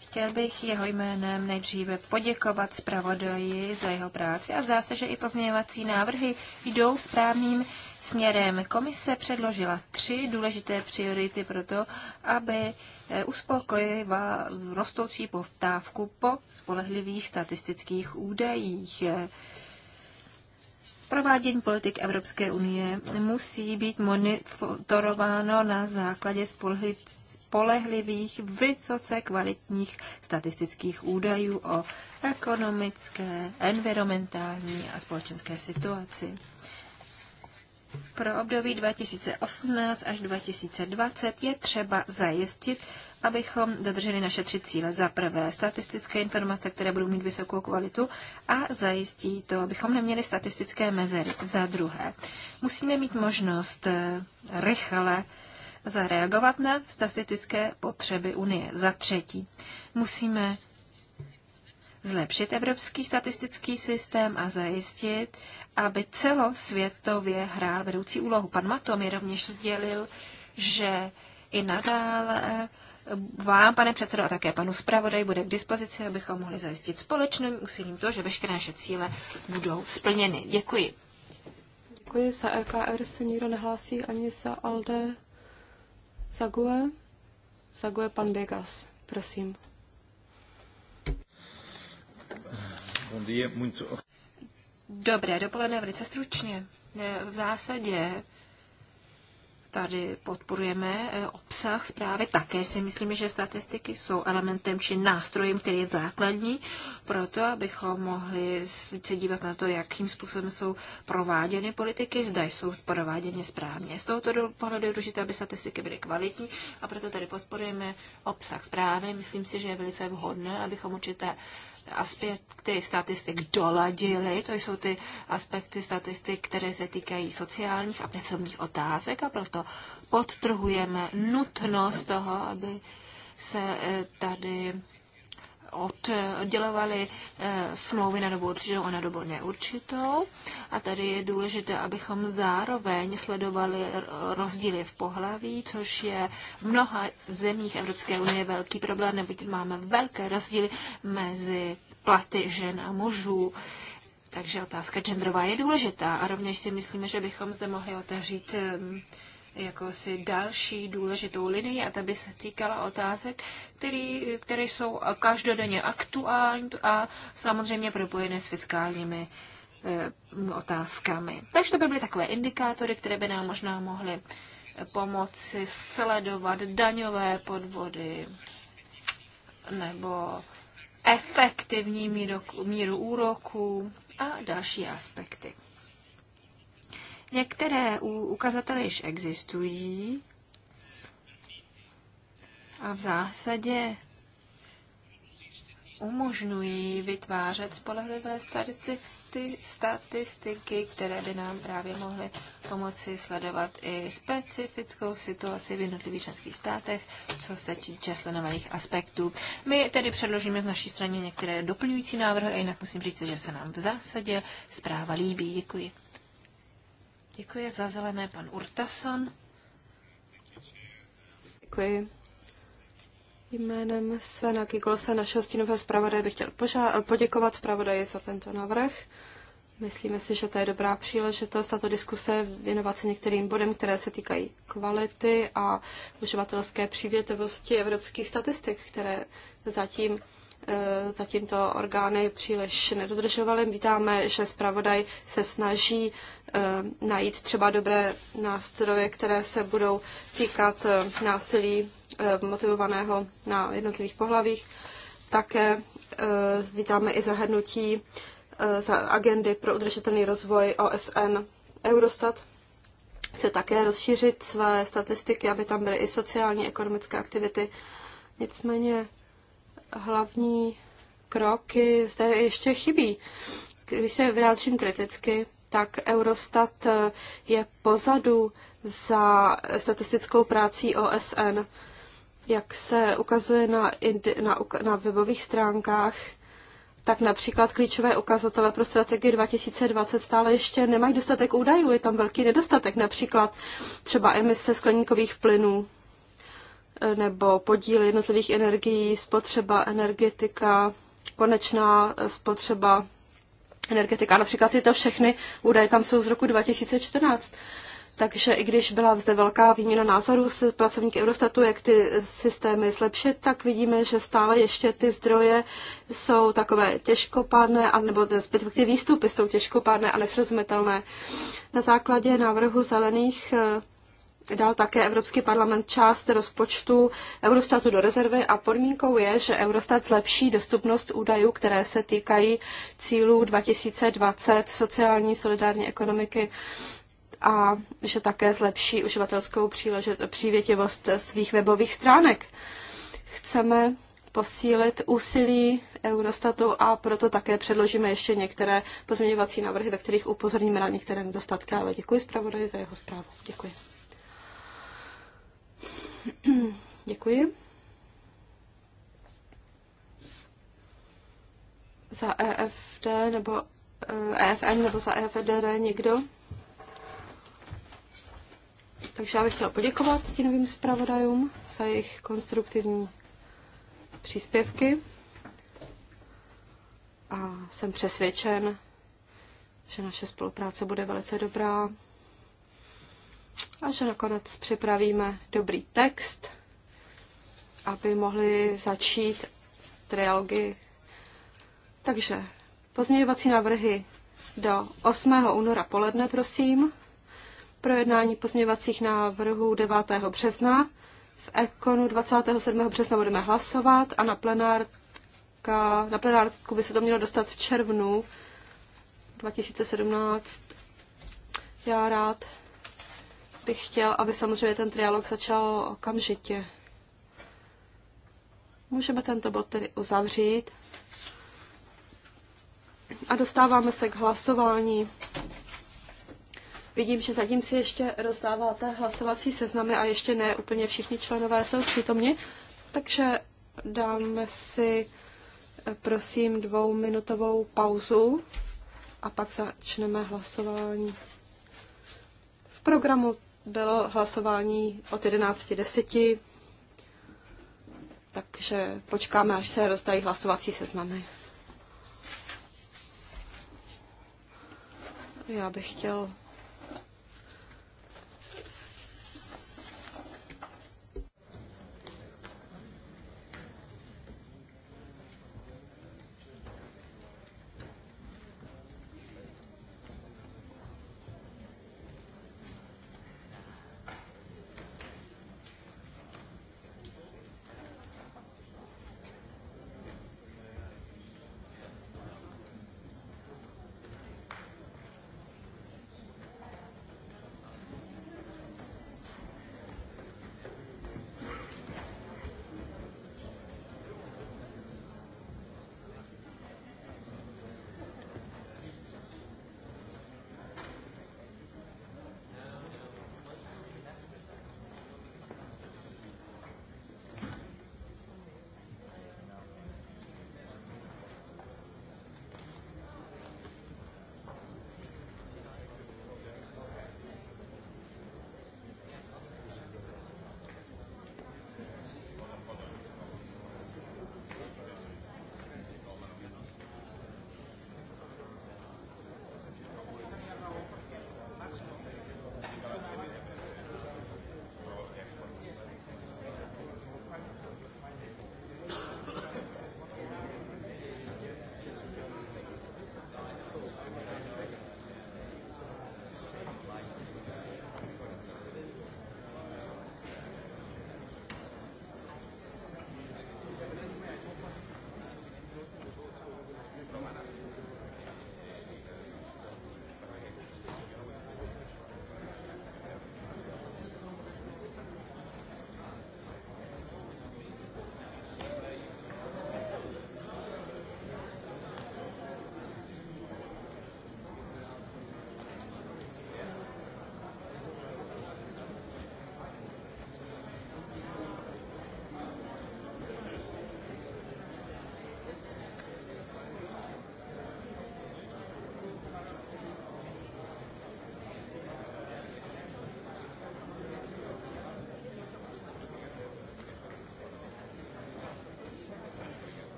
Chtěl bych jeho jménem nejdříve poděkovat zpravodaji za jeho práci a zdá se, že i pozměňovací návrhy jdou správným směrem. Komise předložila tři důležité priority pro to, aby eh, uspokojila rostoucí poptávku po spolehlivých statistických údajích. Provádění politik Evropské unie musí být monitorováno na základě spolehlivých, vysoce kvalitních statistických údajů o ekonomické, environmentální a společenské situaci. Pro období 2018 až 2020 je třeba zajistit, abychom dodrželi naše tři cíle. Za prvé statistické informace, které budou mít vysokou kvalitu a zajistí to, abychom neměli statistické mezery. Za druhé, musíme mít možnost eh, rychle zareagovat na statistické potřeby Unie. Za třetí, musíme zlepšit evropský statistický systém a zajistit, aby celosvětově hrál vedoucí úlohu. Pan Mato mi rovněž sdělil, že i nadále eh, vám, pane předsedo, a také panu zpravodaj bude k dispozici, abychom mohli zajistit společným úsilím to, že veškeré naše cíle budou splněny. Děkuji. Děkuji. Za EKR se nikdo nehlásí ani za ALDE. za Zague pan Degas, prosím. Dobré dopoledne, velice stručně. V zásadě tady podporujeme e, obsah zprávy. Také si myslím, že statistiky jsou elementem či nástrojem, který je základní pro to, abychom mohli se dívat na to, jakým způsobem jsou prováděny politiky, zda jsou prováděny správně. Z tohoto pohledu je důležité, aby statistiky byly kvalitní a proto tady podporujeme obsah zprávy. Myslím si, že je velice vhodné, abychom určité aspekty statistik doladily. To jsou ty aspekty statistik, které se týkají sociálních a pracovních otázek a proto podtrhujeme nutnost toho, aby se eh, tady oddělovali eh, smlouvy na dobu určitou a na dobu neurčitou. A tady je důležité, abychom zároveň sledovali rozdíly v pohlaví, což je v mnoha zemích Evropské unie velký problém, neboť máme velké rozdíly mezi platy žen a mužů. Takže otázka genderová je důležitá a rovněž si myslíme, že bychom zde mohli otevřít eh, jakousi další důležitou linii a ta by se týkala otázek, který, které jsou každodenně aktuální a samozřejmě propojené s fiskálními e, otázkami. Takže to by byly takové indikátory, které by nám možná mohly eh, pomoci sledovat daňové podvody nebo efektivní míru, míru úroku a další aspekty. Některé ukazatele již existují a v zásadě umožňují vytvářet spolehlivé statistiky, které by nám právě mohly pomoci sledovat i specifickou situaci v jednotlivých členských státech, co se týče sledovaných aspektů. My tedy předložíme z naší straně některé doplňující návrhy a jinak musím říct, že se nám v zásadě zpráva líbí. Děkuji. Děkuji za zelené pan Urtasan. Děkuji. Jménem Svena Gigolse, našeho stínového zpravodaje, bych chtěl poděkovat zpravodaji za tento návrh. Myslíme si, že to je dobrá příležitost, tato diskuse, věnovat se některým bodem, které se týkají kvality a uživatelské přívětivosti evropských statistik, které zatím Eh, zatím to orgány příliš nedodržovaly. Vítáme, že zpravodaj se snaží eh, najít třeba dobré nástroje, které se budou týkat eh, násilí motivovaného na jednotlivých pohlavích. Také vítáme i zahrnutí za agendy pro udržitelný rozvoj OSN Eurostat. Chce také rozšířit své statistiky, aby tam byly i sociální, ekonomické aktivity. Nicméně hlavní kroky zde ještě chybí. Když se vyjádřím kriticky, tak Eurostat eh, je pozadu za statistickou prací OSN. Jak se ukazuje na, na, na webových stránkách, tak například klíčové ukazatele pro strategii 2020 stále ještě nemají dostatek údajů, je tam velký nedostatek, například třeba emise skleníkových plynů nebo podíl jednotlivých energií, spotřeba energetika, konečná spotřeba energetika. Například tyto všechny údaje tam jsou z roku 2014. Takže i když byla zde velká výměna názorů s pracovníky Eurostatu, jak ty systémy zlepšit, tak vidíme, že stále ještě ty zdroje jsou takové těžkopádné, nebo ty výstupy jsou těžkopádné a nesrozumitelné. Na základě návrhu zelených eh, dal také Evropský parlament část rozpočtu Eurostatu do rezervy a podmínkou je, že Eurostat zlepší dostupnost údajů, které se týkají cílů 2020 sociální solidární ekonomiky a že také zlepší uživatelskou příležit, přívětivost svých webových stránek. Chceme posílit úsilí Eurostatu a proto také předložíme ještě některé pozměňovací návrhy, ve kterých upozorníme na některé nedostatky, ale děkuji zpravodaji za jeho zprávu. Děkuji. Děkuji. Za EFD nebo EFN eh, e nebo za EFDR někdo? Takže já bych chtěla poděkovat stínovým zpravodajům za jejich konstruktivní příspěvky a jsem přesvědčen, že naše spolupráce bude velice dobrá a že nakonec připravíme dobrý text, aby mohli začít trialogy. Takže pozměňovací návrhy do 8. února poledne, prosím. Projednání pozměňovacích návrhů 9. března. V Ekonu 27. března budeme hlasovat a na, plenárka, na plenárku by se to mělo dostat v červnu 2017. Já rád bych chtěl, aby samozřejmě ten trialog začal okamžitě. Můžeme tento bod tedy uzavřít. A dostáváme se k hlasování. Vidím, že zatím si ještě rozdáváte hlasovací seznamy a ještě ne úplně všichni členové jsou přítomni, takže dáme si prosím dvouminutovou pauzu a pak začneme hlasování. V programu bylo hlasování od 11.10, takže počkáme, až se rozdají hlasovací seznamy. Já bych chtěl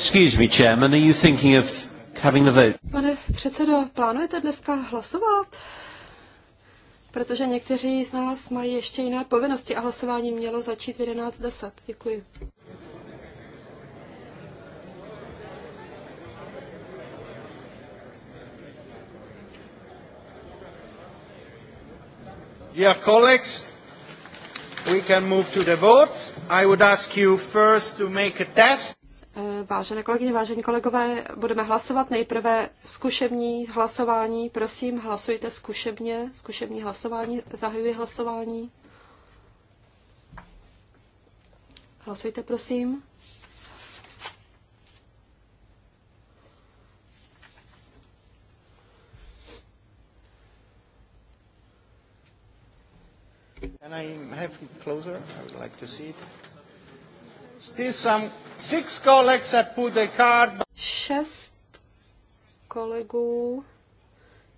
Excuse me, Chairman, are you thinking of having the vote? Pane předsedo, plánujete dneska hlasovat? Protože někteří z nás mají ještě jiné povinnosti a hlasování mělo začít v 11.10. Děkuji. Dear colleagues, we can move to the votes. I would ask you first to make a test. Vážené kolegyně, vážení kolegové, budeme hlasovat nejprve zkušební hlasování. Prosím, hlasujte zkušebně. Zkušební hlasování, zahajuji hlasování. Hlasujte, prosím. Can I have it closer? I would like to see it. Šest kolegů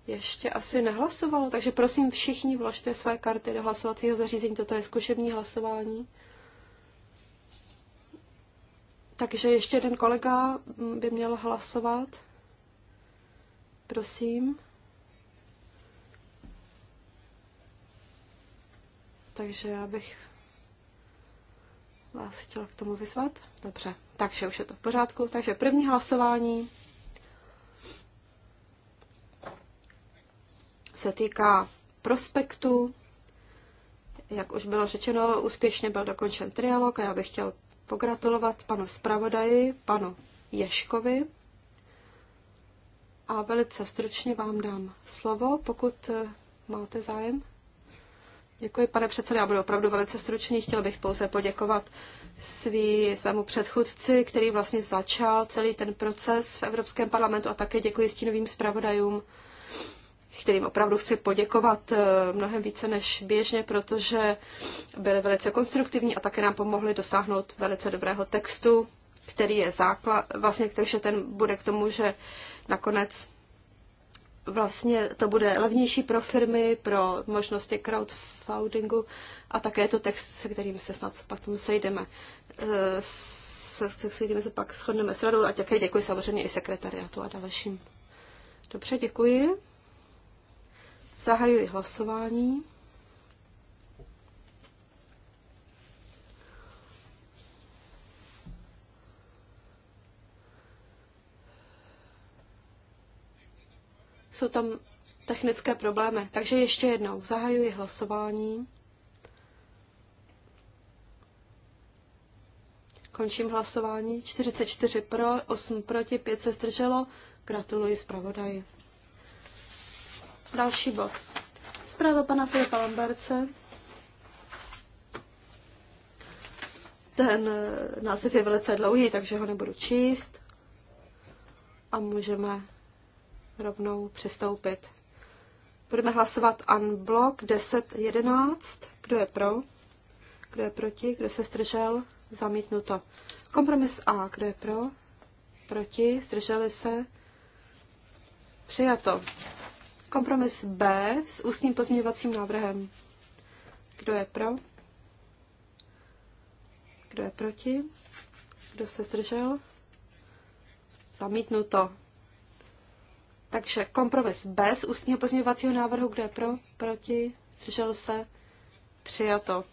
ještě asi nehlasovalo, takže prosím všichni vložte své karty do hlasovacího zařízení, toto je zkušební hlasování. Takže ještě jeden kolega mm, by měl hlasovat. Prosím. Takže já bych vás chtěl k tomu vyzvat? Dobře, takže už je to v pořádku. Takže první hlasování se týká prospektu. Jak už bylo řečeno, úspěšně byl dokončen trialog a já bych chtěl pogratulovat panu zpravodaji, panu Ješkovi. A velice stručně vám dám slovo, pokud máte zájem. Děkuji, pane předsedo, já budu opravdu velice stručný. Chtěl bych pouze poděkovat svý, svému předchůdci, který vlastně začal celý ten proces v Evropském parlamentu a také děkuji stínovým zpravodajům, kterým opravdu chci poděkovat eh, mnohem více než běžně, protože byli velice konstruktivní a také nám pomohli dosáhnout velice dobrého textu, který je základ, vlastně takže ten bude k tomu, že nakonec vlastně to bude levnější pro firmy, pro možnosti crowdfundingu a také je to text, se kterým se snad pak tomu sejdeme. E, se, se sejdeme, se pak shodneme s radou a také děkuji samozřejmě i sekretariátu a dalším. Dobře, děkuji. Zahajuji hlasování. jsou tam technické problémy. Takže ještě jednou zahajuji hlasování. Končím hlasování. 44 pro, 8 proti, 5 se zdrželo. Gratuluji zpravodaji. Další bod. Zpráva pana Filipa Lamberce. Ten eh, název je velice dlouhý, takže ho nebudu číst. A můžeme rovnou přistoupit. Budeme hlasovat unblock 10.11. Kdo je pro? Kdo je proti? Kdo se zdržel? Zamítnuto. Kompromis A. Kdo je pro? Proti? Zdrželi se? Přijato. Kompromis B s ústním pozměňovacím návrhem. Kdo je pro? Kdo je proti? Kdo se zdržel? Zamítnuto. Takže kompromis bez ústního pozměňovacího návrhu, kde je pro, proti, zdržel se, přijato.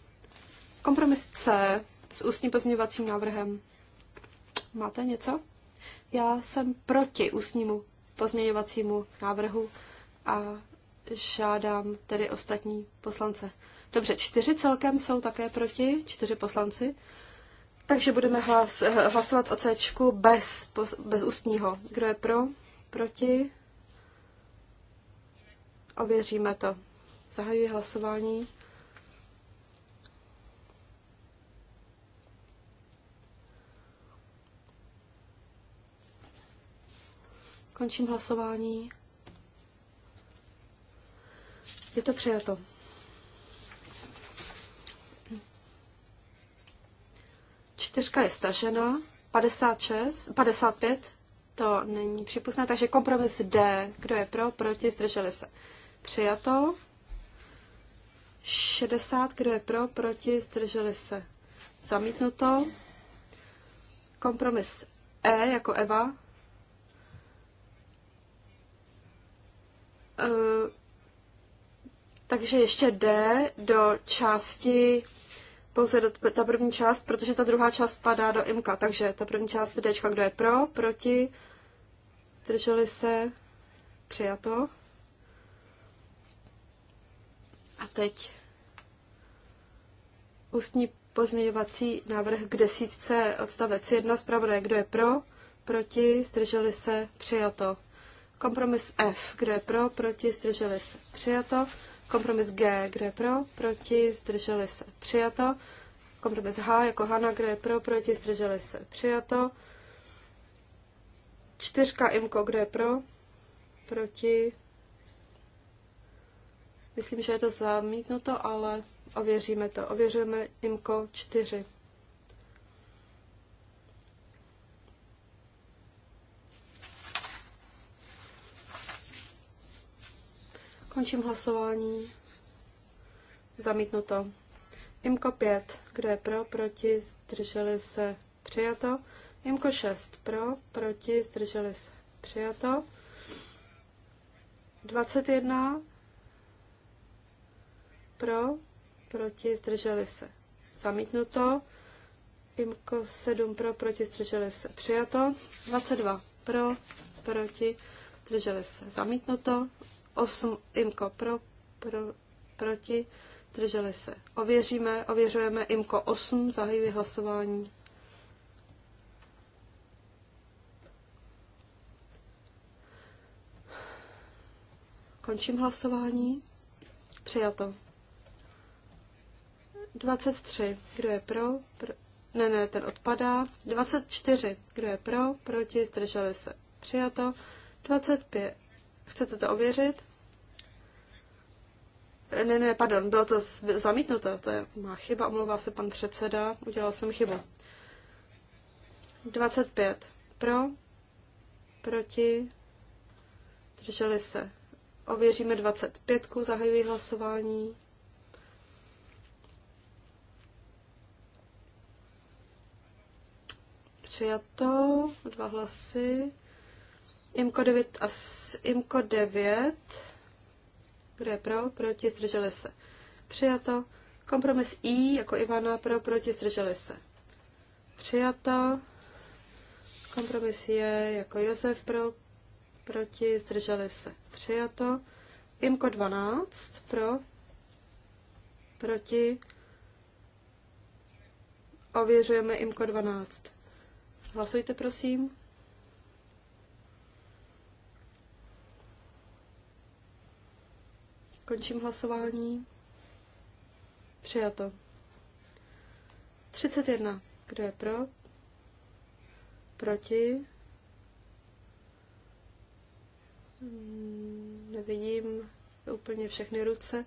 Kompromis C s ústním pozměňovacím návrhem. Máte něco? Já jsem proti ústnímu pozměňovacímu návrhu a žádám tedy ostatní poslance. Dobře, čtyři celkem jsou také proti, čtyři poslanci. Takže budeme hlas, hlasovat o C bez, bez ústního. Kdo je pro? Proti? Ověříme to. Zahajuji hlasování. Končím hlasování. Je to přijato. Čtyřka je stažena, 56, 55 to není připustné, takže kompromis D. Kdo je pro, proti, zdrželi se. Přijato. 60, kdo je pro, proti, zdrželi se. Zamítnuto. Kompromis E jako Eva. E, takže ještě D do části, pouze do, ta první část, protože ta druhá část padá do IMKA. Takže ta první část D, kdo je pro, proti, zdrželi se, přijato. A teď ústní pozměňovací návrh k desítce odstavec 1 zpravodaje. Kdo je pro? Proti? Zdrželi se? Přijato. Kompromis F. Kdo je pro? Proti? Zdrželi se? Přijato. Kompromis G. Kdo je pro? Proti? Zdrželi se? Přijato. Kompromis H jako Hana, kdo je pro, proti, zdrželi se, přijato. Čtyřka Imko, kdo je pro, proti, Myslím, že je to zamítnuto, ale ověříme to. Ověřujeme IMCO 4. Končím hlasování. Zamítnuto. IMCO 5. Kdo je pro, proti, zdrželi se, přijato. IMCO 6. Pro, proti, zdrželi se, přijato. 21 pro, proti, zdrželi se. Zamítnuto. Imko 7 pro, proti, zdrželi se. Přijato. 22 pro, proti, zdrželi se. Zamítnuto. 8 Imko pro, pro proti, zdrželi se. Ověříme, ověřujeme Imko 8, zahajuji hlasování. Končím hlasování. Přijato. 23. Kdo je pro? pro? Ne, ne, ten odpadá. 24. Kdo je pro? Proti? Zdrželi se. Přijato. 25. Chcete to ověřit? Ne, ne, pardon, bylo to zamítnuto, to je má chyba, omlouvá se pan předseda, udělal jsem chybu. 25. Pro, proti, drželi se. Ověříme 25, zahajuji hlasování. přijato, dva hlasy. IMKO 9 a IMKO 9, kdo je pro, proti, zdrželi se. Přijato. Kompromis I jako Ivana pro, proti, zdrželi se. Přijato. Kompromis je jako Josef pro, proti, zdrželi se. Přijato. IMKO 12 pro, proti, ověřujeme IMKO 12. Hlasujte, prosím. Končím hlasování. Přijato. 31. Kdo je pro? Proti? Hmm, nevidím úplně všechny ruce.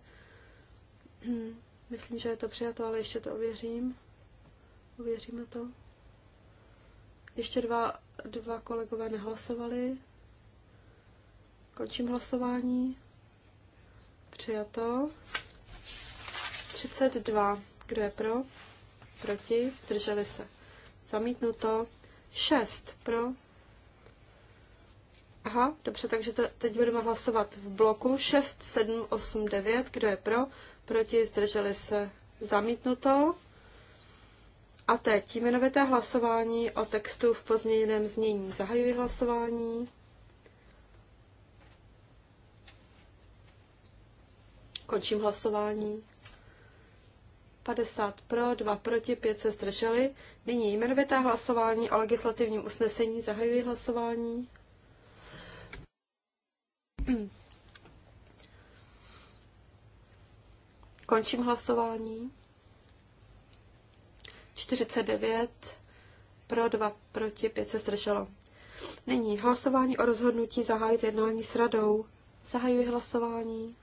Hmm, myslím, že je to přijato, ale ještě to ověřím. Ověříme to. Ještě dva, dva kolegové nehlasovali. Končím hlasování. Přijato. 32. Kdo je pro? Proti? Zdrželi se. Zamítnuto. 6. Pro? Aha, dobře, takže to, teď budeme hlasovat v bloku 6, 7, 8, 9. Kdo je pro? Proti? Zdrželi se. Zamítnuto. A teď jmenovité hlasování o textu v pozměněném znění. Zahajuji hlasování. Končím hlasování. 50 pro, 2 proti, 5 se zdrželi. Nyní jmenovité hlasování o legislativním usnesení. Zahajuji hlasování. Končím hlasování. 49 pro, 2 proti, 5 se zdrželo. Nyní hlasování o rozhodnutí zahájit jednání s radou. Zahajuji hlasování.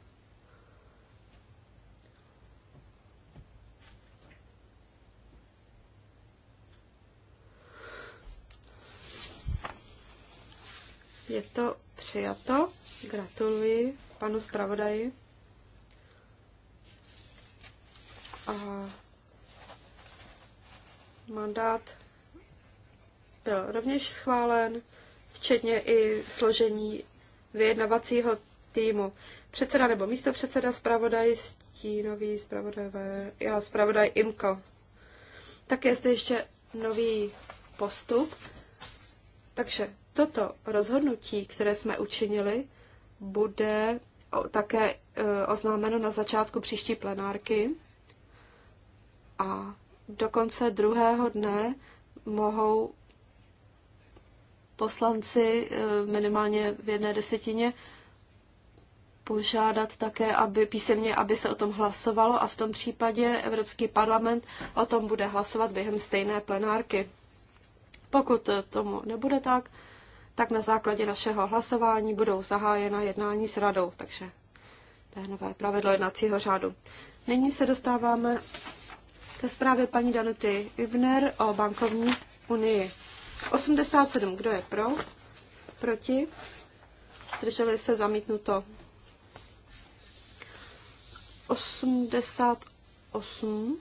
Je to přijato. Gratuluji panu zpravodaji. Aha mandát byl rovněž schválen, včetně i složení vyjednavacího týmu. Předseda nebo místo předseda, zpravodaj, stínový, zpravodajové, já zpravodaj IMKO. Tak je zde ještě nový postup. Takže toto rozhodnutí, které jsme učinili, bude také e, oznámeno na začátku příští plenárky a do konce druhého dne mohou poslanci eh, minimálně v jedné desetině požádat také, aby písemně, aby se o tom hlasovalo a v tom případě Evropský parlament o tom bude hlasovat během stejné plenárky. Pokud tomu nebude tak, tak na základě našeho hlasování budou zahájena jednání s radou, takže to je nové pravidlo jednacího řádu. Nyní se dostáváme ke zprávě paní Danuty Ivner o bankovní unii. 87. Kdo je pro? Proti? Zdrželi se zamítnuto. 88.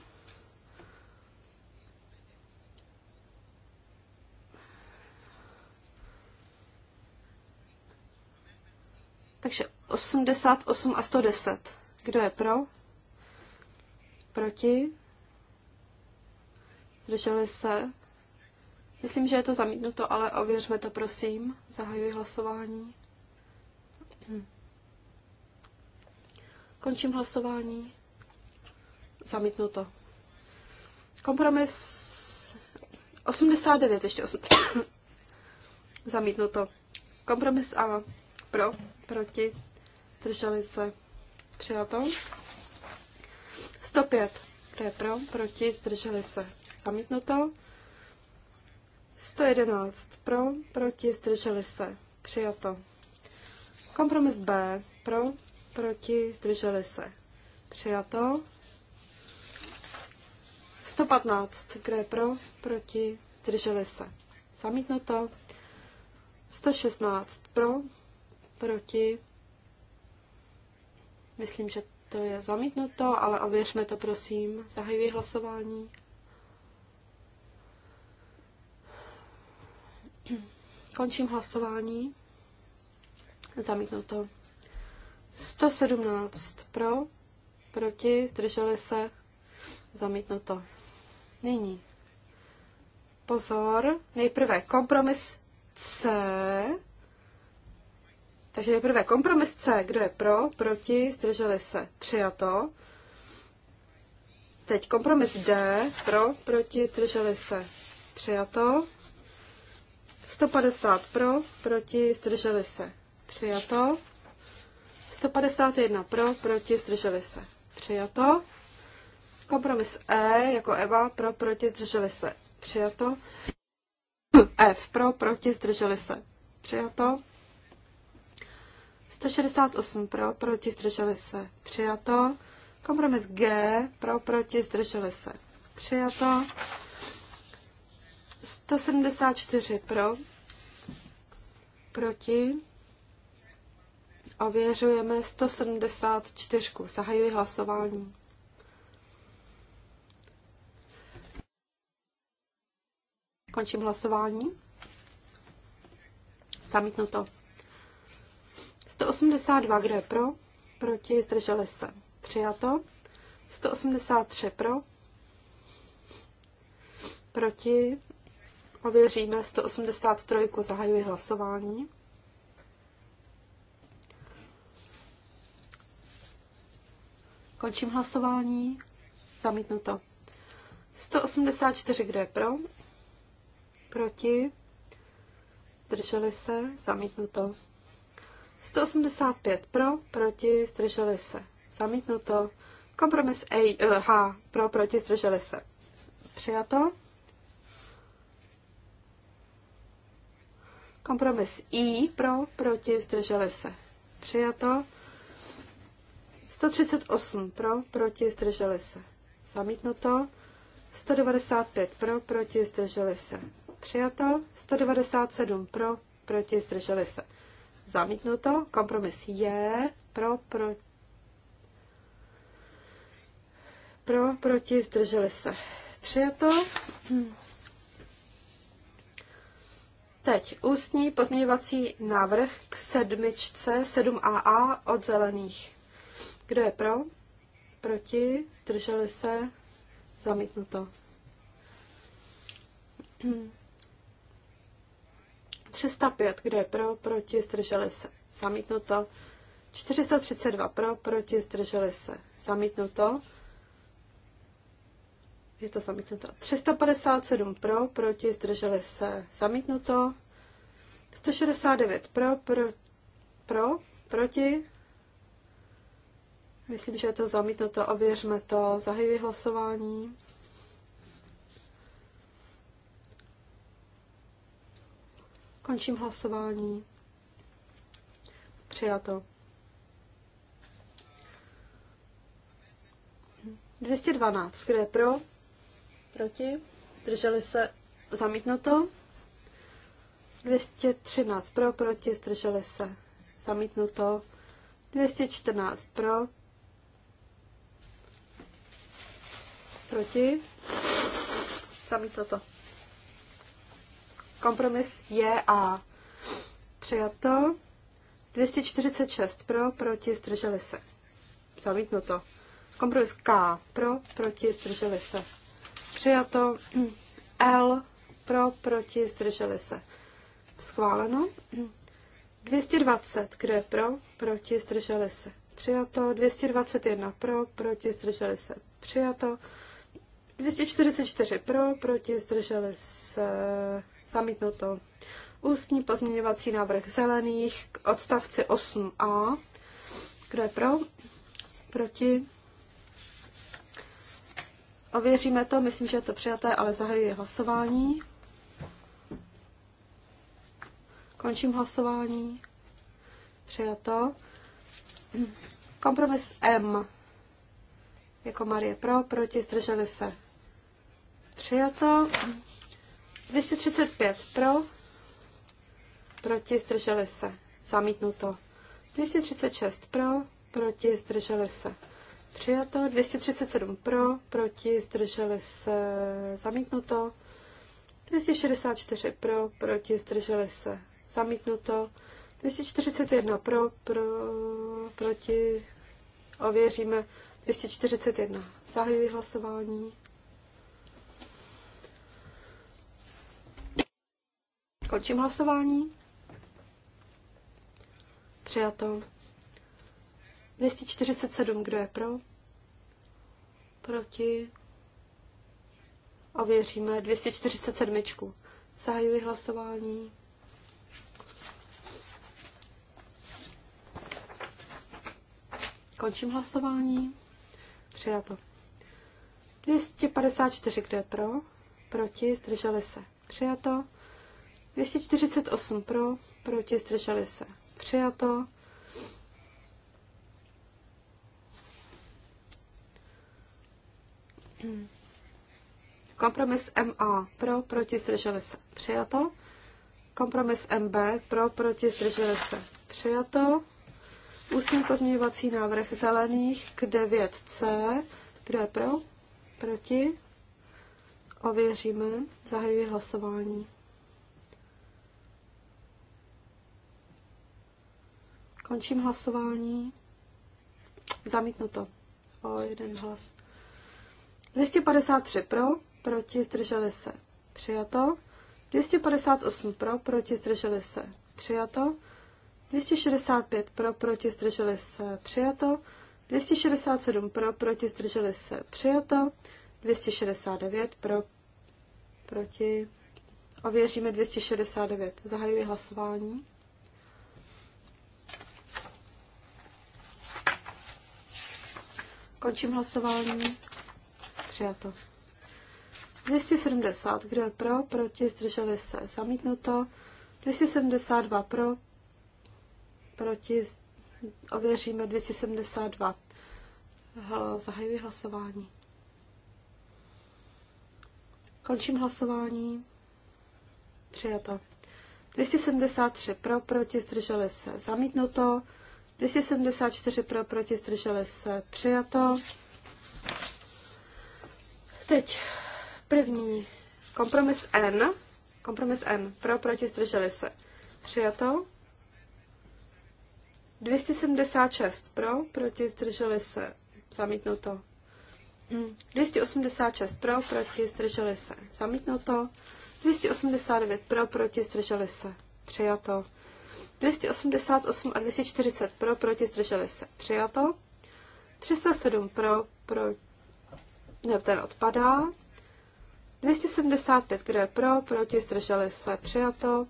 Takže 88 a 110. Kdo je pro? Proti? Zdrželi se? Myslím, že je to zamítnuto, ale ověřme to, prosím. Zahajuji hlasování. Končím hlasování. Zamítnuto. Kompromis 89, ještě 8. Zamítnuto. Kompromis A. Pro, proti, drželi se. Přijato. 105. pro, proti, zdrželi se zamítnuto. 111 pro, proti, zdrželi se, přijato. Kompromis B pro, proti, zdrželi se, přijato. 115, kdo je pro, proti, zdrželi se, zamítnuto. 116 pro, proti, myslím, že to je zamítnuto, ale ověřme to prosím, zahajuji hlasování. Končím hlasování. Zamítnu to. 117 pro, proti, zdrželi se, Zamítnu to. Nyní. Pozor, nejprve kompromis C. Takže nejprve kompromis C, kdo je pro, proti, zdrželi se, přijato. Teď kompromis D, pro, proti, zdrželi se, přijato. 150 pro, proti, zdrželi se. Přijato. 151 pro, proti, zdrželi se. Přijato. Kompromis E jako Eva pro, proti, zdrželi se. Přijato. F pro, proti, zdrželi se. Přijato. 168 pro, proti, zdrželi se. Přijato. Kompromis G pro, proti, zdrželi se. Přijato. 174 pro, proti, ověřujeme 174. Zahajuji hlasování. Končím hlasování. Zamítnuto. 182, kde pro, proti, zdrželi se. Přijato. 183 pro, proti, Ověříme 183. Zahajuji hlasování. Končím hlasování. Zamítnuto. 184, kdo je pro? Proti? Zdrželi se? Zamítnuto. 185 pro, proti, zdrželi se. Zamítnuto. Kompromis A, eh, H, pro, proti, zdrželi se. Přijato. Kompromis I pro, proti, zdrželi se. Přijato. 138 pro, proti, zdrželi se. Zamítnuto. 195 pro, proti, zdrželi se. Přijato. 197 pro, proti, zdrželi se. Zamítnuto. Kompromis je pro, proti pro, proti, zdrželi se. Přijato. Hm. Teď ústní pozměňovací návrh k sedmičce 7AA od zelených. Kdo je pro? Proti? Zdrželi se? Zamítnuto. 305, kdo je pro, proti, zdrželi se, zamítnuto. 432 pro, proti, zdrželi se, zamítnuto. Je to zamítnuto. 357 pro, proti, zdrželi se. Zamítnuto. 169 pro, pro, pro proti. Myslím, že je to zamítnuto. Ověřme to. Zahajuji hlasování. Končím hlasování. Přijato. 212. Kde je pro? proti, zdrželi se, zamítnuto. 213 pro, proti, zdrželi se, zamítnuto. 214 pro, proti, zamítnuto. Kompromis je a přijato. 246 pro, proti, zdrželi se. Zamítnuto. Kompromis K pro, proti, zdrželi se přijato. L pro, proti, zdrželi se. Schváleno. 220, kdo je pro, proti, zdrželi se. Přijato. 221 pro, proti, zdrželi se. Přijato. 244 pro, proti, zdrželi se. Zamítnuto. Ústní pozměňovací návrh zelených k odstavci 8a. Kdo je pro? Proti? Ověříme to, myslím, že je to přijaté, ale zahajuji hlasování. Končím hlasování. Přijato. Kompromis M. Jako Marie pro, proti, zdrželi se. Přijato. 235 pro, proti, zdrželi se. Zamítnuto. 236 pro, proti, zdrželi se. Přijato 237 pro, proti, zdrželi se, zamítnuto. 264 pro, proti, zdrželi se, zamítnuto. 241 pro, pro proti, ověříme. 241. Zahajuji hlasování. Končím hlasování. Přijato. 247, kdo je pro? Proti? Ověříme 247. Zahajuji hlasování. Končím hlasování. Přijato. 254, kdo je pro? Proti, zdrželi se. Přijato. 248 pro, proti, zdrželi se. Přijato. Kompromis MA pro, proti, zdrželi se, přijato. Kompromis MB pro, proti, zdrželi se, přijato. Ústní pozměňovací návrh zelených k 9C. Kdo je pro? Proti? Ověříme. Zahajuji hlasování. Končím hlasování. Zamítnuto. O jeden hlas. 253 pro, proti zdrželi se přijato. 258 pro, proti zdrželi se přijato. 265 pro, proti zdrželi se přijato. 267 pro, proti zdrželi se přijato. 269 pro, proti. Ověříme 269. Zahajuji hlasování. Končím hlasování přijato. 270, kdo je pro, proti, zdrželi se, zamítnuto. 272 pro, proti, ověříme 272. Zahajuji hlasování. Končím hlasování. Přijato. 273 pro, proti, zdrželi se, zamítnuto. 274 pro, proti, zdrželi se, přijato. Teď první kompromis N. Kompromis N. Pro, proti, zdrželi se. Přijato. 276 pro, proti, zdrželi se. Zamítnuto. 286 mm, pro, proti, zdrželi se. Zamítnuto. 289 pro, proti, zdrželi se. Přijato. 288 a 240 pro, proti, zdrželi se. Přijato. 307 pro, proti ne, ten odpadá. 275, kdo je pro, proti, zdrželi se, přijato.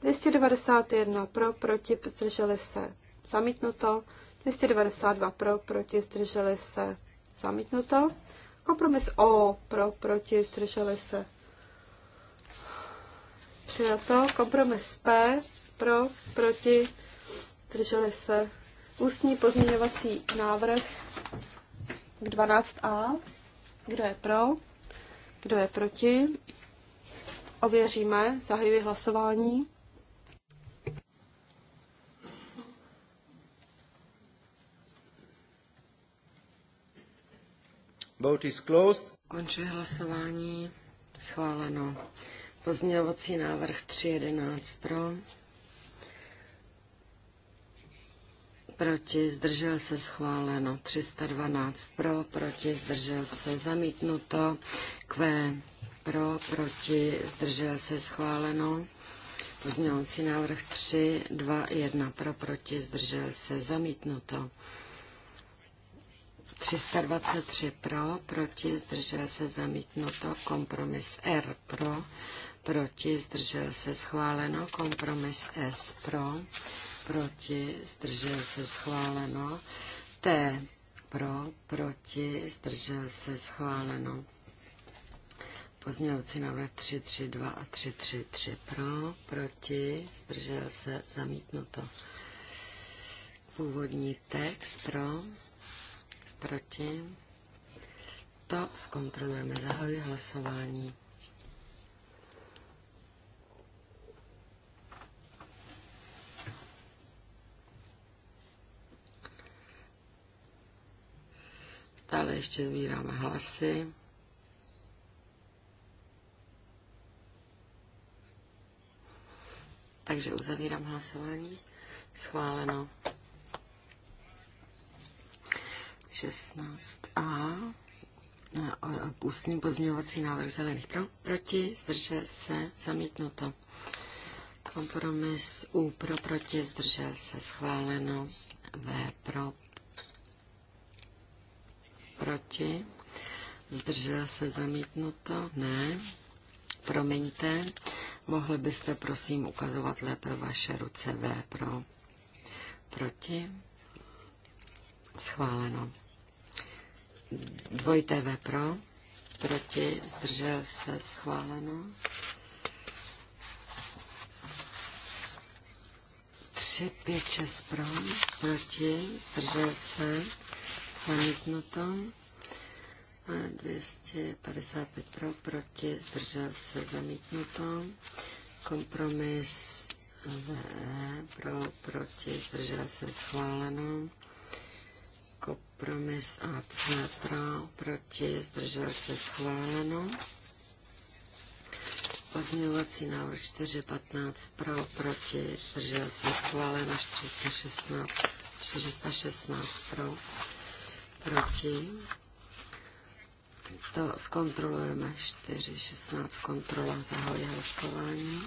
291 pro, proti, zdrželi se, zamítnuto. 292 pro, proti, zdrželi se, zamítnuto. Kompromis O, pro, proti, zdrželi se, přijato. Kompromis P, pro, proti, zdrželi se, ústní pozměňovací návrh 12a. Kdo je pro? Kdo je proti? Ověříme, zahajuji hlasování. Vote is closed. Končuji hlasování. Schváleno. Pozměňovací návrh 3.11 pro. proti, zdržel se schváleno. 312 pro, proti, zdržel se zamítnuto. Q pro, proti, zdržel se schváleno. Pozměňovací návrh 3, 2, 1 pro, proti, zdržel se zamítnuto. 323 pro, proti, zdržel se zamítnuto. Kompromis R pro, proti, zdržel se schváleno. Kompromis S pro, proti, zdržel se schváleno. T pro, proti, zdržel se schváleno. Pozměňovací návrh 2 a 3, 3, 3, pro, proti, zdržel se zamítnuto. Původní text pro, proti. To zkontrolujeme. Zahajuji hlasování. Stále ještě sbíráme hlasy. Takže uzavírám hlasování. Schváleno. 16a. Ústní pozměňovací návrh zelených pro, proti, zdržel se, zamítnuto. Kompromis U pro, proti, zdržel se, schváleno. V pro, proti, zdržel se zamítnuto, ne, promiňte, mohli byste prosím ukazovat lépe vaše ruce V pro, proti, schváleno. Dvojité V pro, proti, zdržel se, schváleno. Tři, pět, šest pro, proti, zdržel se, Zamítnuto. 255 pro, proti, zdržel se, zamítnuto. Kompromis V, pro, proti, zdržel se, schváleno. Kompromis AC, pro, proti, zdržel se, schváleno. Pozměňovací návrh 415 pro, proti, zdržel se, schváleno 416, 416 pro proti. To zkontrolujeme. 4, 16, kontrola, zahoj hlasování.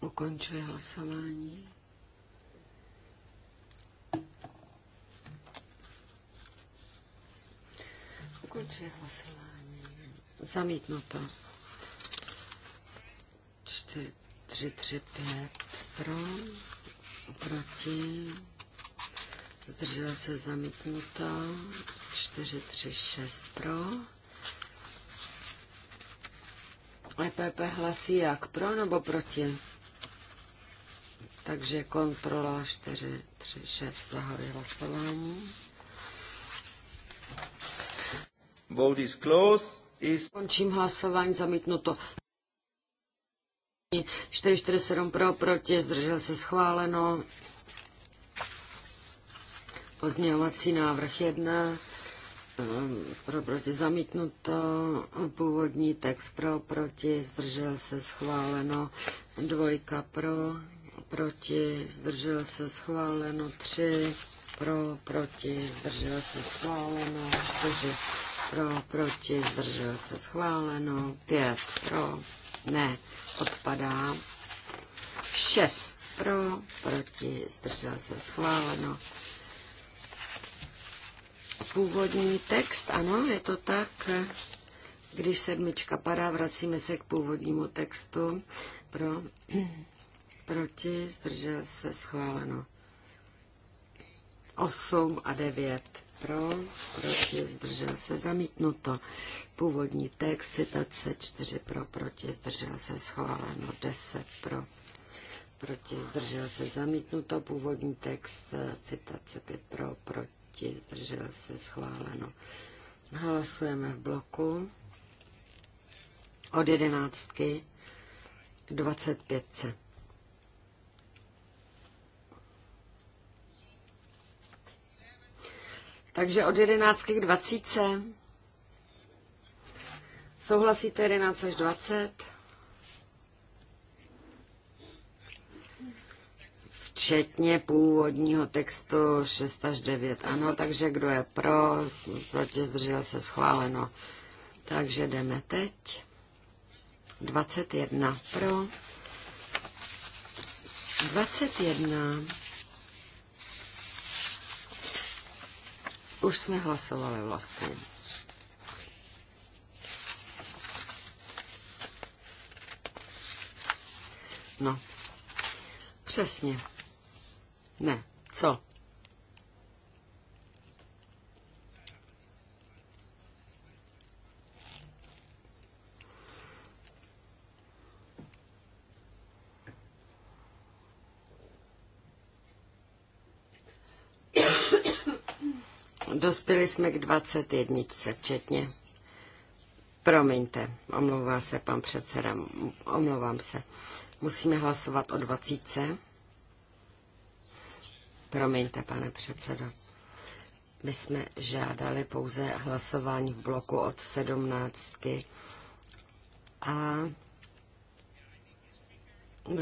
Ukončuje hlasování. Ukončuje hlasování. Zamítnuto. 4, 3, 3, 5 pro, proti Zdržela se zamítnuta. 4, 3, 6 pro. EPP hlasí jak pro nebo proti? Takže kontrola 4, 3, 6 zahajuje hlasování. Vote is closed. Is... Končím hlasování, zamítnuto. 447 pro, proti, zdržel se schváleno. Pozměňovací návrh jedna ehm, pro proti zamítnuto, původní text pro proti, zdržel se schváleno, dvojka pro proti, zdržel se schváleno, tři pro proti, zdržel se schváleno, čtyři pro proti, zdržel se schváleno, pět pro, ne, odpadá, šest pro proti, zdržel se schváleno, původní text, ano, je to tak. Když sedmička padá, vracíme se k původnímu textu. Pro, proti, zdržel se, schváleno. 8 a 9 pro, proti, zdržel se, zamítnuto. Původní text, citace 4 pro, proti, zdržel se, schváleno. 10 pro, proti, zdržel se, zamítnuto. Původní text, citace 5 pro, proti proti, zdržel se, schváleno. Hlasujeme v bloku od jedenáctky pětce. Takže od jedenáctky k dvacítce. Souhlasíte jedenáct až dvacet? včetně původního textu 6 až 9. Ano, takže kdo je pro, proti zdržel se schváleno. Takže jdeme teď. 21 pro. 21. Už jsme hlasovali vlastně. No, přesně. Ne, co? Dospěli jsme k 21, včetně. Promiňte, omlouvá se pan předseda, omlouvám se. Musíme hlasovat o 20. Promiňte, pane předsedo. My jsme žádali pouze hlasování v bloku od sedmnáctky a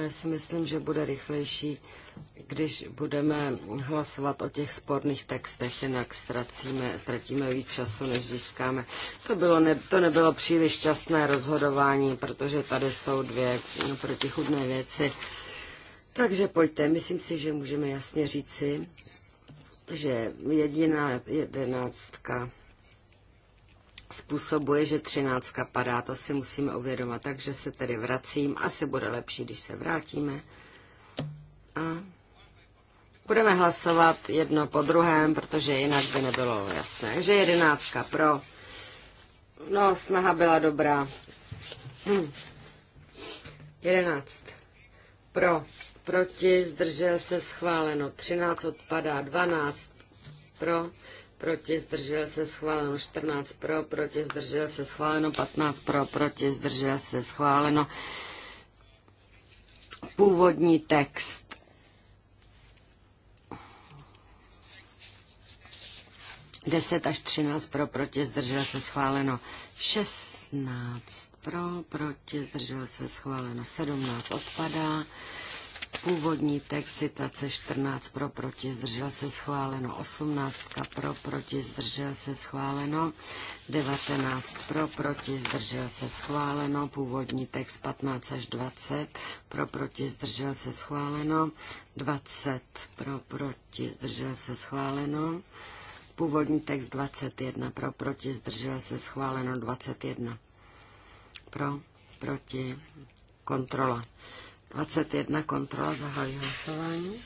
já si myslím, že bude rychlejší, když budeme hlasovat o těch sporných textech, jinak ztratíme, ztratíme víc času, než získáme. To, bylo ne, to nebylo příliš šťastné rozhodování, protože tady jsou dvě protichudné věci takže pojďte, myslím si, že můžeme jasně říci, že jediná jedenáctka způsobuje, že třináctka padá, to si musíme uvědomit, takže se tedy vracím, asi bude lepší, když se vrátíme. A budeme hlasovat jedno po druhém, protože jinak by nebylo jasné, že jedenáctka pro. No, snaha byla dobrá. Hm. Jedenáct pro proti, zdržel se schváleno 13, odpadá 12 pro, proti, zdržel se schváleno 14 pro, proti, zdržel se schváleno 15 pro, proti, zdržel se schváleno původní text. Deset až třináct pro, proti, zdržel se schváleno. Šestnáct pro, proti, zdržel se schváleno. Sedmnáct odpadá. Původní text citace 14 pro proti zdržel se schváleno, 18 pro proti zdržel se schváleno, 19 pro proti zdržel se schváleno, původní text 15 až 20 pro proti zdržel se schváleno, 20 pro proti zdržel se schváleno, původní text 21 pro proti zdržel se schváleno, 21 pro proti kontrola. 21 kontrola zahájí hlasování.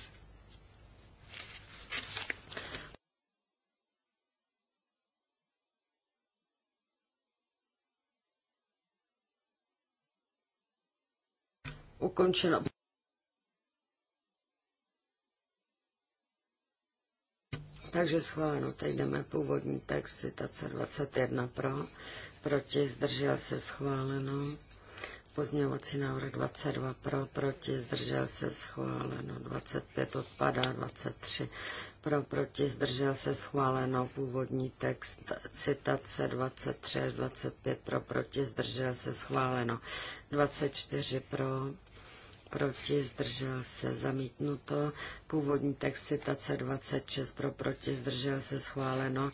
Ukončeno. Takže schváleno, teď jdeme původní text, citace 21 pro, proti zdržel se schváleno. Pozměňovací návrh 22 pro, proti, zdržel se schváleno. 25 odpadá, 23 pro, proti, zdržel se schváleno. Původní text citace 23 až 25 pro, proti, zdržel se schváleno. 24 pro, proti, zdržel se, zamítnuto. Původní text citace 26 pro, proti, zdržel se, schváleno.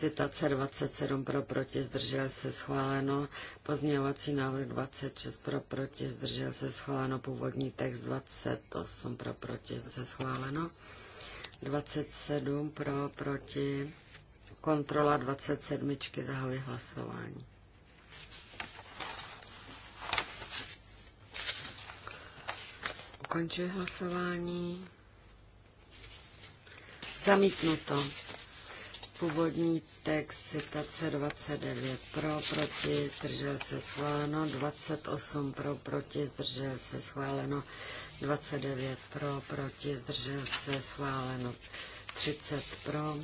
Citace 27 pro proti zdržel se schváleno. Pozměňovací návrh 26 pro proti zdržel se schváleno. Původní text 28 pro proti se schváleno. 27 pro proti kontrola 27. Zahoji hlasování. Ukončuji hlasování. Zamítnuto. Původní text citace 29 pro, proti, zdržel se schváleno, 28 pro, proti, zdržel se schváleno, 29 pro, proti, zdržel se schváleno, 30 pro,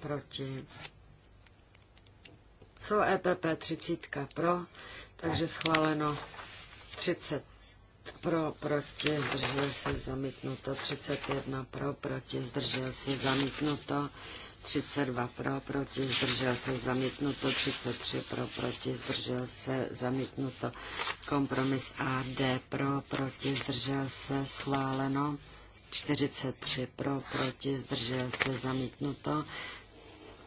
proti. Co EPP 30 pro, takže schváleno 30 pro, proti, zdržel se zamítnuto, 31 pro, proti, zdržel se zamítnuto. 32 pro, proti, zdržel se, zamítnuto, 33 pro, proti, zdržel se, zamítnuto, kompromis AD pro, proti, zdržel se, schváleno, 43 pro, proti, zdržel se, zamítnuto,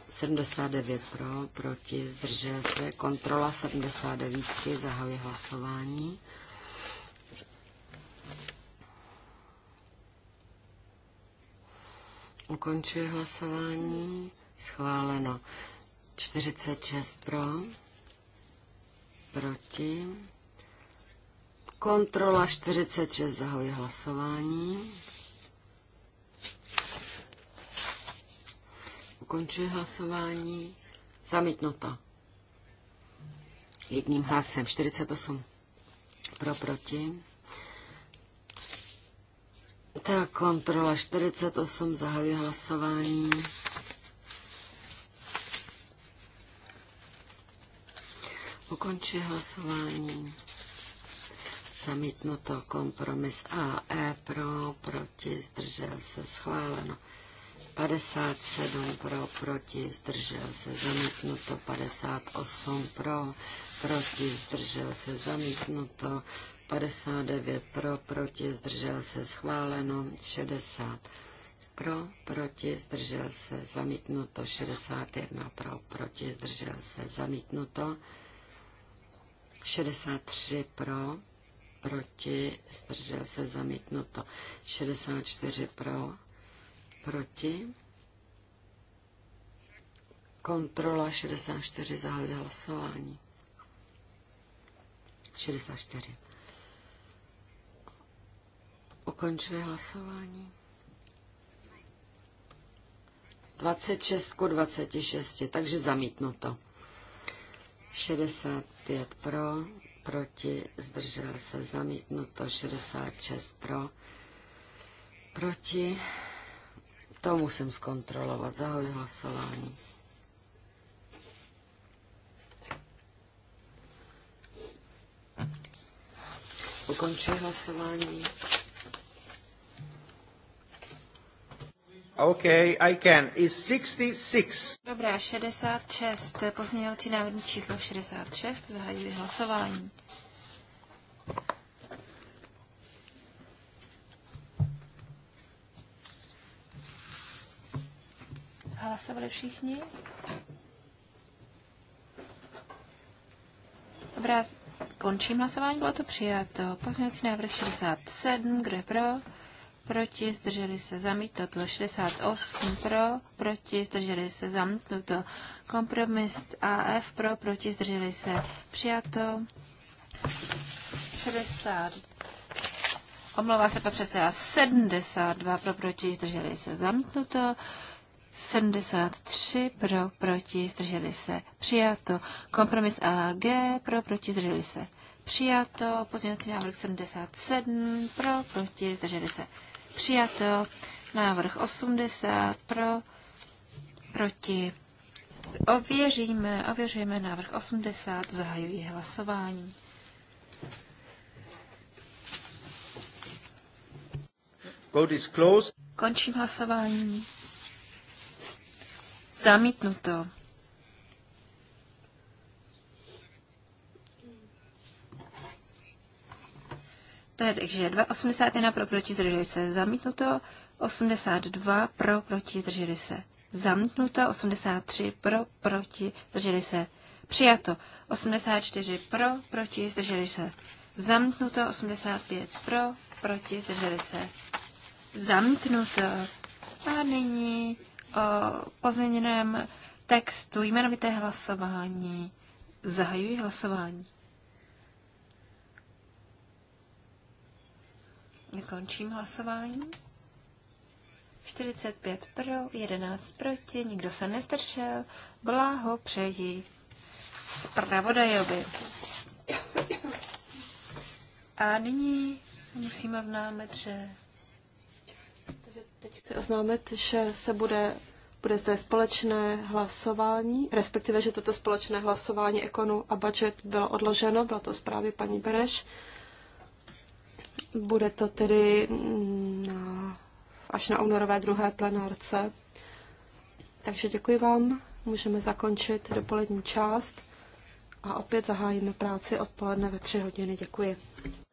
79 pro, proti, zdržel se, kontrola 79, zahajuje hlasování. Ukončuji hlasování. Schváleno. 46 pro. Proti. Kontrola 46. Zahoji hlasování. Ukončuji hlasování. Zamítnuto. Jedním hlasem. 48 pro proti. Tak, kontrola 48, zahajuji hlasování. Ukončuji hlasování. Zamítnuto kompromis AE pro, proti, zdržel se, schváleno. 57 pro, proti, zdržel se, zamítnuto. 58 pro, proti, zdržel se, zamítnuto. 59 pro, proti, zdržel se, schváleno, 60 pro, proti, zdržel se, zamítnuto, 61 pro, proti, zdržel se, zamítnuto, 63 pro, proti, zdržel se, zamítnuto, 64 pro, proti, kontrola 64 zahajuje hlasování. 64. Ukončuje hlasování. 26 ku 26, takže zamítnuto. 65 pro, proti, zdržel se, zamítnuto, 66 pro, proti, to musím zkontrolovat, zahoj hlasování. Ukončuji hlasování. Okay, I can. Is 66. Dobrá, 66. Pozměňovací návrh číslo 66. Zahájili hlasování. Hlasovali všichni? Dobrá, končím hlasování, bylo to přijato. Pozměňovací návrh 67, kdo je pro? proti, zdrželi se zamítnuto, 68 pro, proti, zdrželi se zamítnuto, kompromis AF pro, proti, zdrželi se přijato, 60, omlouvá se pan předseda, 72 pro, proti, zdrželi se zamítnuto, 73 pro, proti, zdrželi se přijato, kompromis AG pro, proti, zdrželi se přijato, pozměňovací návrh 77 pro, proti, zdrželi se přijato. Návrh 80 pro, proti. Ověříme, ověříme návrh 80, zahajuji hlasování. Vote is closed. Končím hlasování. Zamítnuto. Takže 2,81 pro, proti, zdrželi se, zamítnuto. 82 pro, proti, zdrželi se, zamítnuto. 83 pro, proti, zdrželi se, přijato. 84 pro, proti, zdrželi se, zamítnuto. 85 pro, proti, zdrželi se, zamítnuto. A nyní o pozměněném textu jmenovité hlasování. Zahajuji hlasování. Končím hlasování. 45 pro, 11 proti, nikdo se nestršel. Bláho přeji zpravodajovi. A nyní musíme oznámit, že... teď chci oznámit, že se bude, bude zde společné hlasování, respektive, že toto společné hlasování ekonu a budget bylo odloženo, bylo to zprávy paní Bereš. Bude to tedy na, až na únorové druhé plenárce. Takže děkuji vám. Můžeme zakončit dopolední část a opět zahájíme práci odpoledne ve tři hodiny. Děkuji.